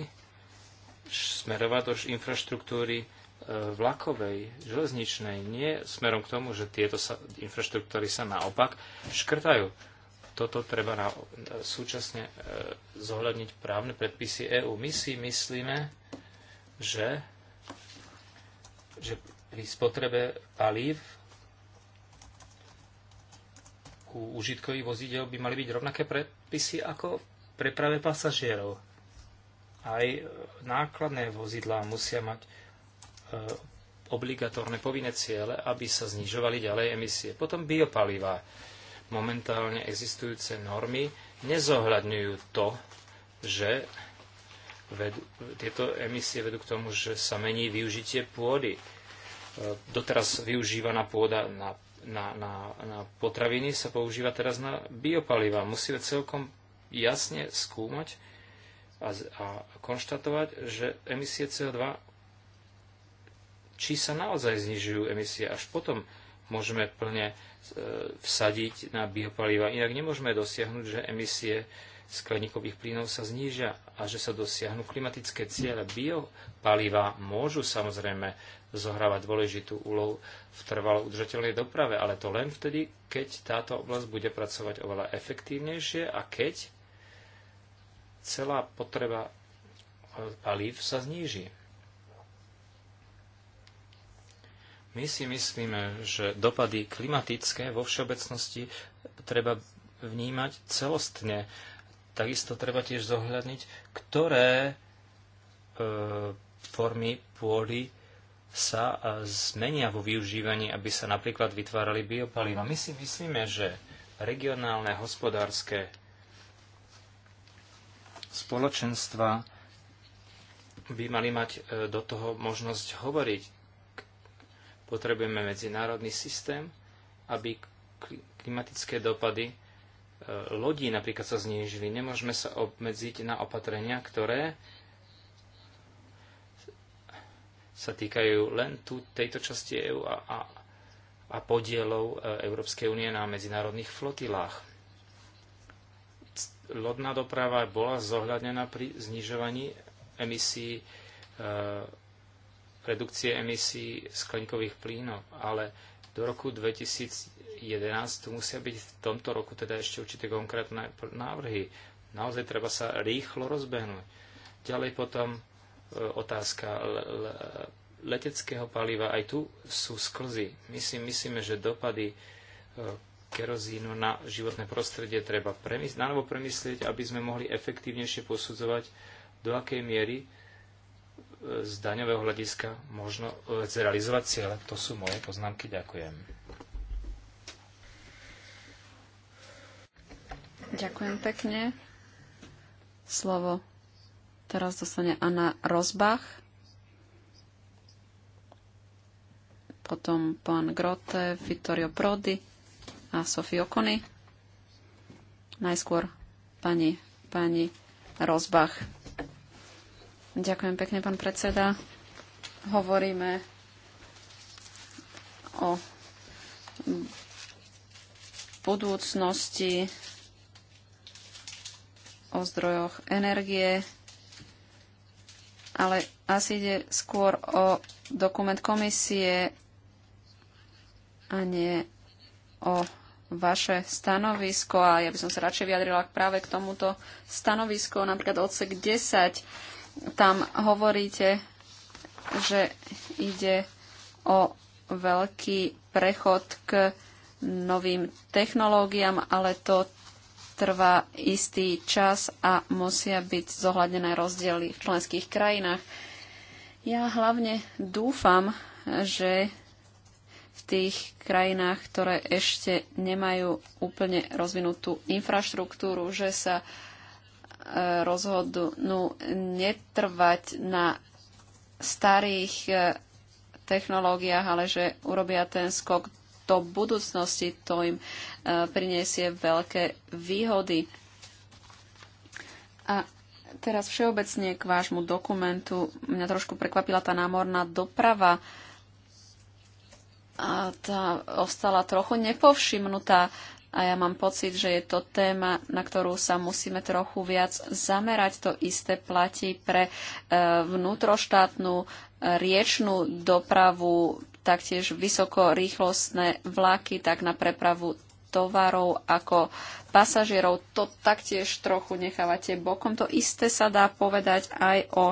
smerovať do infraštruktúry e, vlakovej, železničnej, nie smerom k tomu, že tieto sa, infraštruktúry sa naopak škrtajú. Toto treba na, e, súčasne e, zohľadniť právne predpisy EÚ. My si myslíme, že, že pri spotrebe palív u užitkových vozidel by mali byť rovnaké predpisy ako v preprave pasažierov. Aj nákladné vozidlá musia mať e, obligatórne povinné ciele, aby sa znižovali ďalej emisie. Potom biopalivá. Momentálne existujúce normy nezohľadňujú to, že vedú, tieto emisie vedú k tomu, že sa mení využitie pôdy doteraz využívaná pôda na, na, na, na potraviny sa používa teraz na biopaliva. Musíme celkom jasne skúmať a, a konštatovať, že emisie CO2, či sa naozaj znižujú emisie, až potom môžeme plne e, vsadiť na biopaliva. Inak nemôžeme dosiahnuť, že emisie skleníkových plynov sa znížia a že sa dosiahnu klimatické ciele. Biopaliva môžu samozrejme zohrávať dôležitú úlohu v trvalo udržateľnej doprave, ale to len vtedy, keď táto oblasť bude pracovať oveľa efektívnejšie a keď celá potreba eh, palív sa zníži. My si myslíme, že dopady klimatické vo všeobecnosti treba vnímať celostne. Takisto treba tiež zohľadniť, ktoré e, formy pôdy sa e, zmenia vo využívaní, aby sa napríklad vytvárali biopalíva. My si myslíme, že regionálne hospodárske spoločenstva by mali mať e, do toho možnosť hovoriť. Potrebujeme medzinárodný systém, aby klimatické dopady e, lodí napríklad sa znížili. Nemôžeme sa obmedziť na opatrenia, ktoré sa týkajú len tu, tejto časti EÚ a, a, a podielov e, Európskej únie na medzinárodných flotilách. Lodná doprava bola zohľadnená pri znižovaní emisí, e, redukcie emisí skleníkových plynov, ale do roku 2011 tu musia byť v tomto roku teda ešte určité konkrétne návrhy. Naozaj treba sa rýchlo rozbehnúť. Ďalej potom otázka leteckého paliva, aj tu sú sklzy. My si myslíme, že dopady e, kerozínu na životné prostredie treba premysl- nanovo premyslieť, aby sme mohli efektívnejšie posudzovať, do akej miery e, z daňového hľadiska možno e, zrealizovať ciele. To sú moje poznámky. Ďakujem. Ďakujem pekne. Slovo Teraz dostane Anna Rozbach. Potom pán Grote, Vittorio Prodi a Sofio Okony. Najskôr pani, pani Rozbach. Ďakujem pekne, pán predseda. Hovoríme o budúcnosti, o zdrojoch energie, ale asi ide skôr o dokument komisie a nie o vaše stanovisko a ja by som sa radšej vyjadrila práve k tomuto stanovisku, napríklad odsek 10. Tam hovoríte, že ide o veľký prechod k novým technológiám, ale to trvá istý čas a musia byť zohľadené rozdiely v členských krajinách. Ja hlavne dúfam, že v tých krajinách, ktoré ešte nemajú úplne rozvinutú infraštruktúru, že sa e, rozhodnú netrvať na starých e, technológiách, ale že urobia ten skok do budúcnosti, to im E, priniesie veľké výhody. A teraz všeobecne k vášmu dokumentu. Mňa trošku prekvapila tá námorná doprava. A tá ostala trochu nepovšimnutá. A ja mám pocit, že je to téma, na ktorú sa musíme trochu viac zamerať. To isté platí pre e, vnútroštátnu e, riečnú dopravu, taktiež vysokorýchlostné vlaky, tak na prepravu tovarov ako pasažierov. To taktiež trochu nechávate bokom. To isté sa dá povedať aj o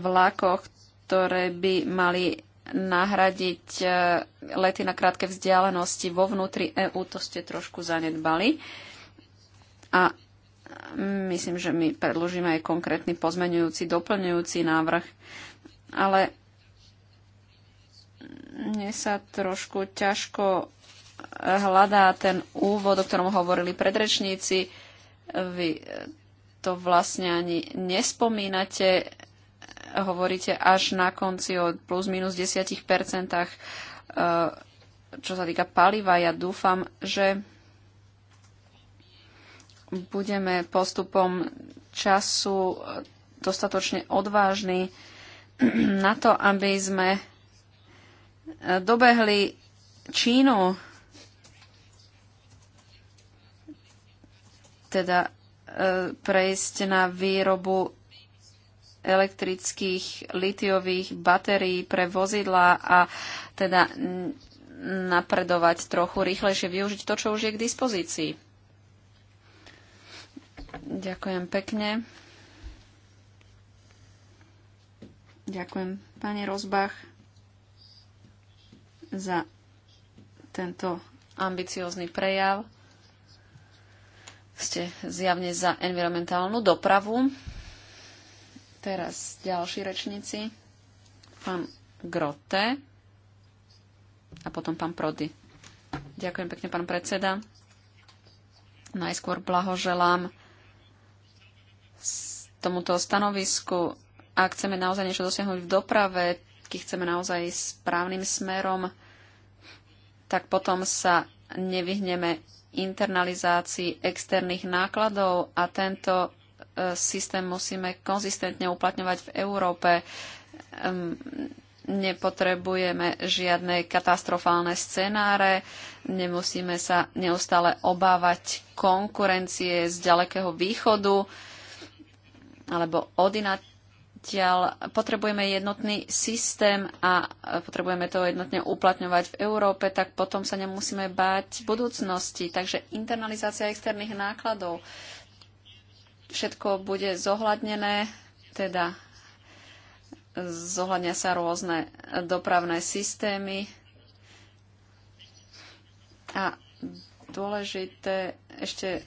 vlakoch, ktoré by mali nahradiť e, lety na krátke vzdialenosti vo vnútri EÚ, to ste trošku zanedbali. A myslím, že my predložíme aj konkrétny pozmenujúci, doplňujúci návrh. Ale mne sa trošku ťažko hľadá ten úvod, o ktorom hovorili predrečníci. Vy to vlastne ani nespomínate, hovoríte až na konci o plus minus 10%, e, čo sa týka paliva. Ja dúfam, že budeme postupom času dostatočne odvážni na to, aby sme dobehli Čínu teda e, prejsť na výrobu elektrických litiových batérií pre vozidlá a teda napredovať trochu rýchlejšie, využiť to, čo už je k dispozícii. Ďakujem pekne. Ďakujem pani Rozbach za tento ambiciózny prejav. Ste zjavne za environmentálnu dopravu. Teraz ďalší rečníci. Pán Grote a potom pán Prody. Ďakujem pekne, pán predseda. Najskôr blahoželám tomuto stanovisku. Ak chceme naozaj niečo dosiahnuť v doprave, keď chceme naozaj správnym smerom, tak potom sa nevyhneme internalizácii externých nákladov a tento e, systém musíme konzistentne uplatňovať v Európe. Nepotrebujeme žiadne katastrofálne scenáre, nemusíme sa neustále obávať konkurencie z ďalekého východu alebo Zatiaľ potrebujeme jednotný systém a potrebujeme to jednotne uplatňovať v Európe, tak potom sa nemusíme báť v budúcnosti. Takže internalizácia externých nákladov. Všetko bude zohľadnené, teda zohľadnia sa rôzne dopravné systémy. A dôležité ešte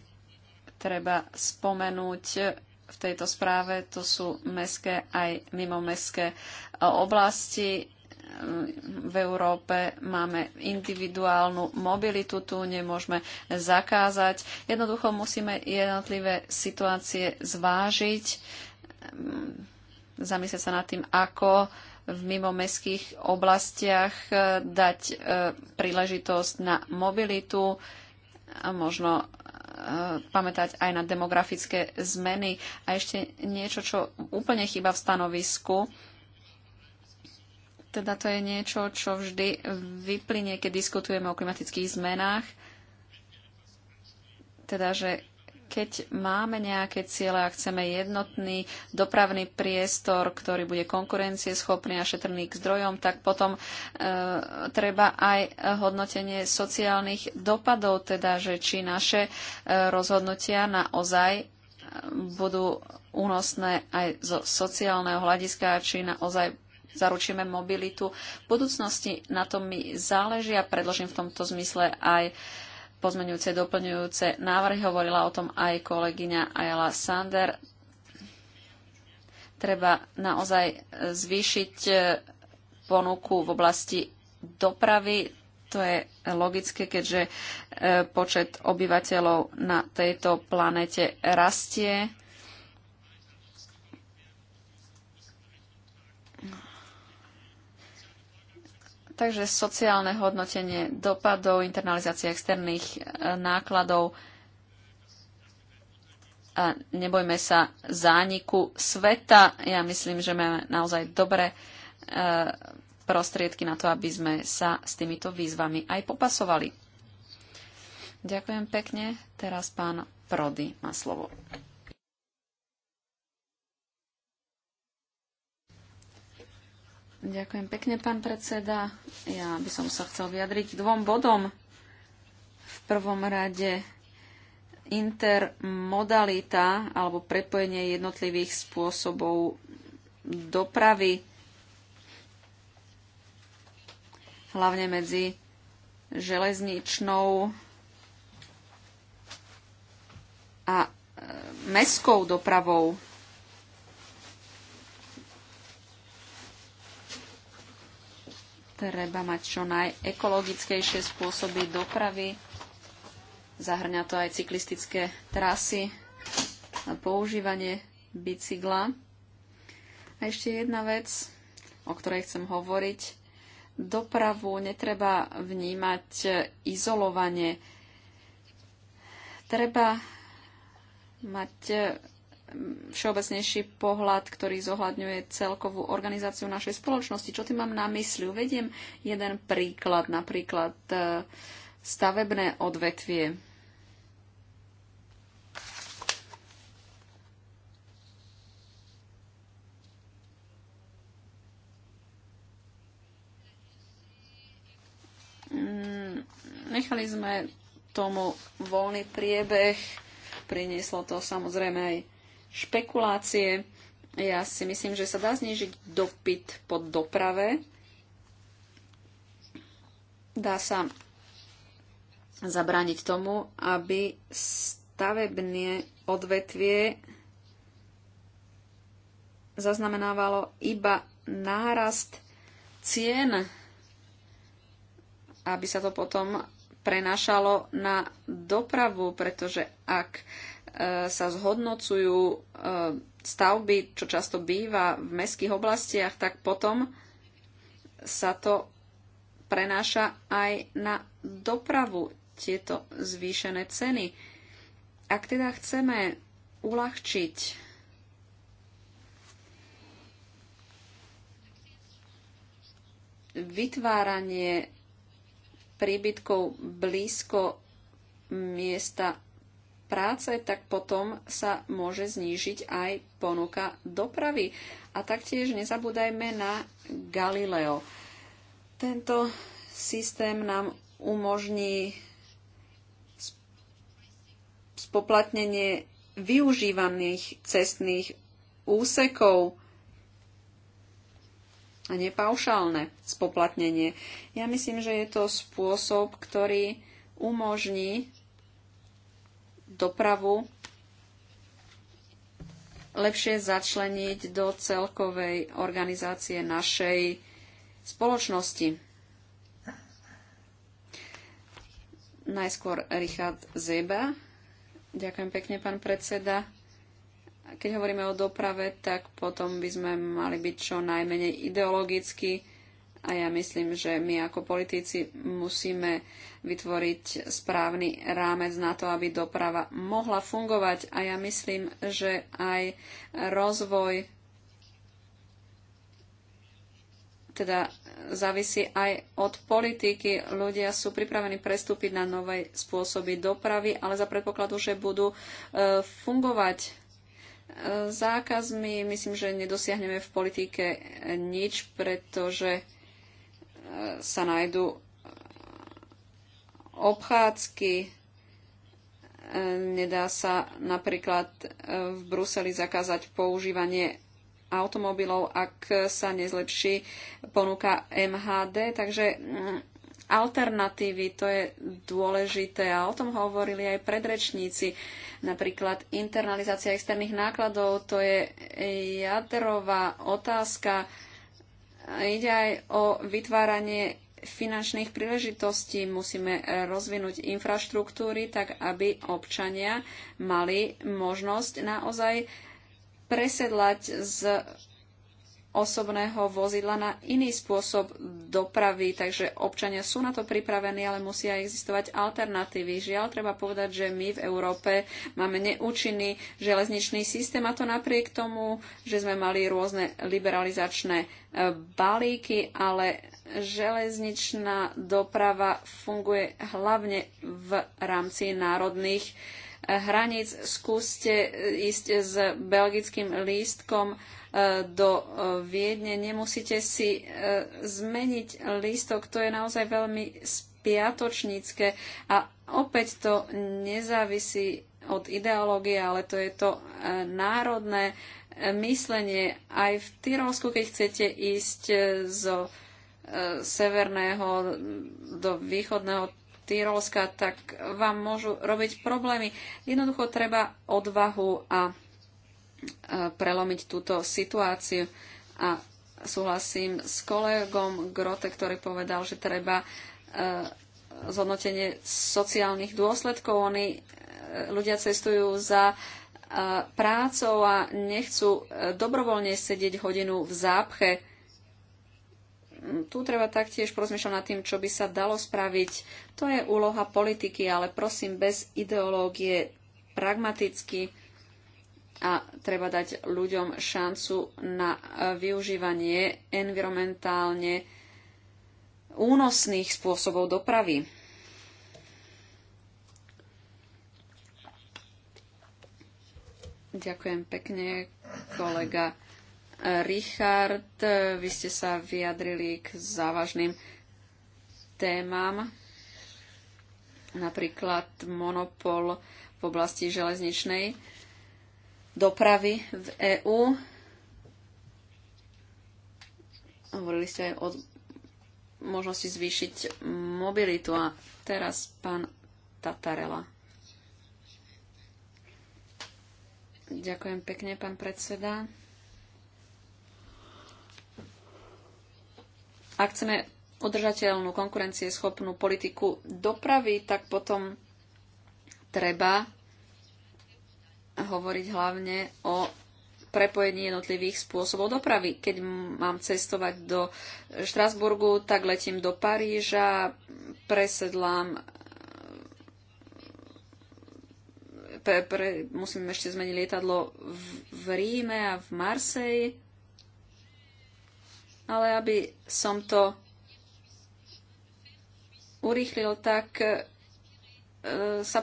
treba spomenúť v tejto správe, to sú meské aj mimomestské e, oblasti. E, v Európe máme individuálnu mobilitu, tu nemôžeme zakázať. Jednoducho musíme jednotlivé situácie zvážiť, mm, zamyslieť sa nad tým, ako v mimomestských oblastiach e, dať príležitosť na mobilitu, a možno E, pamätať aj na demografické zmeny. A ešte niečo, čo úplne chýba v stanovisku, teda to je niečo, čo vždy vyplynie, keď diskutujeme o klimatických zmenách, teda že keď máme nejaké ciele a chceme jednotný dopravný priestor, ktorý bude konkurencieschopný a šetrný k zdrojom, tak potom e, treba aj hodnotenie sociálnych dopadov, teda, že či naše e, rozhodnutia naozaj e, budú únosné aj zo sociálneho hľadiska, či naozaj zaručíme mobilitu v budúcnosti. Na tom mi záleží a predložím v tomto zmysle aj e, pozmenujúce, doplňujúce návrhy. Hovorila o tom aj kolegyňa Ayala Sander. Treba naozaj zvýšiť e, ponuku v oblasti dopravy. To je logické, keďže e, počet obyvateľov na tejto planete rastie Takže sociálne hodnotenie dopadov, internalizácia externých e, nákladov a nebojme sa zániku sveta. Ja myslím, že máme naozaj dobré e, prostriedky na to, aby sme sa s týmito výzvami aj popasovali. Ďakujem pekne. Teraz pán Prody má slovo. Ďakujem pekne, pán predseda. Ja by som sa chcel vyjadriť dvom bodom. V prvom rade intermodalita alebo prepojenie jednotlivých spôsobov dopravy, hlavne medzi železničnou a e, mestskou dopravou. Treba mať čo najekologickejšie spôsoby dopravy. Zahrňa to aj cyklistické trasy a používanie bicykla. A ešte jedna vec, o ktorej chcem hovoriť. Dopravu netreba vnímať izolovanie. Treba mať všeobecnejší pohľad, ktorý zohľadňuje celkovú organizáciu našej spoločnosti. Čo tým mám na mysli? Uvediem jeden príklad, napríklad e, stavebné odvetvie. Mm, nechali sme tomu voľný priebeh. Prinieslo to samozrejme aj špekulácie. Ja si myslím, že sa dá znižiť dopyt po doprave. Dá sa zabrániť tomu, aby stavebné odvetvie zaznamenávalo iba nárast cien, aby sa to potom prenášalo na dopravu, pretože ak sa zhodnocujú e, stavby, čo často býva v mestských oblastiach, tak potom sa to prenáša aj na dopravu tieto zvýšené ceny. Ak teda chceme uľahčiť vytváranie príbytkov blízko miesta práce, tak potom sa môže znížiť aj ponuka dopravy. A taktiež nezabúdajme na Galileo. Tento systém nám umožní spoplatnenie využívaných cestných úsekov a nepaušálne spoplatnenie. Ja myslím, že je to spôsob, ktorý umožní dopravu lepšie začleniť do celkovej organizácie našej spoločnosti. Najskôr Richard Zeba. Ďakujem pekne, pán predseda. Keď hovoríme o doprave, tak potom by sme mali byť čo najmenej ideologicky a ja myslím, že my ako politici musíme vytvoriť správny rámec na to, aby doprava mohla fungovať. A ja myslím, že aj rozvoj teda závisí aj od politiky. Ľudia sú pripravení prestúpiť na nové spôsoby dopravy, ale za predpokladu, že budú e, fungovať e, zákazmi myslím, že nedosiahneme v politike nič, pretože sa nájdu e, obchádzky. E, nedá sa napríklad e, v Bruseli zakázať používanie automobilov, ak sa nezlepší ponuka MHD. Takže mm, alternatívy, to je dôležité a o tom hovorili aj predrečníci. Napríklad internalizácia externých nákladov, to je jadrová otázka Ide aj o vytváranie finančných príležitostí. Musíme rozvinúť infraštruktúry tak, aby občania mali možnosť naozaj presedlať z osobného vozidla na iný spôsob dopravy, takže občania sú na to pripravení, ale musia existovať alternatívy. Žiaľ, treba povedať, že my v Európe máme neúčinný železničný systém a to napriek tomu, že sme mali rôzne liberalizačné e, balíky, ale železničná doprava funguje hlavne v rámci národných e, hraníc. Skúste e, ísť s belgickým lístkom E, do e, Viedne. Nemusíte si e, zmeniť lístok, to je naozaj veľmi spiatočnícke a opäť to nezávisí od ideológie, ale to je to národné myslenie. Aj v Tyrolsku, keď chcete ísť zo severného do východného Tyrolska, tak vám môžu robiť problémy. Jednoducho treba odvahu a prelomiť túto situáciu. A súhlasím s kolegom Grote, ktorý povedal, že treba e, zhodnotenie sociálnych dôsledkov. Oni e, ľudia cestujú za e, prácou a nechcú dobrovoľne sedieť hodinu v zápche. Mm, tu treba taktiež porozmýšľať nad tým, čo by sa dalo spraviť. To je úloha politiky, ale prosím bez ideológie, pragmaticky a treba dať ľuďom šancu na e, využívanie environmentálne únosných spôsobov dopravy. Ďakujem pekne, kolega e, Richard. E, vy ste sa vyjadrili k závažným témam, napríklad monopol v oblasti železničnej dopravy v EÚ. Hovorili ste aj o možnosti zvýšiť mobilitu. A teraz pán Tatarela. Ďakujem pekne, pán predseda. Ak chceme udržateľnú konkurencieschopnú politiku dopravy, tak potom treba hovoriť hlavne o prepojení jednotlivých spôsobov dopravy. Keď mám cestovať do Štrasburgu, tak letím do Paríža, presedlám pre, pre, musím ešte zmeniť lietadlo v, v Ríme a v Marseji. Ale aby som to urýchlil, tak e, sa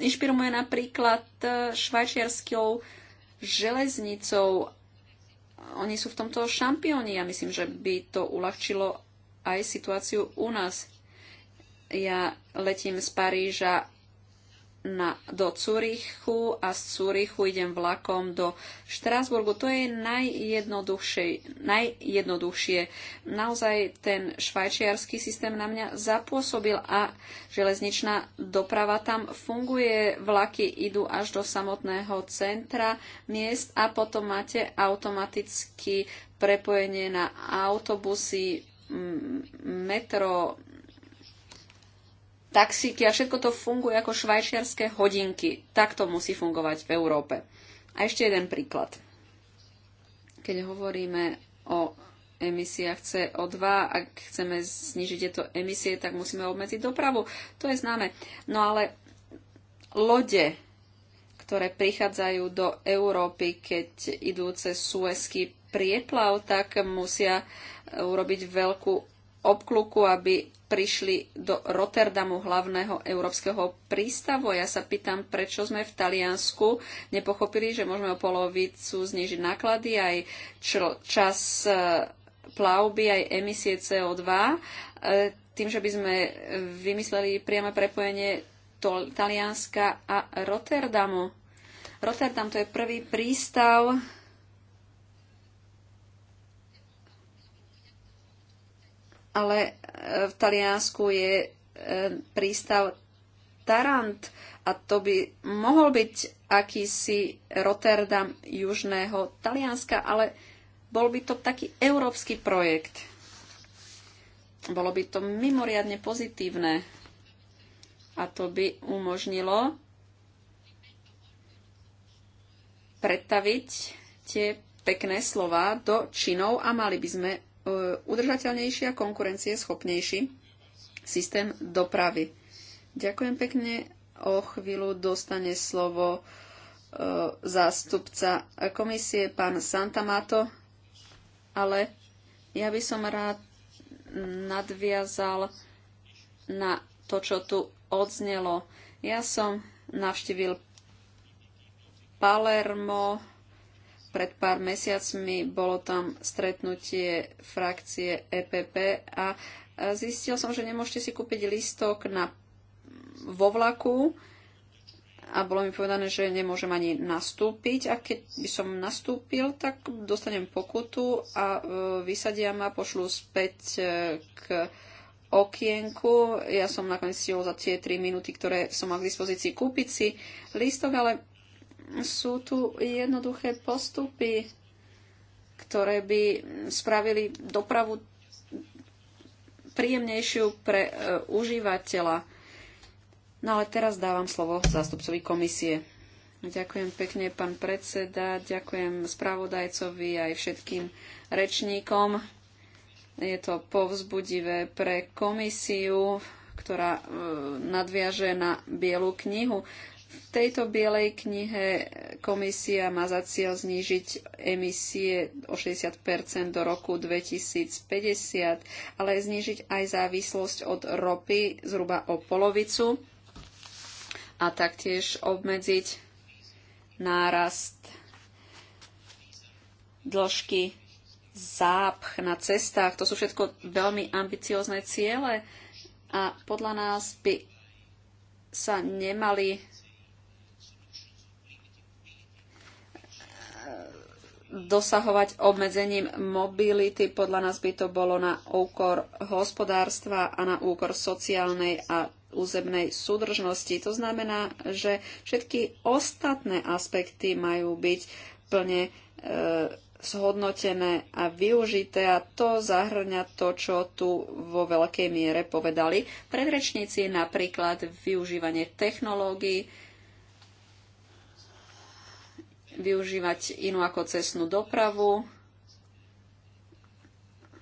inšpiruje napríklad e, švajčiarskou železnicou. Oni sú v tomto šampióni. Ja myslím, že by to uľahčilo aj situáciu u nás. Ja letím z Paríža na, do Cúrichu a z Cúrichu idem vlakom do Štrásburgu. To je najjednoduchšie, Naozaj ten švajčiarsky systém na mňa zapôsobil a železničná doprava tam funguje. Vlaky idú až do samotného centra miest a potom máte automaticky prepojenie na autobusy, metro, taxíky a všetko to funguje ako švajčiarske hodinky. Tak to musí fungovať v Európe. A ešte jeden príklad. Keď hovoríme o emisiách CO2, ak chceme znižiť tieto emisie, tak musíme obmedziť dopravu. To je známe. No ale lode, ktoré prichádzajú do Európy, keď idú cez Suezky prieplav, tak musia urobiť veľkú obkluku, aby prišli do Rotterdamu, hlavného európskeho prístavu. Ja sa pýtam, prečo sme v Taliansku nepochopili, že môžeme o polovicu znižiť náklady, aj čas e, plavby, aj emisie CO2, e, tým, že by sme vymysleli priame prepojenie Talianska a Rotterdamu. Rotterdam to je prvý prístav ale e, v Taliansku je e, prístav Tarant a to by mohol byť akýsi Rotterdam južného Talianska, ale bol by to taký európsky projekt. Bolo by to mimoriadne pozitívne a to by umožnilo pretaviť tie pekné slova do činov a mali by sme E, udržateľnejší a konkurencieschopnejší systém dopravy. Ďakujem pekne. O chvíľu dostane slovo e, zástupca komisie, pán Santamato, ale ja by som rád nadviazal na to, čo tu odznelo. Ja som navštívil Palermo pred pár mesiacmi bolo tam stretnutie frakcie EPP a zistil som, že nemôžete si kúpiť listok na, vo vlaku a bolo mi povedané, že nemôžem ani nastúpiť a keď by som nastúpil, tak dostanem pokutu a e, vysadia ma, pošlu späť e, k okienku. Ja som nakoniec stihol za tie 3 minúty, ktoré som mal k dispozícii kúpiť si lístok, ale sú tu jednoduché postupy, ktoré by spravili dopravu príjemnejšiu pre e, užívateľa. No ale teraz dávam slovo zástupcovi komisie. Ďakujem pekne, pán predseda, ďakujem spravodajcovi aj všetkým rečníkom. Je to povzbudivé pre komisiu, ktorá e, nadviaže na Bielú knihu. V tejto bielej knihe komisia má za cieľ znížiť emisie o 60 do roku 2050, ale znížiť aj závislosť od ropy zhruba o polovicu a taktiež obmedziť nárast dĺžky zápch na cestách. To sú všetko veľmi ambiciozne ciele a podľa nás by sa nemali dosahovať obmedzením mobility. Podľa nás by to bolo na úkor hospodárstva a na úkor sociálnej a územnej súdržnosti. To znamená, že všetky ostatné aspekty majú byť plne e, zhodnotené a využité a to zahrňa to, čo tu vo veľkej miere povedali predrečníci, napríklad využívanie technológií, využívať inú ako cestnú dopravu,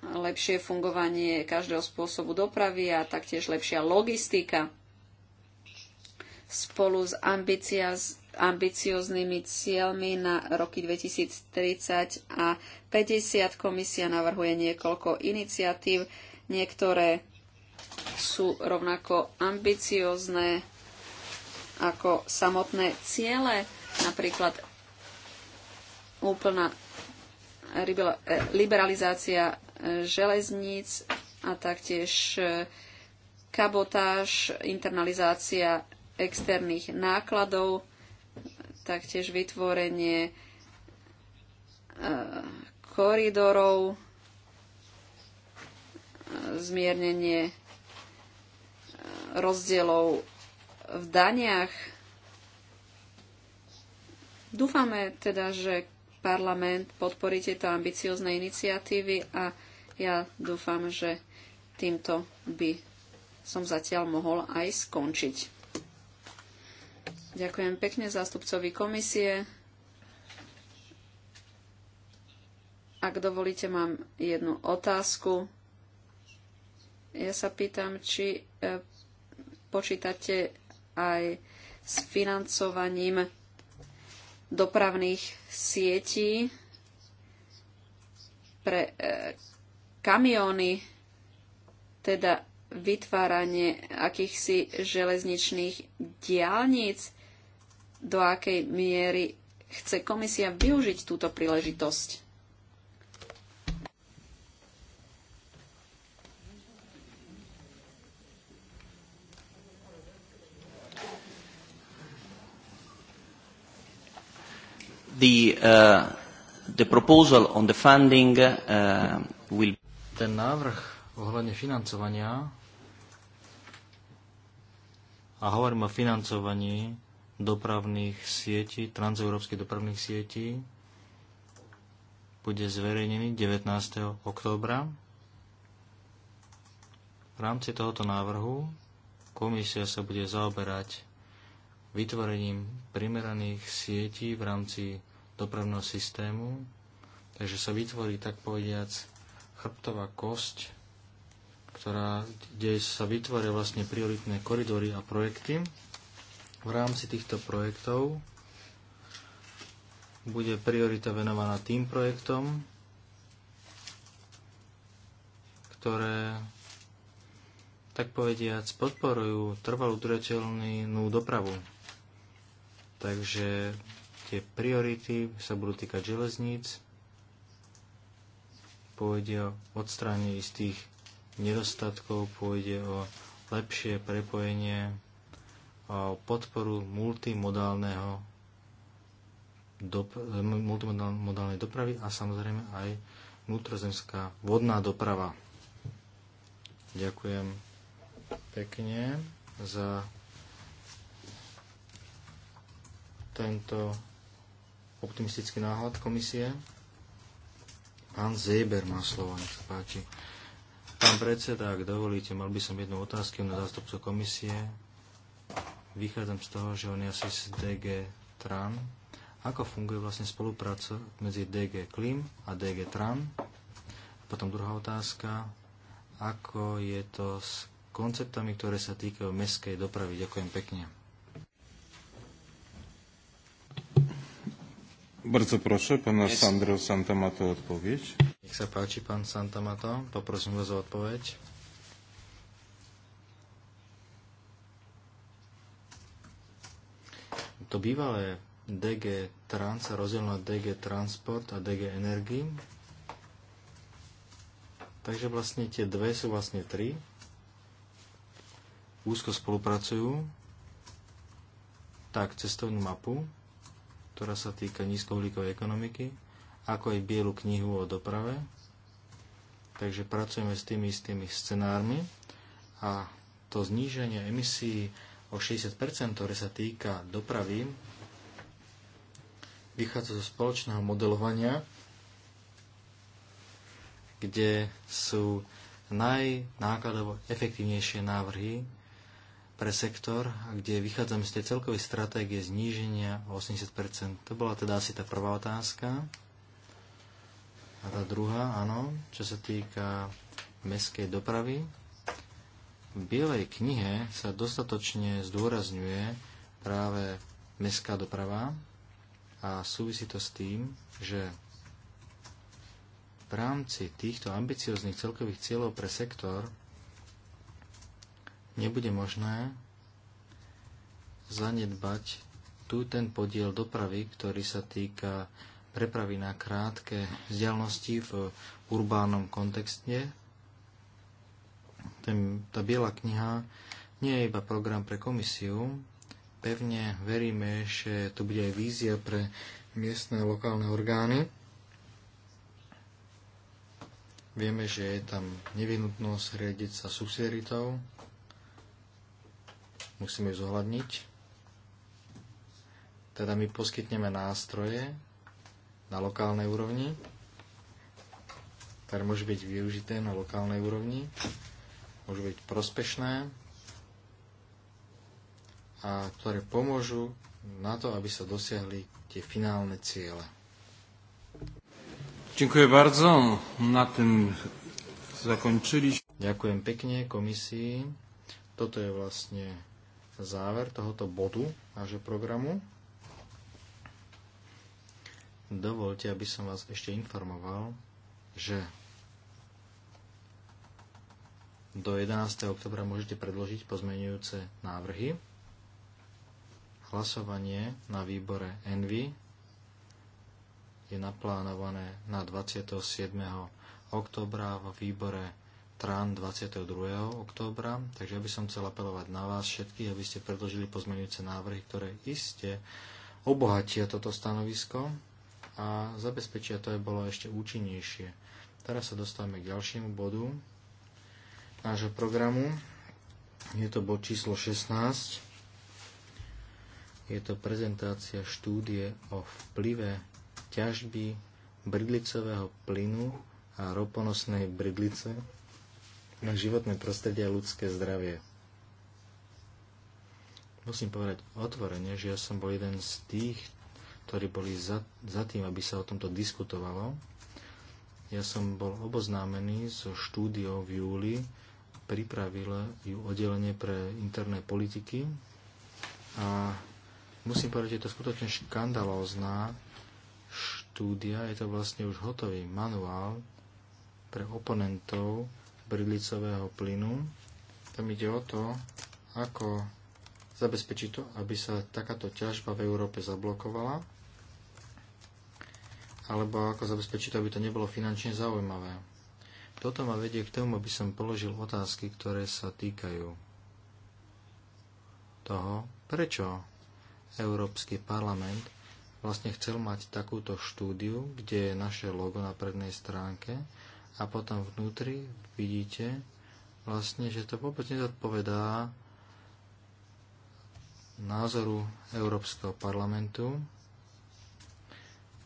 lepšie fungovanie každého spôsobu dopravy a taktiež lepšia logistika spolu s ambicioznými cieľmi na roky 2030 a 50 komisia navrhuje niekoľko iniciatív. Niektoré sú rovnako ambiciozne ako samotné ciele, napríklad úplná e, liberalizácia e, železníc a taktiež e, kabotáž, internalizácia externých nákladov, taktiež vytvorenie koridorov, zmiernenie rozdielov v daniach. Dúfame teda, že parlament, podporí tieto ambiciozne iniciatívy a ja dúfam, že týmto by som zatiaľ mohol aj skončiť. Ďakujem pekne zástupcovi komisie. Ak dovolíte, mám jednu otázku. Ja sa pýtam, či e, počítate aj s financovaním dopravných sietí pre e, kamióny, teda vytváranie akýchsi železničných diálnic, do akej miery chce komisia využiť túto príležitosť. The, uh, the proposal on the funding uh, will... Ten návrh ohľadne financovania a hovorím o financovaní dopravných sietí, transeurópskych dopravných sietí, bude zverejnený 19. októbra. V rámci tohoto návrhu komisia sa bude zaoberať vytvorením primeraných sietí v rámci dopravného systému, takže sa vytvorí tak povediac chrbtová kosť, ktorá, kde sa vytvoria vlastne prioritné koridory a projekty. V rámci týchto projektov bude priorita venovaná tým projektom, ktoré tak povediac podporujú trvalú udržateľnú dopravu. Takže Tie priority sa budú týkať železníc, pôjde o odstránenie istých nedostatkov, pôjde o lepšie prepojenie, o podporu multimodálneho do, multimodálnej dopravy a samozrejme aj vnútrozemská vodná doprava. Ďakujem pekne za tento optimistický náhľad komisie. Pán Zeber má slovo, nech sa páči. Pán predseda, ak dovolíte, mal by som jednu otázku na zástupcu komisie. Vychádzam z toho, že on je asi z DG TRAN. Ako funguje vlastne spolupráca medzi DG Klim a DG TRAN? Potom druhá otázka, ako je to s konceptami, ktoré sa týkajú mestskej dopravy. Ďakujem pekne. Bardzo proszę, pana yes. Sandro Santamato o odpowiedź. Niech się páči, pan Santamato, poproszę go o odpowiedź. To bývalé DG Trans a rozdiel na DG Transport a DG Energii. Takže vlastne tie dve sú vlastne tri. Úzko spolupracujú. Tak, cestovnú mapu ktorá sa týka nízkouhlíkovej ekonomiky, ako aj bielu knihu o doprave. Takže pracujeme s tými istými scenármi a to zníženie emisí o 60%, ktoré sa týka dopravy, vychádza zo spoločného modelovania, kde sú najnákladovo efektívnejšie návrhy pre sektor, kde vychádzame z tej celkovej stratégie zníženia o 80 To bola teda asi tá prvá otázka. A tá druhá, áno, čo sa týka mestskej dopravy. V Bielej knihe sa dostatočne zdôrazňuje práve mestská doprava a súvisí to s tým, že v rámci týchto ambicioznych celkových cieľov pre sektor nebude možné zanedbať tu ten podiel dopravy, ktorý sa týka prepravy na krátke vzdialnosti v urbánom kontexte. Ten, tá biela kniha nie je iba program pre komisiu. Pevne veríme, že to bude aj vízia pre miestne a lokálne orgány. Vieme, že je tam nevyhnutnosť riadiť sa subsidiaritou, musíme ju zohľadniť. Teda my poskytneme nástroje na lokálnej úrovni, ktoré môžu byť využité na lokálnej úrovni, môžu byť prospešné a ktoré pomôžu na to, aby sa dosiahli tie finálne ciele. Ďakujem bardzo. Na tým zakončili. Ďakujem pekne komisii. Toto je vlastne záver tohoto bodu nášho programu. Dovolte, aby som vás ešte informoval, že do 11. oktobra môžete predložiť pozmenujúce návrhy. Hlasovanie na výbore Envy je naplánované na 27. oktobra vo výbore TRAN 22. októbra, takže ja by som chcel apelovať na vás všetkých, aby ste predložili pozmeňujúce návrhy, ktoré iste obohatia toto stanovisko a zabezpečia to, aby bolo ešte účinnejšie. Teraz sa dostávame k ďalšiemu bodu nášho programu. Je to bod číslo 16. Je to prezentácia štúdie o vplyve ťažby bridlicového plynu a roponosnej bridlice na životné prostredie a ľudské zdravie. Musím povedať otvorene, že ja som bol jeden z tých, ktorí boli za, za tým, aby sa o tomto diskutovalo. Ja som bol oboznámený so štúdiou v júli, pripravil ju oddelenie pre interné politiky a musím povedať, že je to skutočne škandalózna štúdia, je to vlastne už hotový manuál pre oponentov bridlicového plynu. Tam ide o to, ako zabezpečiť to, aby sa takáto ťažba v Európe zablokovala, alebo ako zabezpečiť to, aby to nebolo finančne zaujímavé. Toto ma vedie k tomu, aby som položil otázky, ktoré sa týkajú toho, prečo Európsky parlament vlastne chcel mať takúto štúdiu, kde je naše logo na prednej stránke, a potom vnútri vidíte vlastne, že to vôbec nezodpovedá názoru Európskeho parlamentu.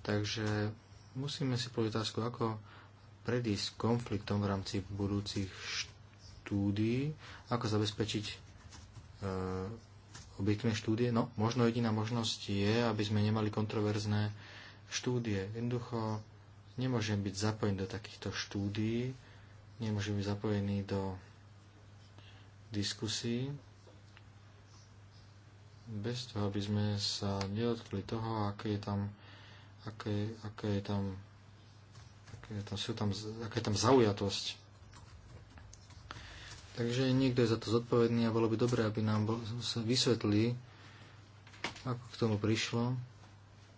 Takže musíme si povedať otázku, ako predísť konfliktom v rámci budúcich štúdií, ako zabezpečiť e, objektívne štúdie. No, možno jediná možnosť je, aby sme nemali kontroverzné štúdie. Jednoducho nemôžem byť zapojený do takýchto štúdií, nemôžem byť zapojený do diskusí, bez toho, aby sme sa nedotkli toho, aké je tam, aké, aké je tam, aké je tam, sú tam, aká je tam zaujatosť. Takže niekto je za to zodpovedný a bolo by dobré, aby nám bol, sa vysvetli, ako k tomu prišlo.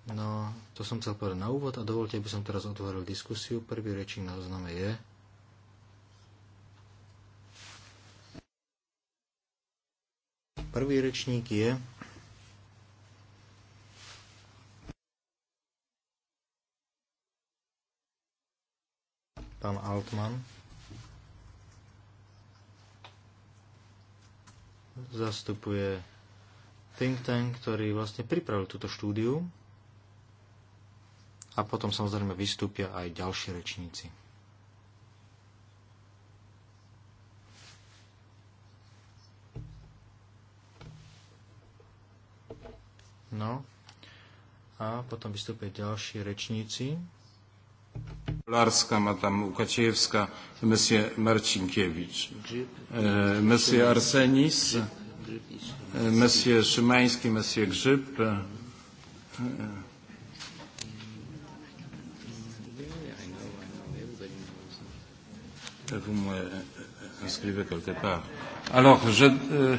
No, to som chcel povedať na úvod a dovolte, aby som teraz otvoril diskusiu. Prvý rečník na zozname je Prvý rečník je pán Altman. Zastupuje think tank, ktorý vlastne pripravil túto štúdiu a potom samozrejme vystúpia aj ďalší rečníci. No a potom vystúpia ďalší rečníci. Larska, madame Ukaciewska, monsieur Marcinkiewicz, e, monsieur Arsenis, e, monsieur Szymański, monsieur Grzyb, e, Vous m'inscrivez quelque part. Alors, je. Euh,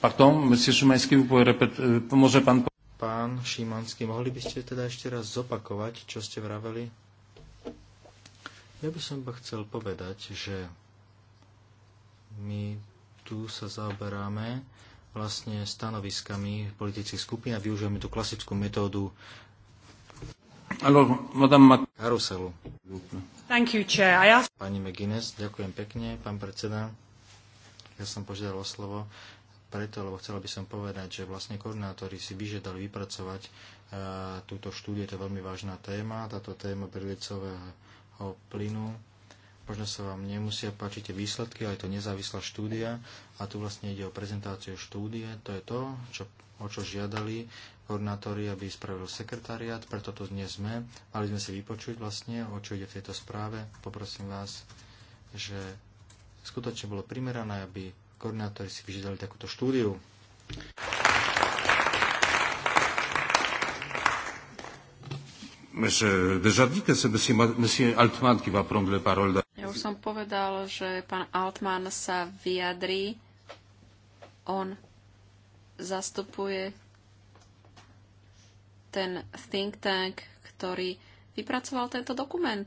Pardon, monsieur Šimanský, vous pouvez répéter, môže pán... Šimanský, mohli by ste teda ešte raz zopakovať, čo ste vraveli? Ja by som iba chcel povedať, že my tu sa zaoberáme vlastne stanoviskami politických skupín a využijeme tú klasickú metódu Thank you, chair. I ask... Pani McGuinness, ďakujem pekne, pán predseda. Ja som požiadal o slovo preto, lebo chcela by som povedať, že vlastne koordinátori si vyžiadali vypracovať e, túto štúdiu, to je veľmi vážna téma, táto téma prilicového plynu. Možno sa vám nemusia páčiť tie výsledky, ale je to nezávislá štúdia a tu vlastne ide o prezentáciu štúdie, to je to, čo, o čo žiadali koordinátori, aby spravil sekretariat, preto tu dnes sme. Mali sme si vypočuť vlastne, o čo ide v tejto správe. Poprosím vás, že skutočne bolo primerané, aby koordinátori si vyžiadali takúto štúdiu. Euh, ja už som povedal, že pán Altman sa vyjadrí. On zastupuje ten think tank, ktorý vypracoval tento dokument?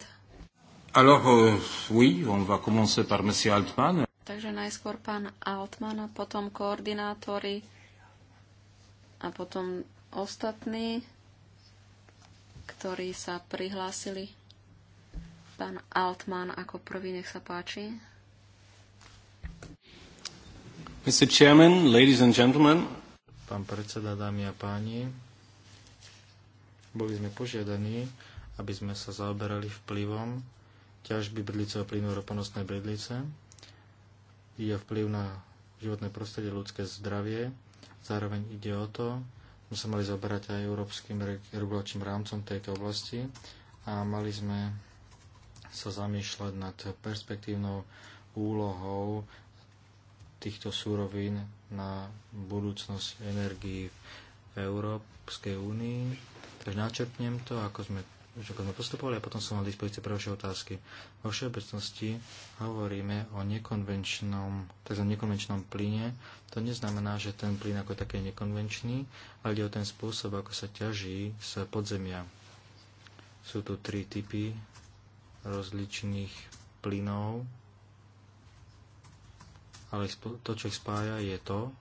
Alors, euh, oui, on va commencer par M. Altman. Takže najskôr pán Altman a potom koordinátori a potom ostatní, ktorí sa prihlásili. Pán Altman ako prvý, nech sa páči. Mr. Chairman, ladies and gentlemen. Pán predseda, dámy a páni, boli sme požiadaní, aby sme sa zaoberali vplyvom ťažby bridlicového plynu roponosnej bridlice. Je vplyv na životné prostredie, ľudské zdravie. Zároveň ide o to, sme sa mali zaoberať aj európskym regulačným rámcom tejto oblasti a mali sme sa zamýšľať nad perspektívnou úlohou týchto súrovín na budúcnosť energií v Európskej únii Takže načrtnem to, ako sme, ako sme postupovali a potom som mal dispozície pre vaše otázky. Vo všeobecnosti hovoríme o nekonvenčnom, tzv. nekonvenčnom plyne. To neznamená, že ten plyn ako taký nekonvenčný, ale ide o ten spôsob, ako sa ťaží z podzemia. Sú tu tri typy rozličných plynov, ale to, čo ich spája, je to,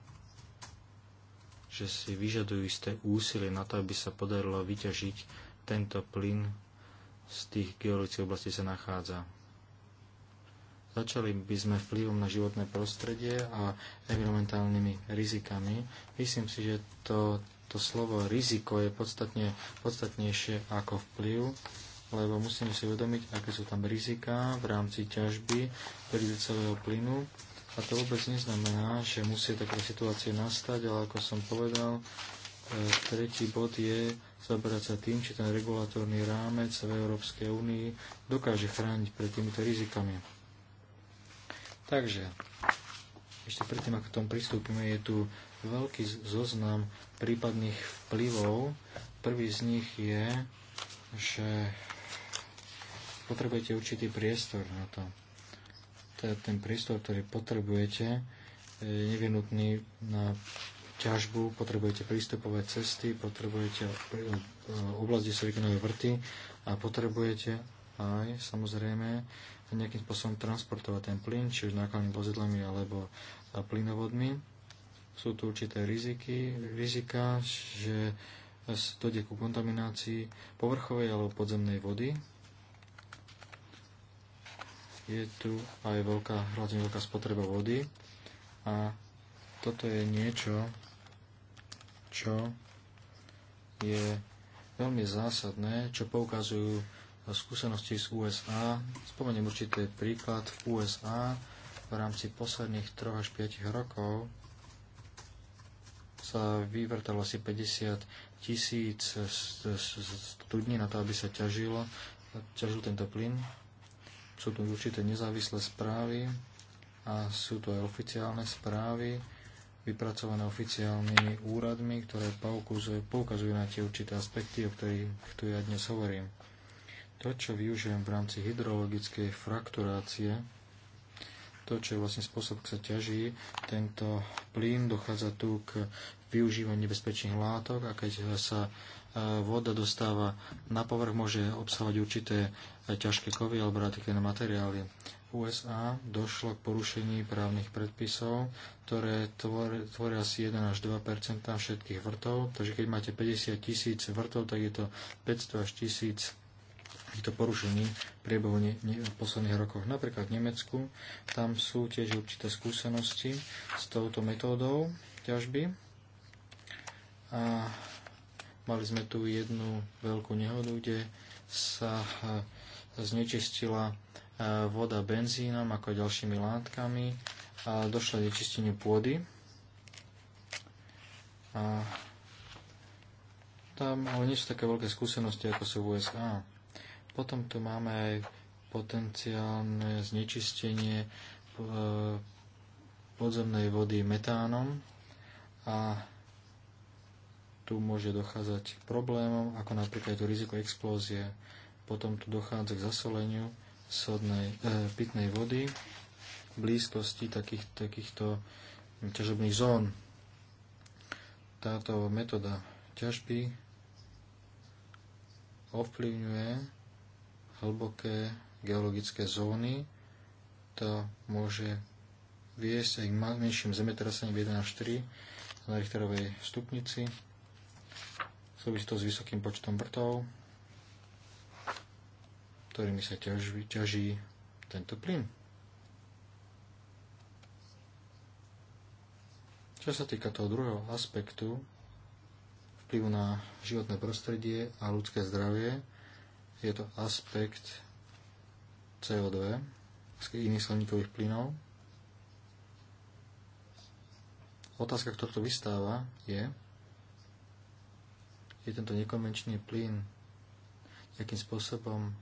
že si vyžadujú isté úsilie na to, aby sa podarilo vyťažiť tento plyn z tých geologických oblastí sa nachádza. Začali by sme vplyvom na životné prostredie a environmentálnymi rizikami. Myslím si, že to, to slovo riziko je podstatne, podstatnejšie ako vplyv, lebo musíme si uvedomiť, aké sú tam riziká v rámci ťažby prílicového plynu a to vôbec neznamená, že musia také situácie nastať, ale ako som povedal, e, tretí bod je zabrať sa tým, či ten regulatórny rámec v Európskej únii dokáže chrániť pred týmito rizikami. Takže, ešte predtým, ako k tomu pristúpime, je tu veľký zoznam prípadných vplyvov. Prvý z nich je, že potrebujete určitý priestor na to ten prístor, ktorý potrebujete, je nevinutný na ťažbu, potrebujete prístupové cesty, potrebujete e, oblasti kde vrty a potrebujete aj samozrejme nejakým spôsobom transportovať ten plyn, či už nákladnými vozidlami alebo plynovodmi. Sú tu určité riziky, rizika, že dojde ku kontaminácii povrchovej alebo podzemnej vody je tu aj veľká, hlavne veľká spotreba vody a toto je niečo, čo je veľmi zásadné, čo poukazujú skúsenosti z USA. Spomeniem určitý príklad v USA v rámci posledných 3 až 5 rokov sa vyvrtalo asi 50 tisíc studní na to, aby sa ťažilo, ťažil tento plyn sú tu určité nezávislé správy a sú to aj oficiálne správy, vypracované oficiálnymi úradmi, ktoré poukazujú, na tie určité aspekty, o ktorých tu ja dnes hovorím. To, čo využijem v rámci hydrologickej frakturácie, to, čo je vlastne spôsob, ak sa ťaží, tento plyn dochádza tu k využívaniu nebezpečných látok a keď sa voda dostáva na povrch, môže obsahovať určité e, ťažké kovy alebo radikálne materiály. USA došlo k porušení právnych predpisov, ktoré tvoria asi 1 až 2 všetkých vrtov. Takže keď máte 50 tisíc vrtov, tak je to 500 až 1000 týchto porušení priebehu ne, ne, v posledných rokoch. Napríklad v Nemecku, tam sú tiež určité skúsenosti s touto metódou ťažby. A Mali sme tu jednu veľkú nehodu, kde sa e, znečistila e, voda benzínom ako ďalšími látkami a došlo k čisteniu pôdy. A tam ale nie sú také veľké skúsenosti, ako sú v USA. Potom tu máme aj potenciálne znečistenie e, podzemnej vody metánom a tu môže dochádzať k problémom, ako napríklad to tu riziko explózie, potom tu dochádza k zasoleniu sodnej, e, pitnej vody v blízkosti takých, takýchto hm, ťažobných zón. Táto metóda ťažby ovplyvňuje hlboké geologické zóny. To môže viesť aj k menším zemetrasením 1 až 3 na Richterovej stupnici. Súvisí to s vysokým počtom vrtov, ktorými sa ťaží tento plyn. Čo sa týka toho druhého aspektu, vplyvu na životné prostredie a ľudské zdravie, je to aspekt CO2 z iných skleníkových plynov. Otázka, ktorá to vystáva, je, je tento nekonvenčný plyn nejakým spôsobom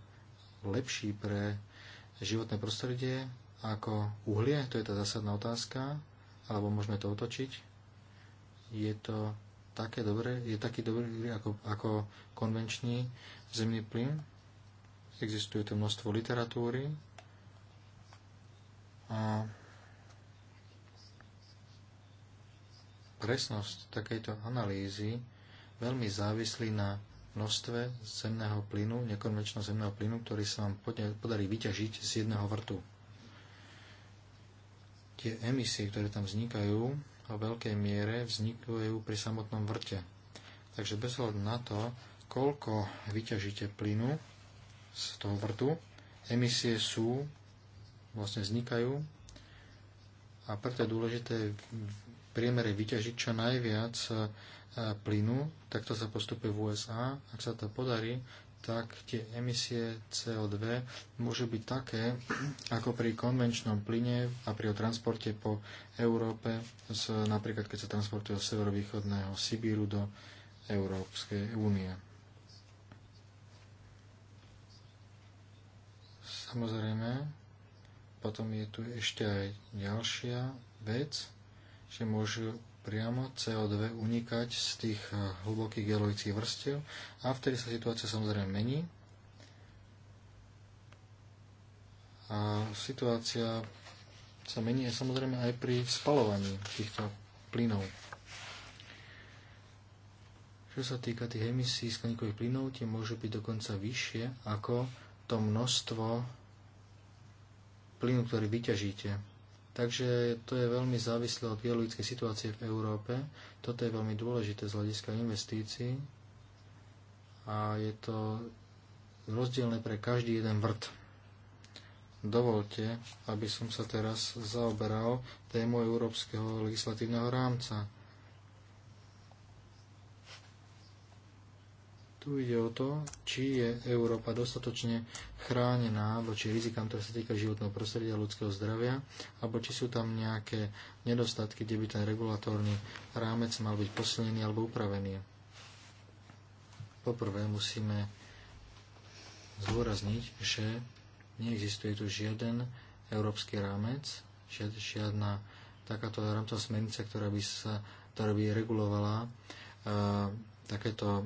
lepší pre životné prostredie ako uhlie? To je tá zásadná otázka. Alebo môžeme to otočiť. Je to také dobré, je taký dobrý ako, ako konvenčný zemný plyn. Existuje to množstvo literatúry. A presnosť takejto analýzy veľmi závislí na množstve zemného plynu, nekonvenčného zemného plynu, ktorý sa vám podarí vyťažiť z jedného vrtu. Tie emisie, ktoré tam vznikajú, vo veľkej miere vznikajú pri samotnom vrte. Takže bez hľadu na to, koľko vyťažíte plynu z toho vrtu, emisie sú, vlastne vznikajú a preto je dôležité priemere vyťažiť čo najviac e, e, plynu, takto sa postupuje v USA. Ak sa to podarí, tak tie emisie CO2 môžu byť také, ako pri konvenčnom plyne a pri transporte po Európe, z, napríklad keď sa transportuje z severovýchodného Sibíru do Európskej únie. Samozrejme, potom je tu ešte aj ďalšia vec, že môžu priamo CO2 unikať z tých eh, hlbokých geologických vrstiev a vtedy sa situácia samozrejme mení. A situácia sa mení samozrejme aj pri spalovaní týchto plynov. Čo sa týka tých emisí skleníkových plynov, tie môžu byť dokonca vyššie ako to množstvo plynu, ktorý vyťažíte. Takže to je veľmi závislé od geologickej situácie v Európe. Toto je veľmi dôležité z hľadiska investícií a je to rozdielne pre každý jeden vrt. Dovolte, aby som sa teraz zaoberal tému Európskeho legislatívneho rámca. Tu ide o to, či je Európa dostatočne chránená voči rizikám, ktoré sa týka životného prostredia a ľudského zdravia, alebo či sú tam nejaké nedostatky, kde by ten regulatórny rámec mal byť posilnený alebo upravený. Poprvé musíme zdôrazniť, že neexistuje tu žiaden európsky rámec, žiadna takáto rámcová smernica, ktorá by, sa, ktorá by regulovala uh, takéto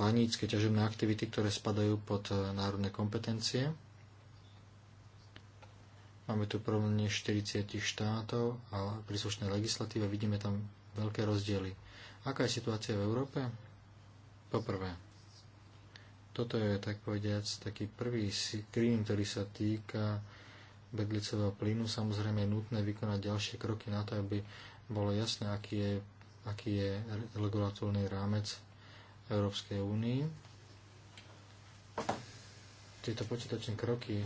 banícke ťažobné aktivity, ktoré spadajú pod e, národné kompetencie. Máme tu problém 40 štátov a príslušné legislatíve vidíme tam veľké rozdiely. Aká je situácia v Európe? Poprvé, toto je tak povediac taký prvý screen, ktorý sa týka bedlicového plynu. Samozrejme je nutné vykonať ďalšie kroky na to, aby bolo jasné, aký je, aký je regulatórny rámec Európskej únii. Tieto počítačné kroky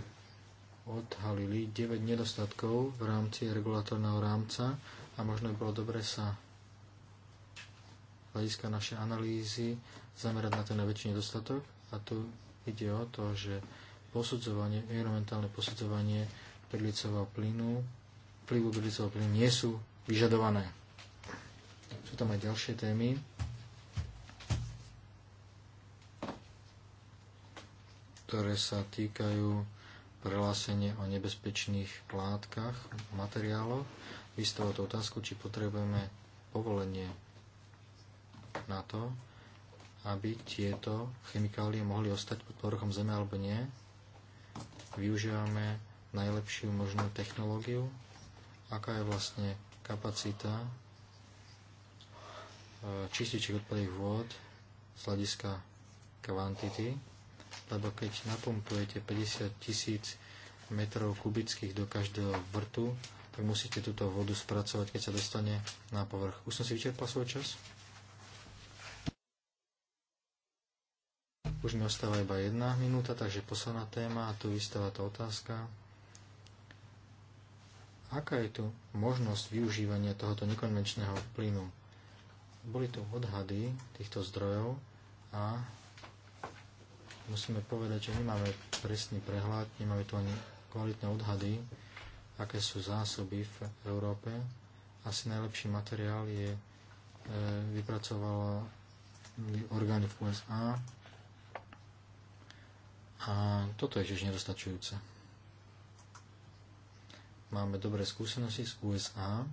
odhalili 9 nedostatkov v rámci regulatorného rámca a možno by bolo dobre sa hľadiska našej analýzy zamerať na ten najväčší nedostatok a tu ide o to, že posudzovanie, environmentálne posudzovanie bridlicového plynu, vplyvu bridlicového plynu nie sú vyžadované. Sú tam aj ďalšie témy, ktoré sa týkajú prehlásenie o nebezpečných látkach, materiáloch. Vystavil to otázku, či potrebujeme povolenie na to, aby tieto chemikálie mohli ostať pod povrchom Zeme alebo nie. Využívame najlepšiu možnú technológiu, aká je vlastne kapacita e, čističek odpadných vôd z hľadiska kvantity lebo keď napumpujete 50 tisíc metrov kubických do každého vrtu, tak musíte túto vodu spracovať, keď sa dostane na povrch. Už som si vyčerpal svoj čas? Už mi ostáva iba jedna minúta, takže posledná téma a tu vystáva tá otázka. Aká je tu možnosť využívania tohoto nekonvenčného plynu? Boli tu odhady týchto zdrojov a musíme povedať, že nemáme presný prehľad, nemáme tu ani kvalitné odhady, aké sú zásoby v Európe. Asi najlepší materiál je e, vypracovala orgány v USA. A toto je tiež nedostačujúce. Máme dobré skúsenosti z USA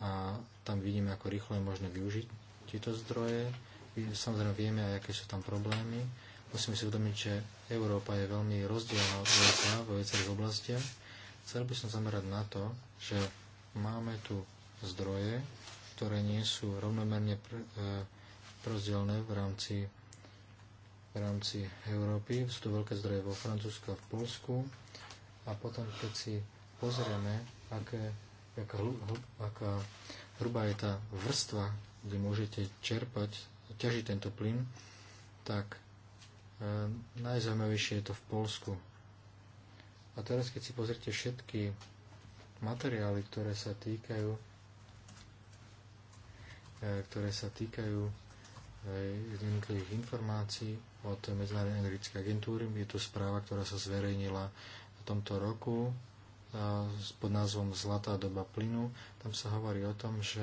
a tam vidíme, ako rýchlo je možné využiť tieto zdroje. Samozrejme vieme, aké sú tam problémy. Musíme si uvedomiť, že Európa je veľmi rozdielna od USA vo viacerých oblastiach. Chcel by som zamerať na to, že máme tu zdroje, ktoré nie sú rovnomerne pr- e, rozdielne v rámci, v rámci Európy. Sú tu veľké zdroje vo Francúzsku a v Polsku. A potom, keď si pozrieme, aké, aká, aká hrubá je tá vrstva, kde môžete čerpať ťaží tento plyn, tak e, najzaujímavejšie je to v Polsku. A teraz, keď si pozrite všetky materiály, ktoré sa týkajú e, ktoré sa týkajú e, jednotlivých informácií od Medzinárodnej energetickej agentúry. Je tu správa, ktorá sa zverejnila v tomto roku e, pod názvom Zlatá doba plynu. Tam sa hovorí o tom, že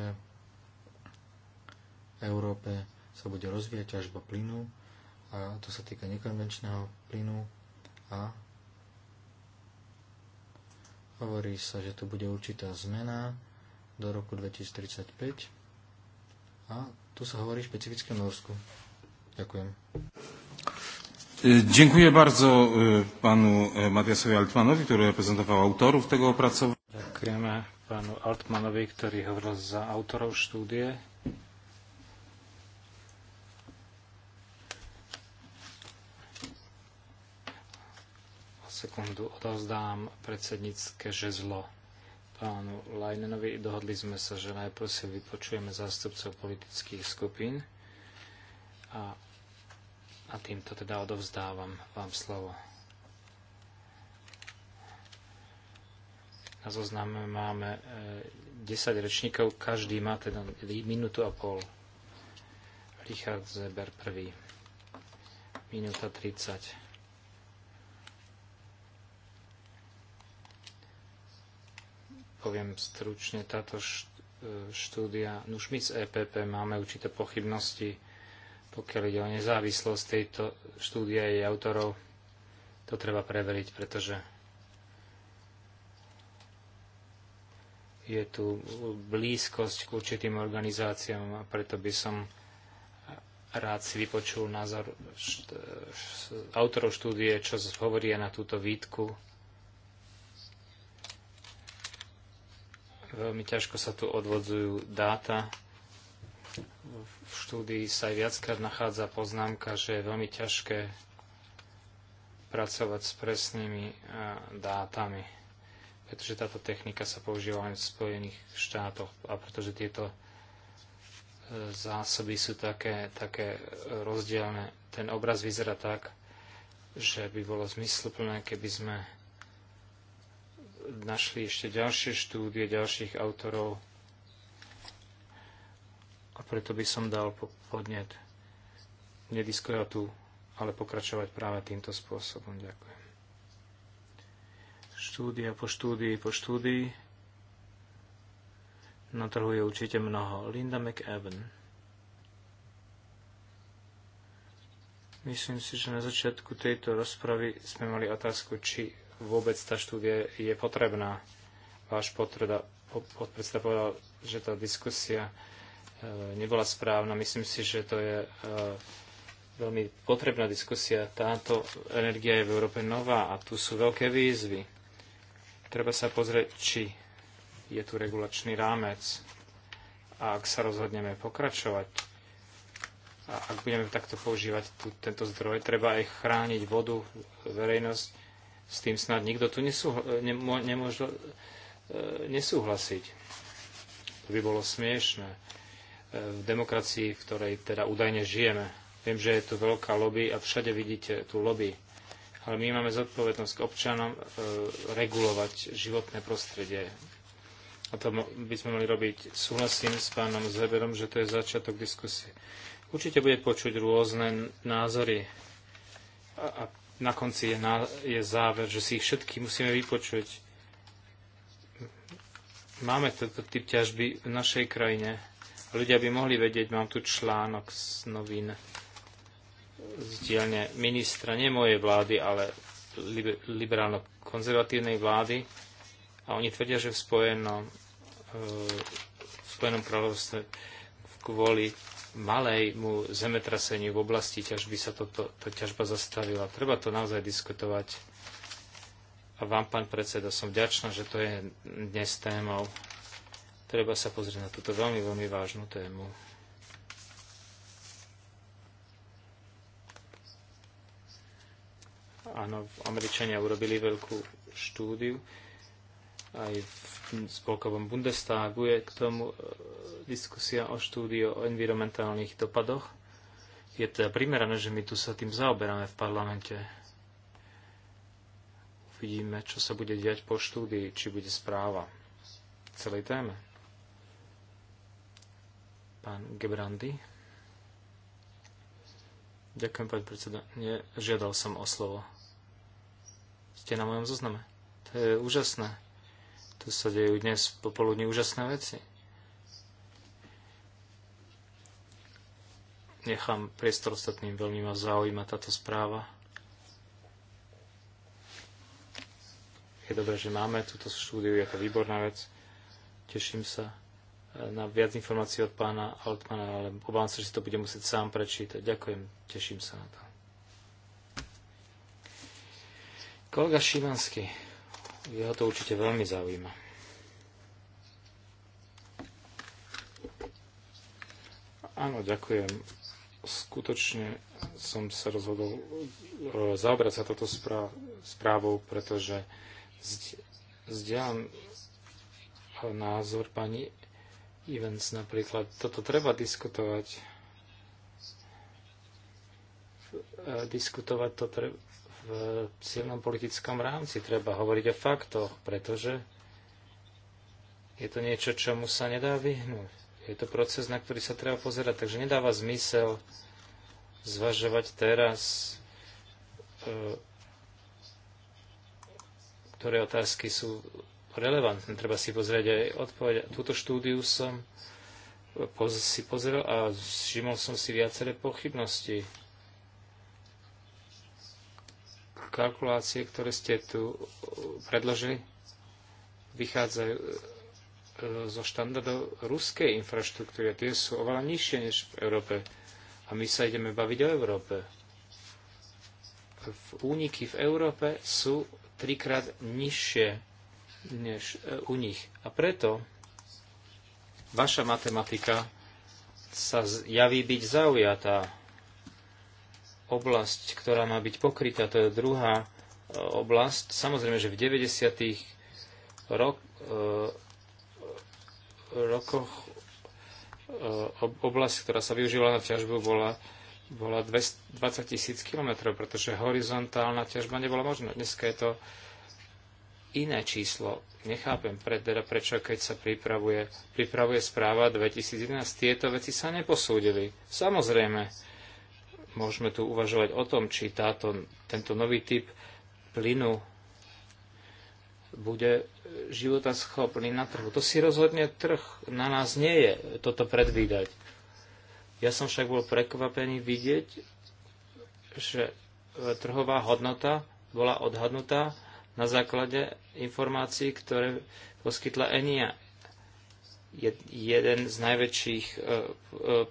Európe sa bude rozvíjať ťažba plynu a to sa týka nekonvenčného plynu a hovorí sa, že tu bude určitá zmena do roku 2035 a tu sa hovorí špecificky o Norsku. Ďakujem. E, dziękuję bardzo e, panu e, Matiasowi Altmanowi, który reprezentował autorów tego opracowania. Ďakujeme pánu Altmanovi, ktorý hovoril za autorov štúdie. sekundu odovzdám predsednícke žezlo pánu Lajnenovi. Dohodli sme sa, že najprv si vypočujeme zástupcov politických skupín a, a týmto teda odovzdávam vám slovo. Na zozname máme 10 e, rečníkov, každý má teda minútu a pol. Richard Zeber prvý. Minúta 30. poviem stručne, táto e, štúdia, no už my z EPP máme určité pochybnosti, pokiaľ ide o nezávislosť tejto štúdie a jej autorov. To treba preveriť, pretože je tu blízkosť k určitým organizáciám a preto by som rád si vypočul názor št- e, autorov štúdie, čo hovorí na túto výtku Veľmi ťažko sa tu odvodzujú dáta. V štúdii sa aj viackrát nachádza poznámka, že je veľmi ťažké pracovať s presnými e, dátami, pretože táto technika sa používa len v Spojených štátoch a pretože tieto e, zásoby sú také, také rozdielne. Ten obraz vyzerá tak, že by bolo zmysluplné, keby sme našli ešte ďalšie štúdie ďalších autorov a preto by som dal podnet nediskoja tu, ale pokračovať práve týmto spôsobom. Ďakujem. Štúdia po štúdii po štúdii na trhu je určite mnoho. Linda McEwan. Myslím si, že na začiatku tejto rozpravy sme mali otázku, či vôbec tá štúdia je potrebná. Váš potreda, podpredseda povedal, že tá diskusia e, nebola správna. Myslím si, že to je e, veľmi potrebná diskusia. Táto energia je v Európe nová a tu sú veľké výzvy. Treba sa pozrieť, či je tu regulačný rámec a ak sa rozhodneme pokračovať a ak budeme takto používať tento zdroj, treba aj chrániť vodu, verejnosť, s tým snad nikto tu nesúhla, nemôže e, nesúhlasiť. To by bolo smiešné e, v demokracii, v ktorej teda údajne žijeme. Viem, že je tu veľká lobby a všade vidíte tú lobby. Ale my máme zodpovednosť k občanom e, regulovať životné prostredie. A to by sme mali robiť. Súhlasím s pánom Zeberom, že to je začiatok diskusie. Určite bude počuť rôzne názory. A, a na konci je, na, je záver, že si ich všetky musíme vypočuť. Máme tento typ ťažby v našej krajine. Ľudia by mohli vedieť, mám tu článok z novín z dielne ministra, nie mojej vlády, ale liberálno-konzervatívnej vlády. A oni tvrdia, že v Spojenom, e, v Spojenom kráľovstve kvôli malému zemetraseniu v oblasti ťažby sa toto to, to ťažba zastavila. Treba to naozaj diskutovať. A vám, pán predseda, som vďačná, že to je dnes témou. Treba sa pozrieť na túto veľmi, veľmi vážnu tému. Áno, Američania urobili veľkú štúdiu aj v spolkovom Bundestagu je k tomu e, diskusia o štúdiu o environmentálnych dopadoch. Je teda primerané, že my tu sa tým zaoberáme v parlamente. Uvidíme, čo sa bude diať po štúdii, či bude správa celej téme. Pán Gebrandy. Ďakujem, pán predseda. Nie, žiadal som o slovo. Ste na mojom zozname. To je úžasné. Tu sa dejú dnes popoludní úžasné veci. Nechám priestor ostatným, veľmi ma zaujíma táto správa. Je dobré, že máme túto štúdiu, je to výborná vec. Teším sa eh, na viac informácií od pána Altmana, ale obávam sa, že si to budem musieť sám prečítať. Ďakujem, teším sa na to. Kolega Šimanský. Ja to určite veľmi zaujíma. Áno, ďakujem. Skutočne som sa rozhodol e, zaobrať sa toto správou, pretože zdieľam názor pani Evans napríklad. Toto treba diskutovať. E, diskutovať to treba v silnom politickom rámci. Treba hovoriť o faktoch, pretože je to niečo, čomu sa nedá vyhnúť. Je to proces, na ktorý sa treba pozerať, takže nedáva zmysel zvažovať teraz, e, ktoré otázky sú relevantné. Treba si pozrieť aj odpoveď. Túto štúdiu som si pozrel a všimol som si viaceré pochybnosti kalkulácie, ktoré ste tu uh, predložili, vychádzajú uh, zo štandardov ruskej infraštruktúry. tie sú oveľa nižšie než v Európe. A my sa ideme baviť o Európe. V úniky v Európe sú trikrát nižšie než uh, u nich. A preto vaša matematika sa javí byť zaujatá oblasť, ktorá má byť pokrytá, to je druhá e, oblasť. Samozrejme, že v 90. Rok, e, rokoch e, oblasť, ktorá sa využívala na ťažbu, bola, bola 20 tisíc kilometrov, pretože horizontálna ťažba nebola možná. Dneska je to iné číslo. Nechápem teda prečo, keď sa pripravuje, pripravuje správa 2011, tieto veci sa neposúdili. Samozrejme, Môžeme tu uvažovať o tom, či táto, tento nový typ plynu bude životaschopný na trhu. To si rozhodne trh na nás nie je toto predvídať. Ja som však bol prekvapený vidieť, že trhová hodnota bola odhadnutá na základe informácií, ktoré poskytla ENIA je jeden z najväčších e, e,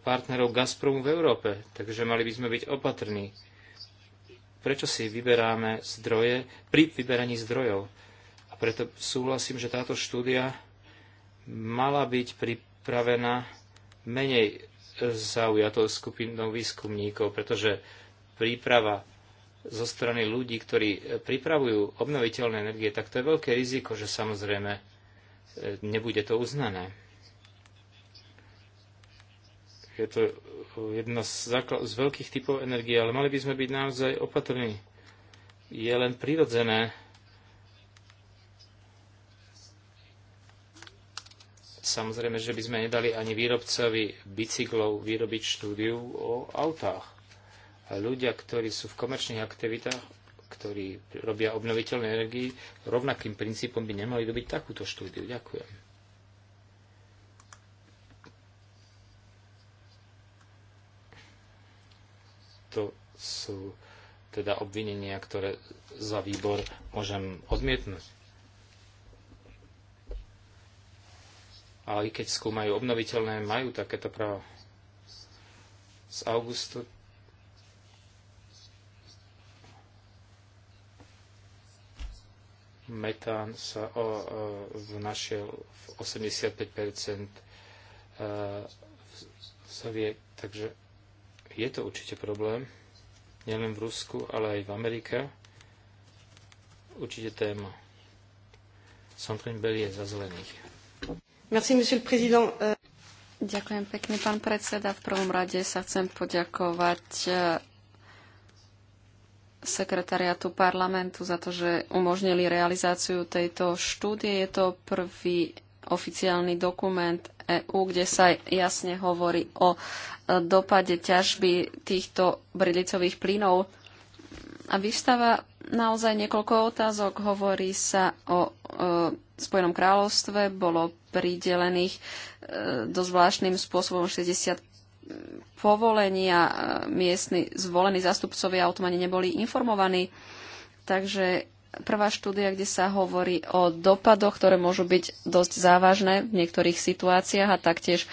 partnerov Gazpromu v Európe, takže mali by sme byť opatrní. Prečo si vyberáme zdroje pri vyberaní zdrojov? A preto súhlasím, že táto štúdia mala byť pripravená menej zaujatou skupinou výskumníkov, pretože príprava zo strany ľudí, ktorí pripravujú obnoviteľné energie, tak to je veľké riziko, že samozrejme e, nebude to uznané. Je to eh, jedna z, z veľkých typov energie, ale mali by sme byť naozaj opatrní. Je len prirodzené samozrejme, že by sme nedali ani výrobcovi bicyklov vyrobiť štúdiu o autách. A ľudia, ktorí sú v komerčných aktivitách, ktorí robia obnoviteľné energii, rovnakým princípom by nemali robiť takúto štúdiu. Ďakujem. to sú teda obvinenia, ktoré za výbor môžem odmietnúť. Ale i keď skúmajú obnoviteľné, majú takéto právo. Z augustu metán sa o, o, vnašiel v 85% e, v, v Sovie, takže je to určite problém, nielen v Rusku, ale aj v Amerike. Určite téma. Sandrine Bellier za zelených. Merci, monsieur le président. Euh, Ďakujem pekne, pán predseda. V prvom rade sa chcem poďakovať eh, sekretariatu parlamentu za to, že umožnili realizáciu tejto štúdie. Je to prvý oficiálny dokument EÚ, kde sa jasne hovorí o e, dopade ťažby týchto brilicových plynov. A vystáva naozaj niekoľko otázok. Hovorí sa o e, Spojenom kráľovstve, bolo pridelených e, do zvláštnym spôsobom 60 povolenia, e, miestni zvolení zastupcovia o tom ani neboli informovaní. Takže prvá štúdia, kde sa hovorí o dopadoch, ktoré môžu byť dosť závažné v niektorých situáciách a taktiež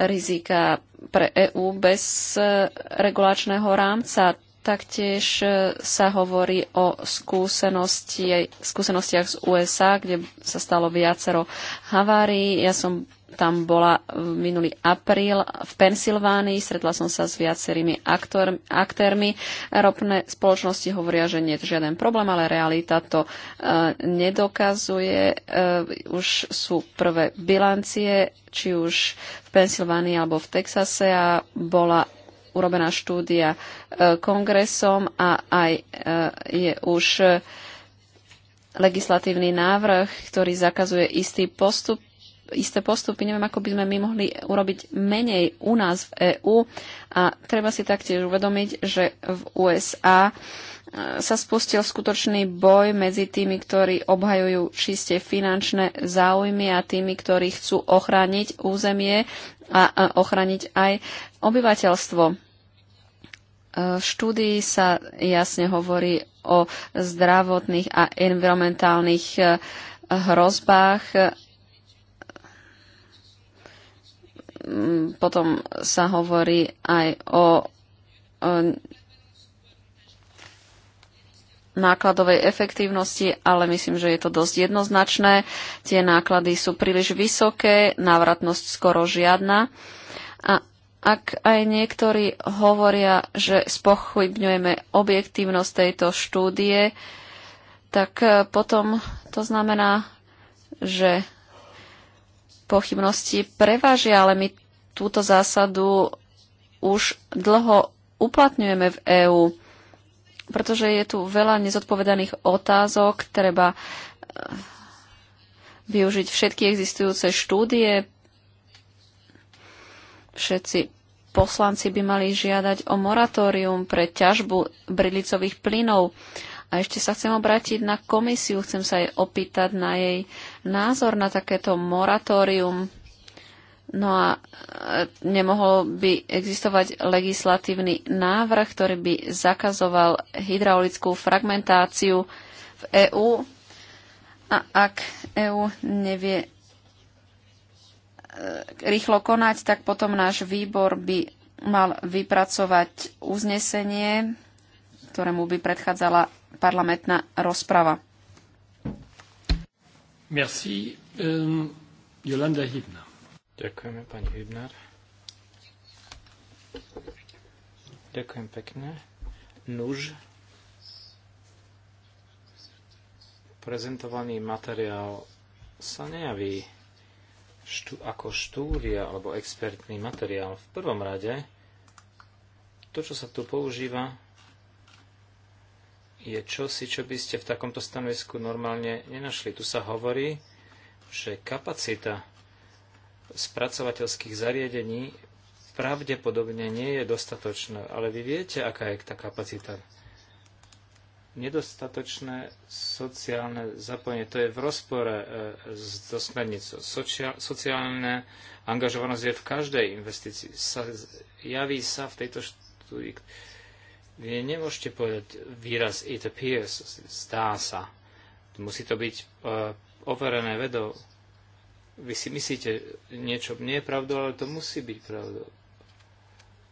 rizika pre EÚ bez e, regulačného rámca. Taktiež e, sa hovorí o skúsenosti, skúsenostiach z USA, kde sa stalo viacero havárií. Ja som tam bola e, minulý apríl v Pensylvánii. Stretla som sa s viacerými aktor, aktérmi. Ropné spoločnosti hovoria, že nie je žiaden problém, ale realita to e, nedokazuje. E, už sú prvé bilancie, či už v Pensylvánii alebo v Texase a bola urobená štúdia e, kongresom a aj e, je už legislatívny návrh, ktorý zakazuje istý postup isté postupy. Neviem, ako by sme my mohli urobiť menej u nás v EÚ. A treba si taktiež uvedomiť, že v USA e, sa spustil skutočný boj medzi tými, ktorí obhajujú čiste finančné záujmy a tými, ktorí chcú ochrániť územie a ochrániť aj obyvateľstvo. E, v štúdii sa jasne hovorí o zdravotných a environmentálnych e, hrozbách Mm, potom sa hovorí aj o nákladovej efektívnosti, ale myslím, že je to dosť jednoznačné. Tie náklady sú príliš vysoké, návratnosť skoro žiadna. A ak aj niektorí hovoria, že spochybňujeme objektívnosť tejto štúdie, tak e, potom to znamená, že pochybnosti prevážia, ale my túto zásadu už dlho uplatňujeme v EÚ, pretože je tu veľa nezodpovedaných otázok, treba eh, využiť všetky existujúce štúdie. Všetci poslanci by mali žiadať o moratórium pre ťažbu brilicových plynov. A ešte sa chcem obrátiť na komisiu, chcem sa jej opýtať na jej uh, názor na takéto moratórium. No a e, nemohol by existovať legislatívny návrh, ktorý by zakazoval hydraulickú fragmentáciu v EÚ. A ak EÚ nevie e, rýchlo konať, tak potom náš výbor by mal vypracovať uznesenie, ktorému by predchádzala parlamentná rozprava. Merci. Um, Jolanda Ďakujeme, pani Hibner. Ďakujem pekne. Nuž. Prezentovaný materiál sa nejaví štú, ako štúdia alebo expertný materiál. V prvom rade to, čo sa tu používa, je čosi, čo by ste v takomto stanovisku normálne nenašli. Tu sa hovorí, že kapacita spracovateľských zariadení pravdepodobne nie je dostatočná. Ale vy viete, aká je tá kapacita. Nedostatočné sociálne zapojenie, to je v rozpore e, s so smernicou. Sociálne angažovanosť je v každej investícii. Sa, javí sa v tejto štúdii vy nemôžete povedať výraz it appears, zdá sa. Musí to byť uh, overené vedou. Vy si myslíte niečo, nie je pravdou, ale to musí byť pravdou.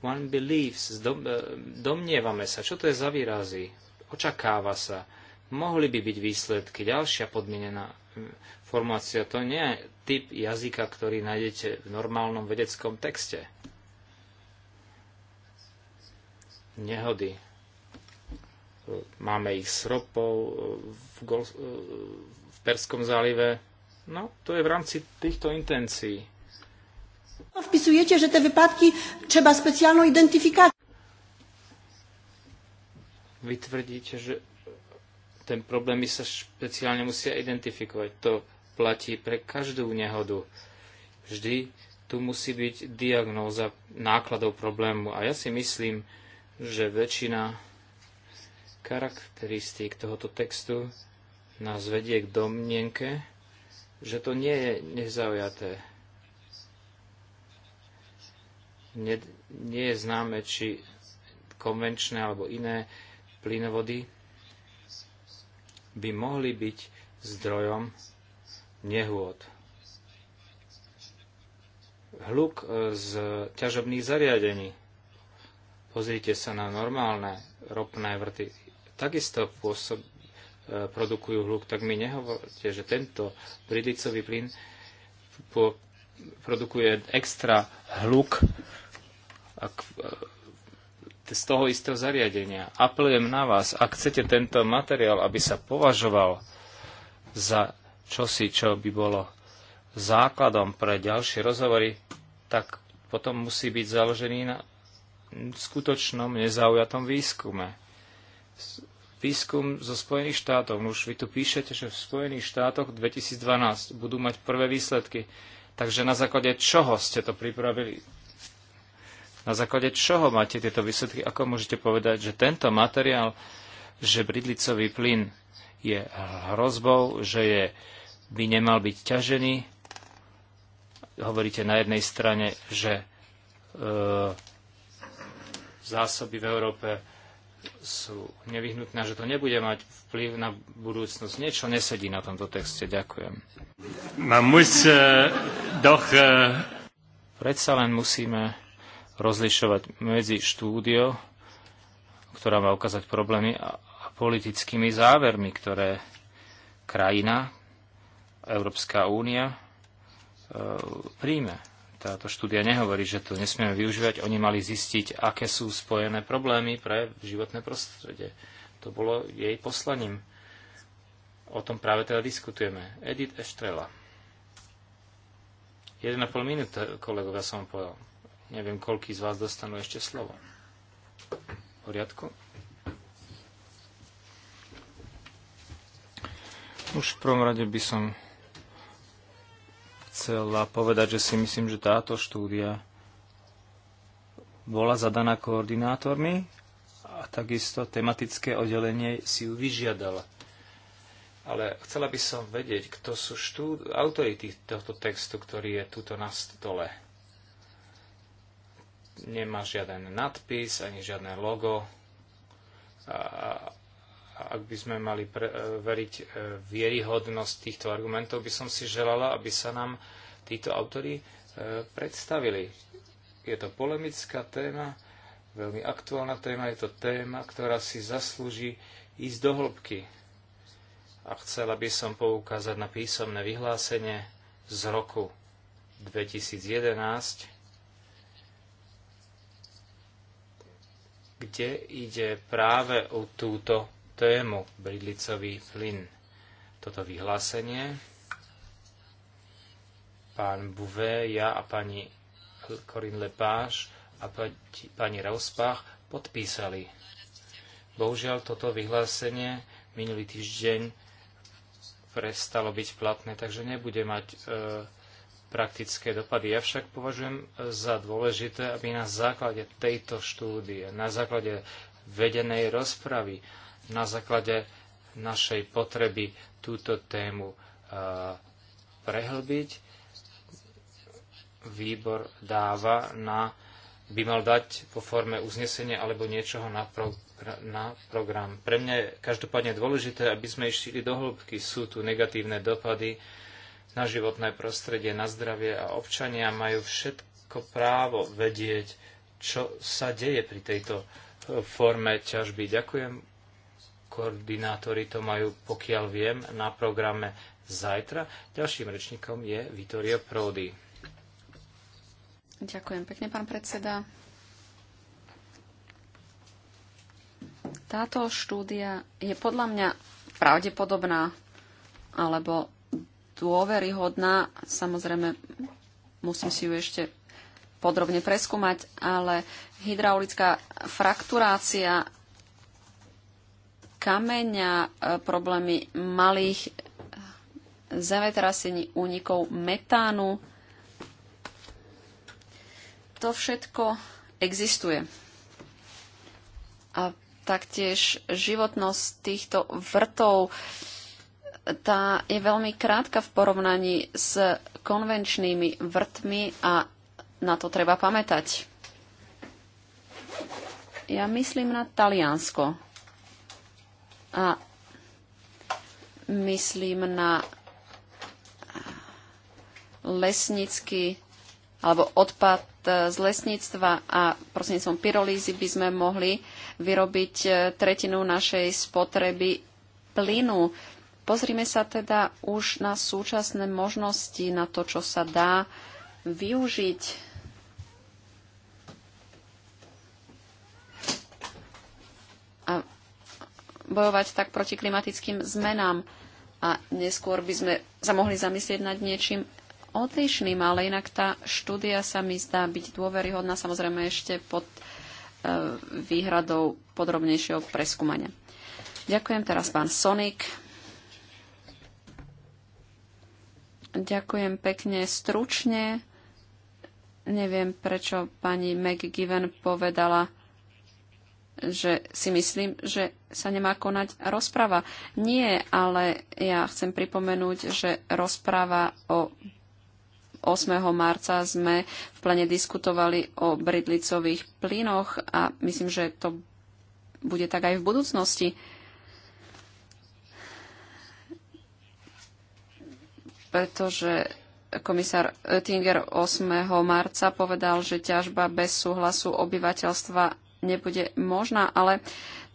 One believes, dom, eh, domnievame sa. Čo to je za výrazy? Očakáva sa. Mohli by byť výsledky. Ďalšia podmienená hm, formácia. To nie je typ jazyka, ktorý nájdete v normálnom vedeckom texte nehody. Máme ich s ropou v, Gol- v Perskom zálive. No, to je v rámci týchto intencií. No, vpisujete, že tie vypadky treba speciálnu identifikáciu. Vy tvrdíte, že ten problémy sa špeciálne musia identifikovať. To platí pre každú nehodu. Vždy tu musí byť diagnóza nákladov problému. A ja si myslím, že väčšina charakteristík tohoto textu nás vedie k domnienke, že to nie je nezaujaté. Nie, nie je známe, či konvenčné alebo iné plynovody by mohli byť zdrojom nehôd. Hluk e, z ťažobných zariadení Pozrite sa na normálne ropné vrty. Takisto pôsob, e, produkujú hluk, tak mi nehovorte, že tento bridlicový plyn po, produkuje extra hluk ak, e, z toho istého zariadenia. Apelujem na vás, ak chcete tento materiál, aby sa považoval za čosi, čo by bolo základom pre ďalšie rozhovory, tak potom musí byť založený na skutočnom nezaujatom výskume. Výskum zo Spojených štátov. No už vy tu píšete, že v Spojených štátoch 2012 budú mať prvé výsledky. Takže na základe čoho ste to pripravili? Na základe čoho máte tieto výsledky? Ako môžete povedať, že tento materiál, že bridlicový plyn je hrozbou, že je, by nemal byť ťažený? Hovoríte na jednej strane, že e, zásoby v Európe sú nevyhnutné, že to nebude mať vplyv na budúcnosť. Niečo nesedí na tomto texte. Ďakujem. Man muss, uh, doch, uh... Predsa len musíme rozlišovať medzi štúdio, ktorá má ukázať problémy, a, a politickými závermi, ktoré krajina, Európska únia, e, príjme táto štúdia nehovorí, že to nesmieme využívať. Oni mali zistiť, aké sú spojené problémy pre životné prostredie. To bolo jej poslaním. O tom práve teda diskutujeme. Edith Estrela. 1,5 minút, kolegovia, som povedal. Neviem, koľký z vás dostanú ešte slovo. V poriadku? Už v prvom rade by som chcela povedať, že si myslím, že táto štúdia bola zadaná koordinátormi a takisto tematické oddelenie si ju vyžiadala. Ale chcela by som vedieť, kto sú štúd- autori tohto textu, ktorý je tuto na stole. Nemá žiaden nadpis, ani žiadne logo. A, ak by sme mali pre, e, veriť e, vieryhodnosť týchto argumentov, by som si želala, aby sa nám títo autory e, predstavili. Je to polemická téma, veľmi aktuálna téma, je to téma, ktorá si zaslúži ísť do hĺbky. A chcela by som poukázať na písomné vyhlásenie z roku 2011, kde ide práve o túto tému bridlicový plyn. Toto vyhlásenie pán Bouvet, ja a pani Korin Lepáš a pani Rauspach podpísali. Bohužiaľ, toto vyhlásenie minulý týždeň prestalo byť platné, takže nebude mať e, praktické dopady. Ja však považujem za dôležité, aby na základe tejto štúdie, na základe vedenej rozpravy, na základe našej potreby túto tému e, prehlbiť. Výbor dáva na, by mal dať po forme uznesenia alebo niečoho na, pro, na program. Pre mňa je každopádne dôležité, aby sme išli do hĺbky. Sú tu negatívne dopady na životné prostredie, na zdravie a občania majú všetko právo vedieť, čo sa deje pri tejto e, forme ťažby. Ďakujem Koordinátori to majú, pokiaľ viem, na programe zajtra. Ďalším rečníkom je Vittorio Prodi. Ďakujem pekne, pán predseda. Táto štúdia je podľa mňa pravdepodobná alebo dôveryhodná. Samozrejme, musím si ju ešte podrobne preskúmať, ale hydraulická frakturácia kameňa, e, problémy malých e, zemetrasení, únikov metánu. To všetko existuje. A taktiež životnosť týchto vrtov tá je veľmi krátka v porovnaní s konvenčnými vrtmi a na to treba pamätať. Ja myslím na Taliansko. A myslím na lesnícky alebo odpad e, z lesníctva a prostredníctvom pyrolízy by sme mohli vyrobiť e, tretinu našej spotreby plynu. Pozrime sa teda už na súčasné možnosti, na to, čo sa dá využiť bojovať tak proti klimatickým zmenám. A neskôr by sme sa mohli zamyslieť nad niečím odlišným, ale inak tá štúdia sa mi zdá byť dôveryhodná, samozrejme ešte pod e, výhradou podrobnejšieho preskúmania. Ďakujem teraz pán Sonik. Ďakujem pekne stručne. Neviem, prečo pani McGiven povedala že si myslím, že sa nemá konať rozpráva. Nie, ale ja chcem pripomenúť, že rozpráva o 8. marca sme v plene diskutovali o bridlicových plynoch a myslím, že to bude tak aj v budúcnosti. Pretože komisár Oettinger 8. marca povedal, že ťažba bez súhlasu obyvateľstva nebude možná, ale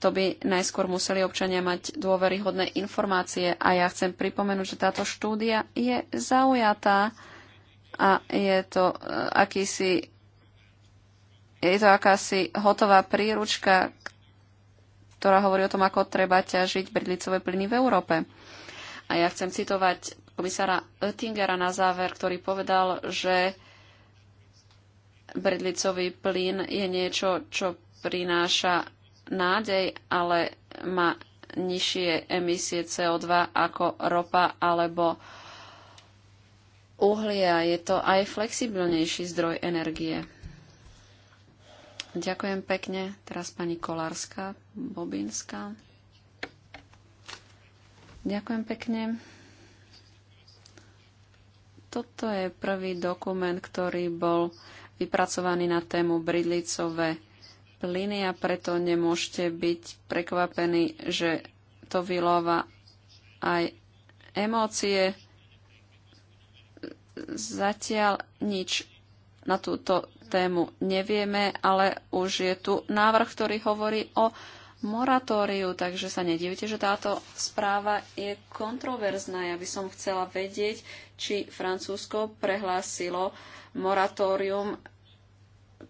to by najskôr museli občania mať dôveryhodné informácie. A ja chcem pripomenúť, že táto štúdia je zaujatá a je to eh, akýsi je to akási hotová príručka, ktorá hovorí o tom, ako treba ťažiť bridlicové plyny v Európe. A ja chcem citovať komisára Oettingera na záver, ktorý povedal, že bridlicový plyn je niečo, čo prináša nádej, ale má nižšie emisie CO2 ako ropa alebo uhlia. Je to aj flexibilnejší zdroj energie. Ďakujem pekne. Teraz pani Kolárska, Bobinská. Ďakujem pekne. Toto je prvý dokument, ktorý bol vypracovaný na tému bridlicové plyny a preto nemôžete byť prekvapení, že to vylova aj emócie. Zatiaľ nič na túto tému nevieme, ale už je tu návrh, ktorý hovorí o moratóriu, takže sa nedivite, že táto správa je kontroverzná. Ja by som chcela vedieť, či Francúzsko prehlásilo moratórium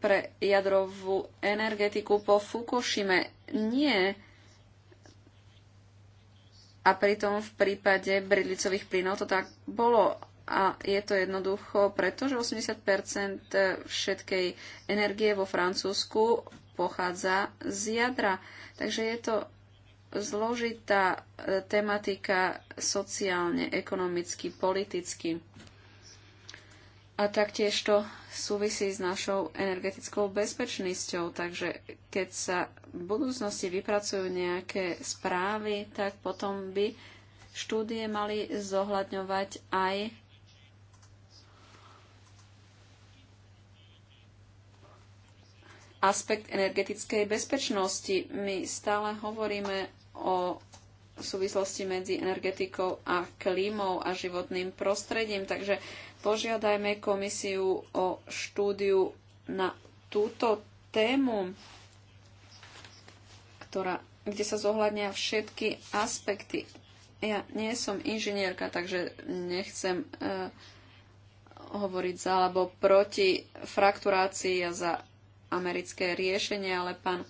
pre jadrovú energetiku po Fukushime. Nie. A pritom v prípade bridlicových plynov to tak bolo. A je to jednoducho, pretože 80 všetkej energie vo Francúzsku pochádza z jadra. Takže je to zložitá eh, tematika sociálne, ekonomicky, politicky a taktiež to súvisí s našou energetickou bezpečnosťou. Takže keď sa v budúcnosti vypracujú nejaké správy, tak potom by štúdie mali zohľadňovať aj aspekt energetickej bezpečnosti. My stále hovoríme o súvislosti medzi energetikou a klímou a životným prostredím, takže požiadajme komisiu o štúdiu na túto tému, ktorá, kde sa zohľadnia všetky aspekty. Ja nie som inžinierka, takže nechcem e, hovoriť za alebo proti frakturácii a za americké riešenie, ale pán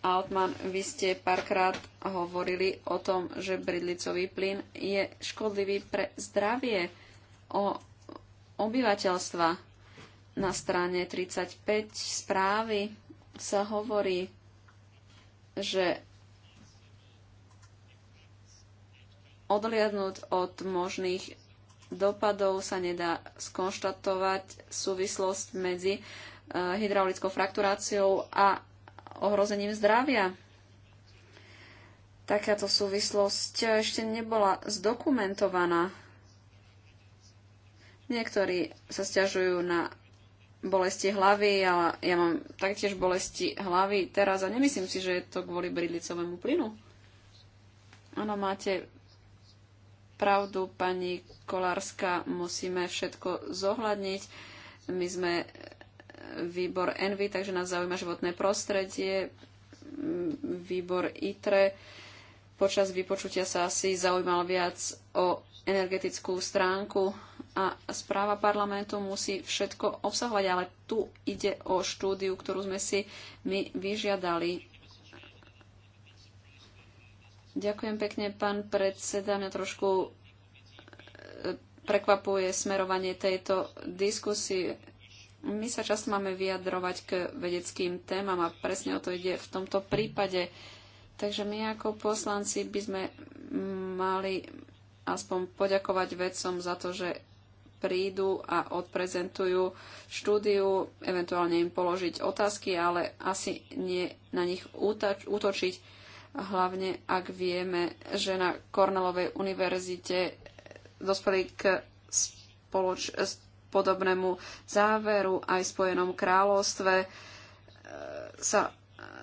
Altman, vy ste párkrát hovorili o tom, že bridlicový plyn je škodlivý pre zdravie. O obyvateľstva. Na strane 35 správy sa hovorí, že odliadnúť od možných dopadov sa nedá skonštatovať súvislosť medzi e, hydraulickou frakturáciou a ohrozením zdravia. Takáto súvislosť ešte nebola zdokumentovaná. Niektorí sa stiažujú na bolesti hlavy, ale ja mám taktiež bolesti hlavy teraz a nemyslím si, že je to kvôli bridlicovému plynu. Áno, máte pravdu, pani Kolárska, musíme všetko zohľadniť. My sme výbor Envy, takže nás zaujíma životné prostredie, výbor ITRE. Počas vypočutia sa asi zaujímal viac o energetickú stránku a správa parlamentu musí všetko obsahovať, ale tu ide o štúdiu, ktorú sme si my vyžiadali. Ďakujem pekne, pán predseda. Mňa trošku e, prekvapuje smerovanie tejto diskusie. My sa často máme vyjadrovať k vedeckým témam a presne o to ide v tomto prípade. Takže my ako poslanci by sme mali aspoň poďakovať vedcom za to, že prídu a odprezentujú štúdiu, eventuálne im položiť otázky, ale asi nie na nich útočiť. Hlavne ak vieme, že na Kornelovej univerzite dospeli k spoloč- podobnému záveru aj v Spojenom kráľovstve e, sa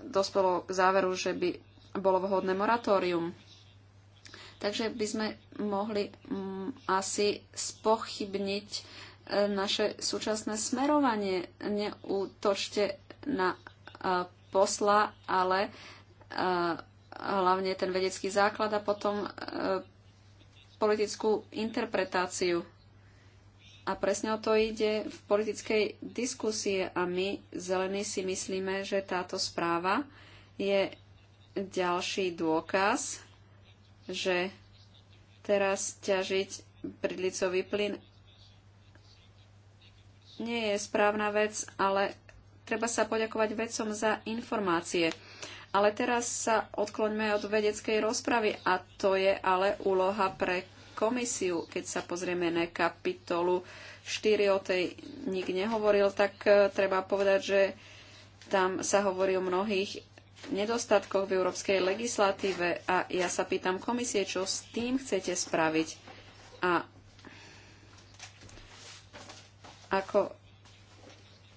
dospelo k záveru, že by bolo vhodné moratórium. Takže by sme mohli mm, asi spochybniť e, naše súčasné smerovanie. Neútočte na e, posla, ale e, hlavne ten vedecký základ a potom politickú interpretáciu. A presne o to ide v politickej diskusie a my, zelení, si myslíme, že táto správa je ďalší dôkaz že teraz ťažiť bridlicový plyn nie je správna vec, ale treba sa poďakovať vedcom za informácie. Ale teraz sa odkloňme od vedeckej rozpravy a to je ale úloha pre komisiu. Keď sa pozrieme na kapitolu 4, o tej nik nehovoril, tak eh, treba povedať, že tam sa hovorí o mnohých nedostatkoch v európskej legislatíve a ja sa pýtam komisie, čo s tým chcete spraviť a ako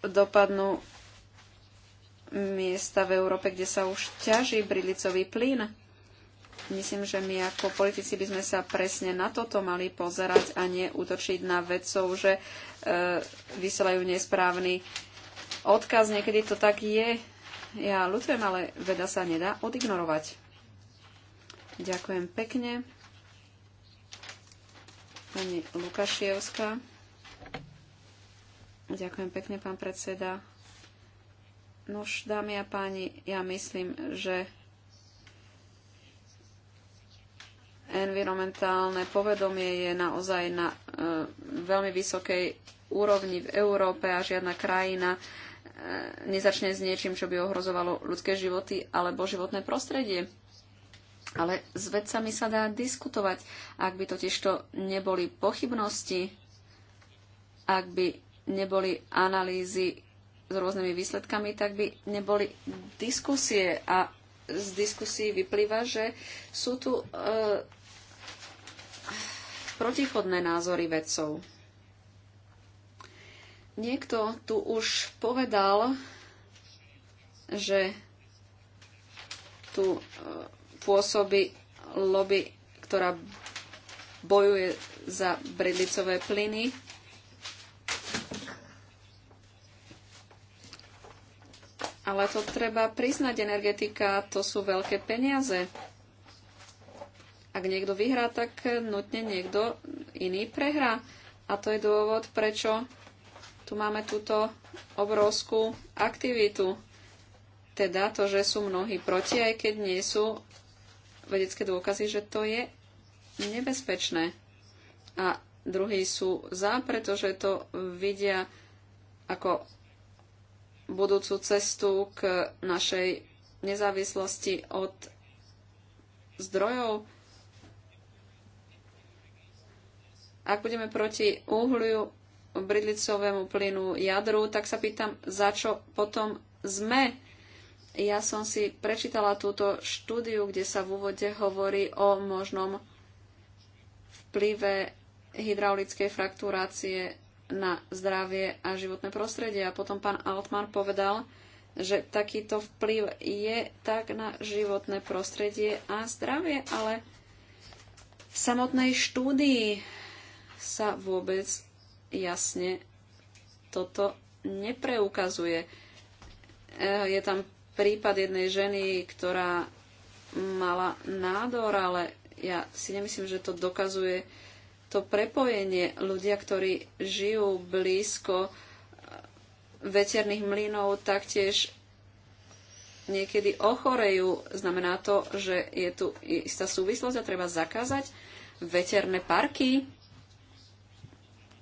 dopadnú miesta v Európe, kde sa už ťaží brilicový plyn. Myslím, že my ako politici by sme sa presne na toto mali pozerať a neútočiť na vedcov, že e, vysielajú nesprávny odkaz. Niekedy to tak je. Ja ľutujem, ale veda sa nedá odignorovať. Ďakujem pekne. Pani Lukašievská. Ďakujem pekne, pán predseda. Nož, dámy a páni, ja myslím, že environmentálne povedomie je naozaj na e, veľmi vysokej úrovni v Európe a žiadna krajina e, nezačne s niečím, čo by ohrozovalo ľudské životy alebo životné prostredie. Ale s vedcami sa dá diskutovať, ak by totižto neboli pochybnosti, ak by neboli analýzy s rôznymi výsledkami, tak by neboli diskusie. A z diskusí vyplýva, že sú tu e, protichodné názory vedcov. Niekto tu už povedal, že tu e, pôsobí lobby, ktorá bojuje za bridlicové plyny. Ale to treba priznať, energetika to sú veľké peniaze. Ak niekto vyhrá, tak nutne niekto iný prehrá. A to je dôvod, prečo tu máme túto obrovskú aktivitu. Teda to, že sú mnohí proti, aj keď nie sú vedecké dôkazy, že to je nebezpečné. A druhí sú za, pretože to vidia ako budúcu cestu k našej nezávislosti od zdrojov. Ak budeme proti uhliu, bridlicovému plynu jadru, tak sa pýtam, za čo potom sme. Ja som si prečítala túto štúdiu, kde sa v úvode hovorí o možnom vplyve hydraulickej frakturácie na zdravie a životné prostredie. A potom pán Altman povedal, že takýto vplyv je tak na životné prostredie a zdravie, ale v samotnej štúdii sa vôbec jasne toto nepreukazuje. Eh, je tam prípad jednej ženy, ktorá mala nádor, ale ja si nemyslím, že to dokazuje to prepojenie. Ľudia, ktorí žijú blízko eh, veterných mlynov, taktiež niekedy ochorejú. Znamená to, že je tu istá súvislosť a treba zakázať veterné parky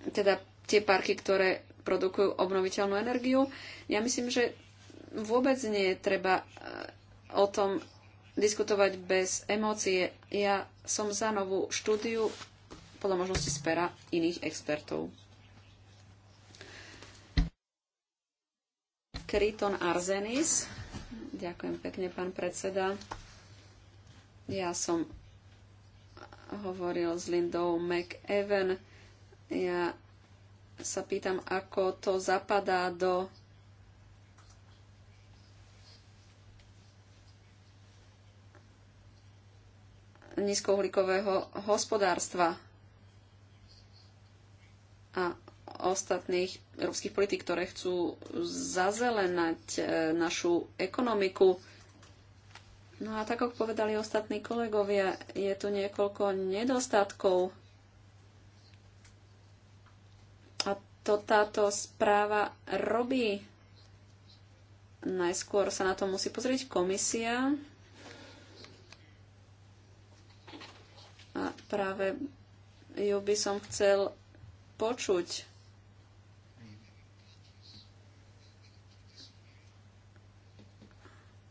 teda tie parky, ktoré produkujú obnoviteľnú energiu. Ja myslím, že vôbec nie je treba e, o tom diskutovať bez emócie. Ja som za novú štúdiu podľa možnosti spera iných expertov. Kryton Arzenis. Ďakujem pekne, pán predseda. Ja som hovoril s Lindou McEwen ja sa pýtam, ako to zapadá do nízkouhlíkového hospodárstva a ostatných európskych politik, ktoré chcú zazelenať e, našu ekonomiku. No a tak, ako povedali ostatní kolegovia, je tu niekoľko nedostatkov to táto správa robí. Najskôr sa na to musí pozrieť komisia. A práve ju by som chcel počuť.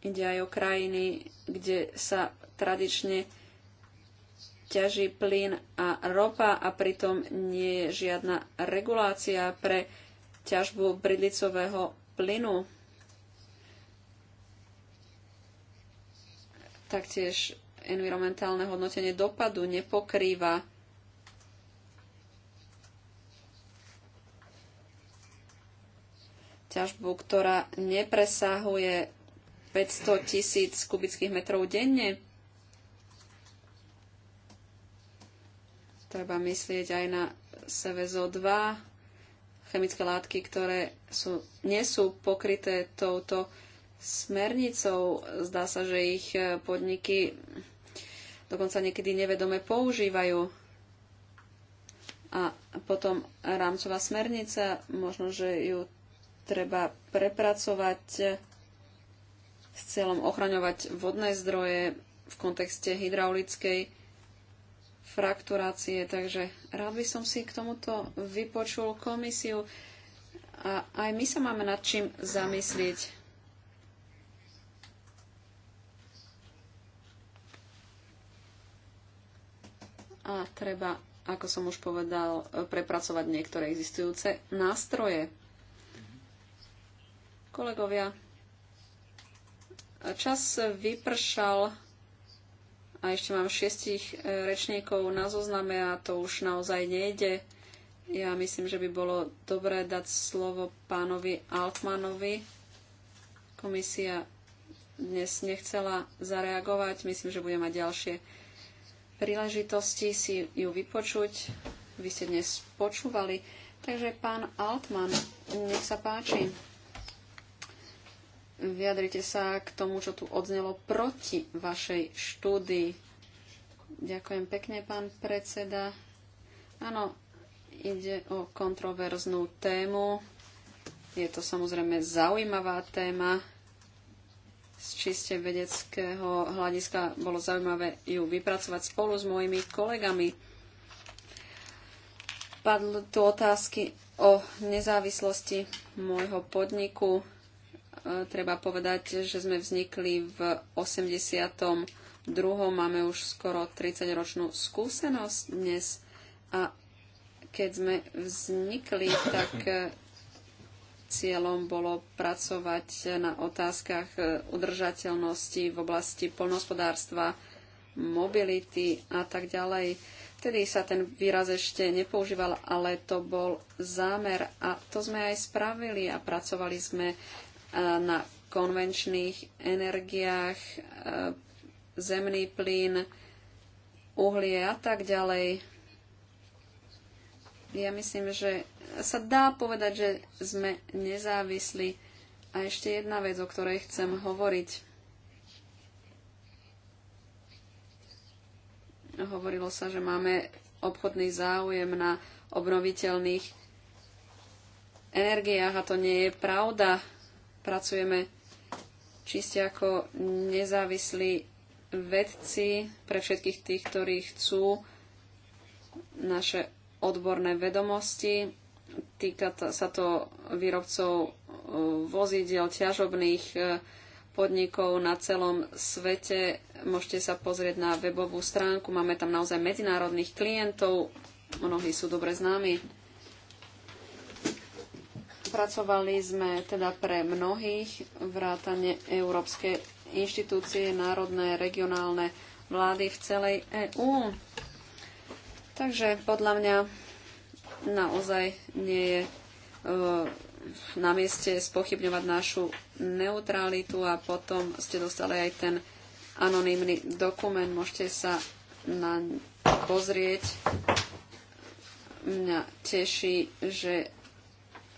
Ide aj o krajiny, kde sa tradične ťaží plyn a ropa a pritom nie je žiadna regulácia pre ťažbu bridlicového plynu. Taktiež environmentálne hodnotenie dopadu nepokrýva ťažbu, ktorá nepresahuje 500 tisíc kubických metrov denne. Treba myslieť aj na SVZO2, chemické látky, ktoré sú, nie sú pokryté touto smernicou. Zdá sa, že ich podniky dokonca niekedy nevedome používajú. A potom rámcová smernica, možno, že ju treba prepracovať s cieľom ochraňovať vodné zdroje v kontexte hydraulickej frakturácie. Takže rád by som si k tomuto vypočul komisiu a aj my sa máme nad čím zamyslieť. A treba, ako som už povedal, prepracovať niektoré existujúce nástroje. Kolegovia, čas vypršal a ešte mám šiestich e, rečníkov na zozname a to už naozaj nejde. Ja myslím, že by bolo dobré dať slovo pánovi Altmanovi. Komisia dnes nechcela zareagovať. Myslím, že bude mať ďalšie príležitosti si ju vypočuť. Vy ste dnes počúvali. Takže pán Altman, nech sa páči. Vyjadrite sa k tomu, čo tu odznelo proti vašej štúdii. Ďakujem pekne, pán predseda. Áno, ide o kontroverznú tému. Je to samozrejme zaujímavá téma. Z čiste vedeckého hľadiska bolo zaujímavé ju vypracovať spolu s mojimi kolegami. Padli tu otázky o nezávislosti môjho podniku E, treba povedať, že sme vznikli v 82. Máme už skoro 30-ročnú skúsenosť dnes a keď sme vznikli, tak e, cieľom bolo pracovať na otázkach e, udržateľnosti v oblasti polnospodárstva, mobility a tak ďalej. Vtedy sa ten výraz ešte nepoužíval, ale to bol zámer a to sme aj spravili a pracovali sme na konvenčných energiách, zemný plyn, uhlie a tak ďalej. Ja myslím, že sa dá povedať, že sme nezávislí. A ešte jedna vec, o ktorej chcem hovoriť. Hovorilo sa, že máme obchodný záujem na obnoviteľných energiách a to nie je pravda pracujeme čiste ako nezávislí vedci pre všetkých tých, ktorí chcú naše odborné vedomosti. Týka sa to výrobcov e, vozidel, ťažobných e, podnikov na celom svete. Môžete sa pozrieť na webovú stránku. Máme tam naozaj medzinárodných klientov. Mnohí sú dobre známi. Pracovali sme teda pre mnohých vrátane európske inštitúcie, národné, regionálne vlády v celej EÚ. Takže podľa mňa naozaj nie je e, na mieste spochybňovať našu neutralitu a potom ste dostali aj ten anonimný dokument. Môžete sa na pozrieť. Mňa teší, že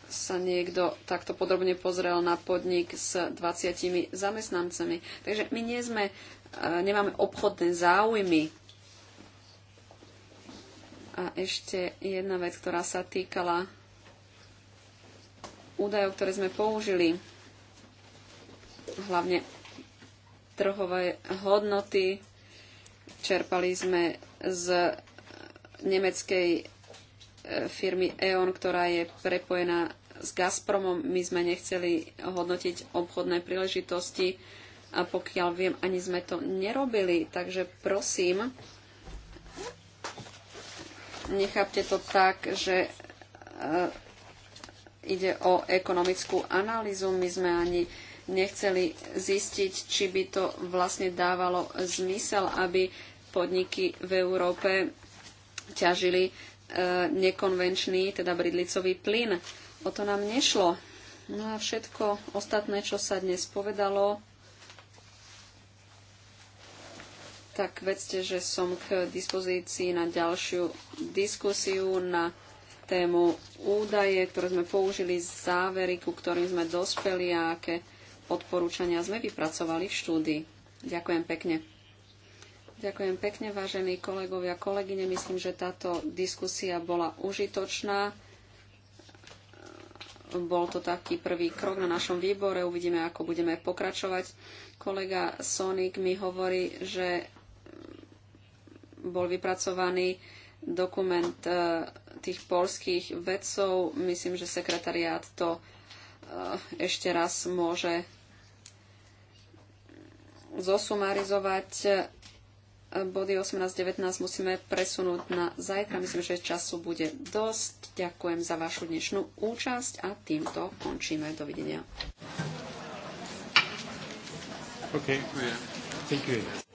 sa niekto takto podrobne pozrel na podnik s 20 zamestnancami. Takže my nie sme, e, nemáme obchodné záujmy. A ešte jedna vec, ktorá sa týkala údajov, ktoré sme použili, hlavne trhové hodnoty, čerpali sme z nemeckej E, firmy E.ON, ktorá je prepojená s Gazpromom. My sme nechceli hodnotiť obchodné príležitosti a pokiaľ viem, ani sme to nerobili. Takže prosím, nechápte to tak, že e, ide o ekonomickú analýzu. My sme ani nechceli zistiť, či by to vlastne dávalo zmysel, aby podniky v Európe ťažili E, nekonvenčný, teda bridlicový plyn. O to nám nešlo. No a všetko ostatné, čo sa dnes povedalo, tak vedzte, že som k dispozícii na ďalšiu diskusiu na tému údaje, ktoré sme použili, z závery, ku ktorým sme dospeli a aké odporúčania sme vypracovali v štúdii. Ďakujem pekne. Ďakujem pekne, vážení kolegovia, kolegyne. Myslím, že táto diskusia bola užitočná. Bol to taký prvý krok na našom výbore. Uvidíme, ako budeme pokračovať. Kolega Sonik mi hovorí, že bol vypracovaný dokument e, tých polských vedcov. Myslím, že sekretariát to e, ešte raz môže zosumarizovať body 18-19 musíme presunúť na zajtra. Myslím, že času bude dosť. Ďakujem za vašu dnešnú účasť a týmto končíme. Dovidenia. Okay. Thank you.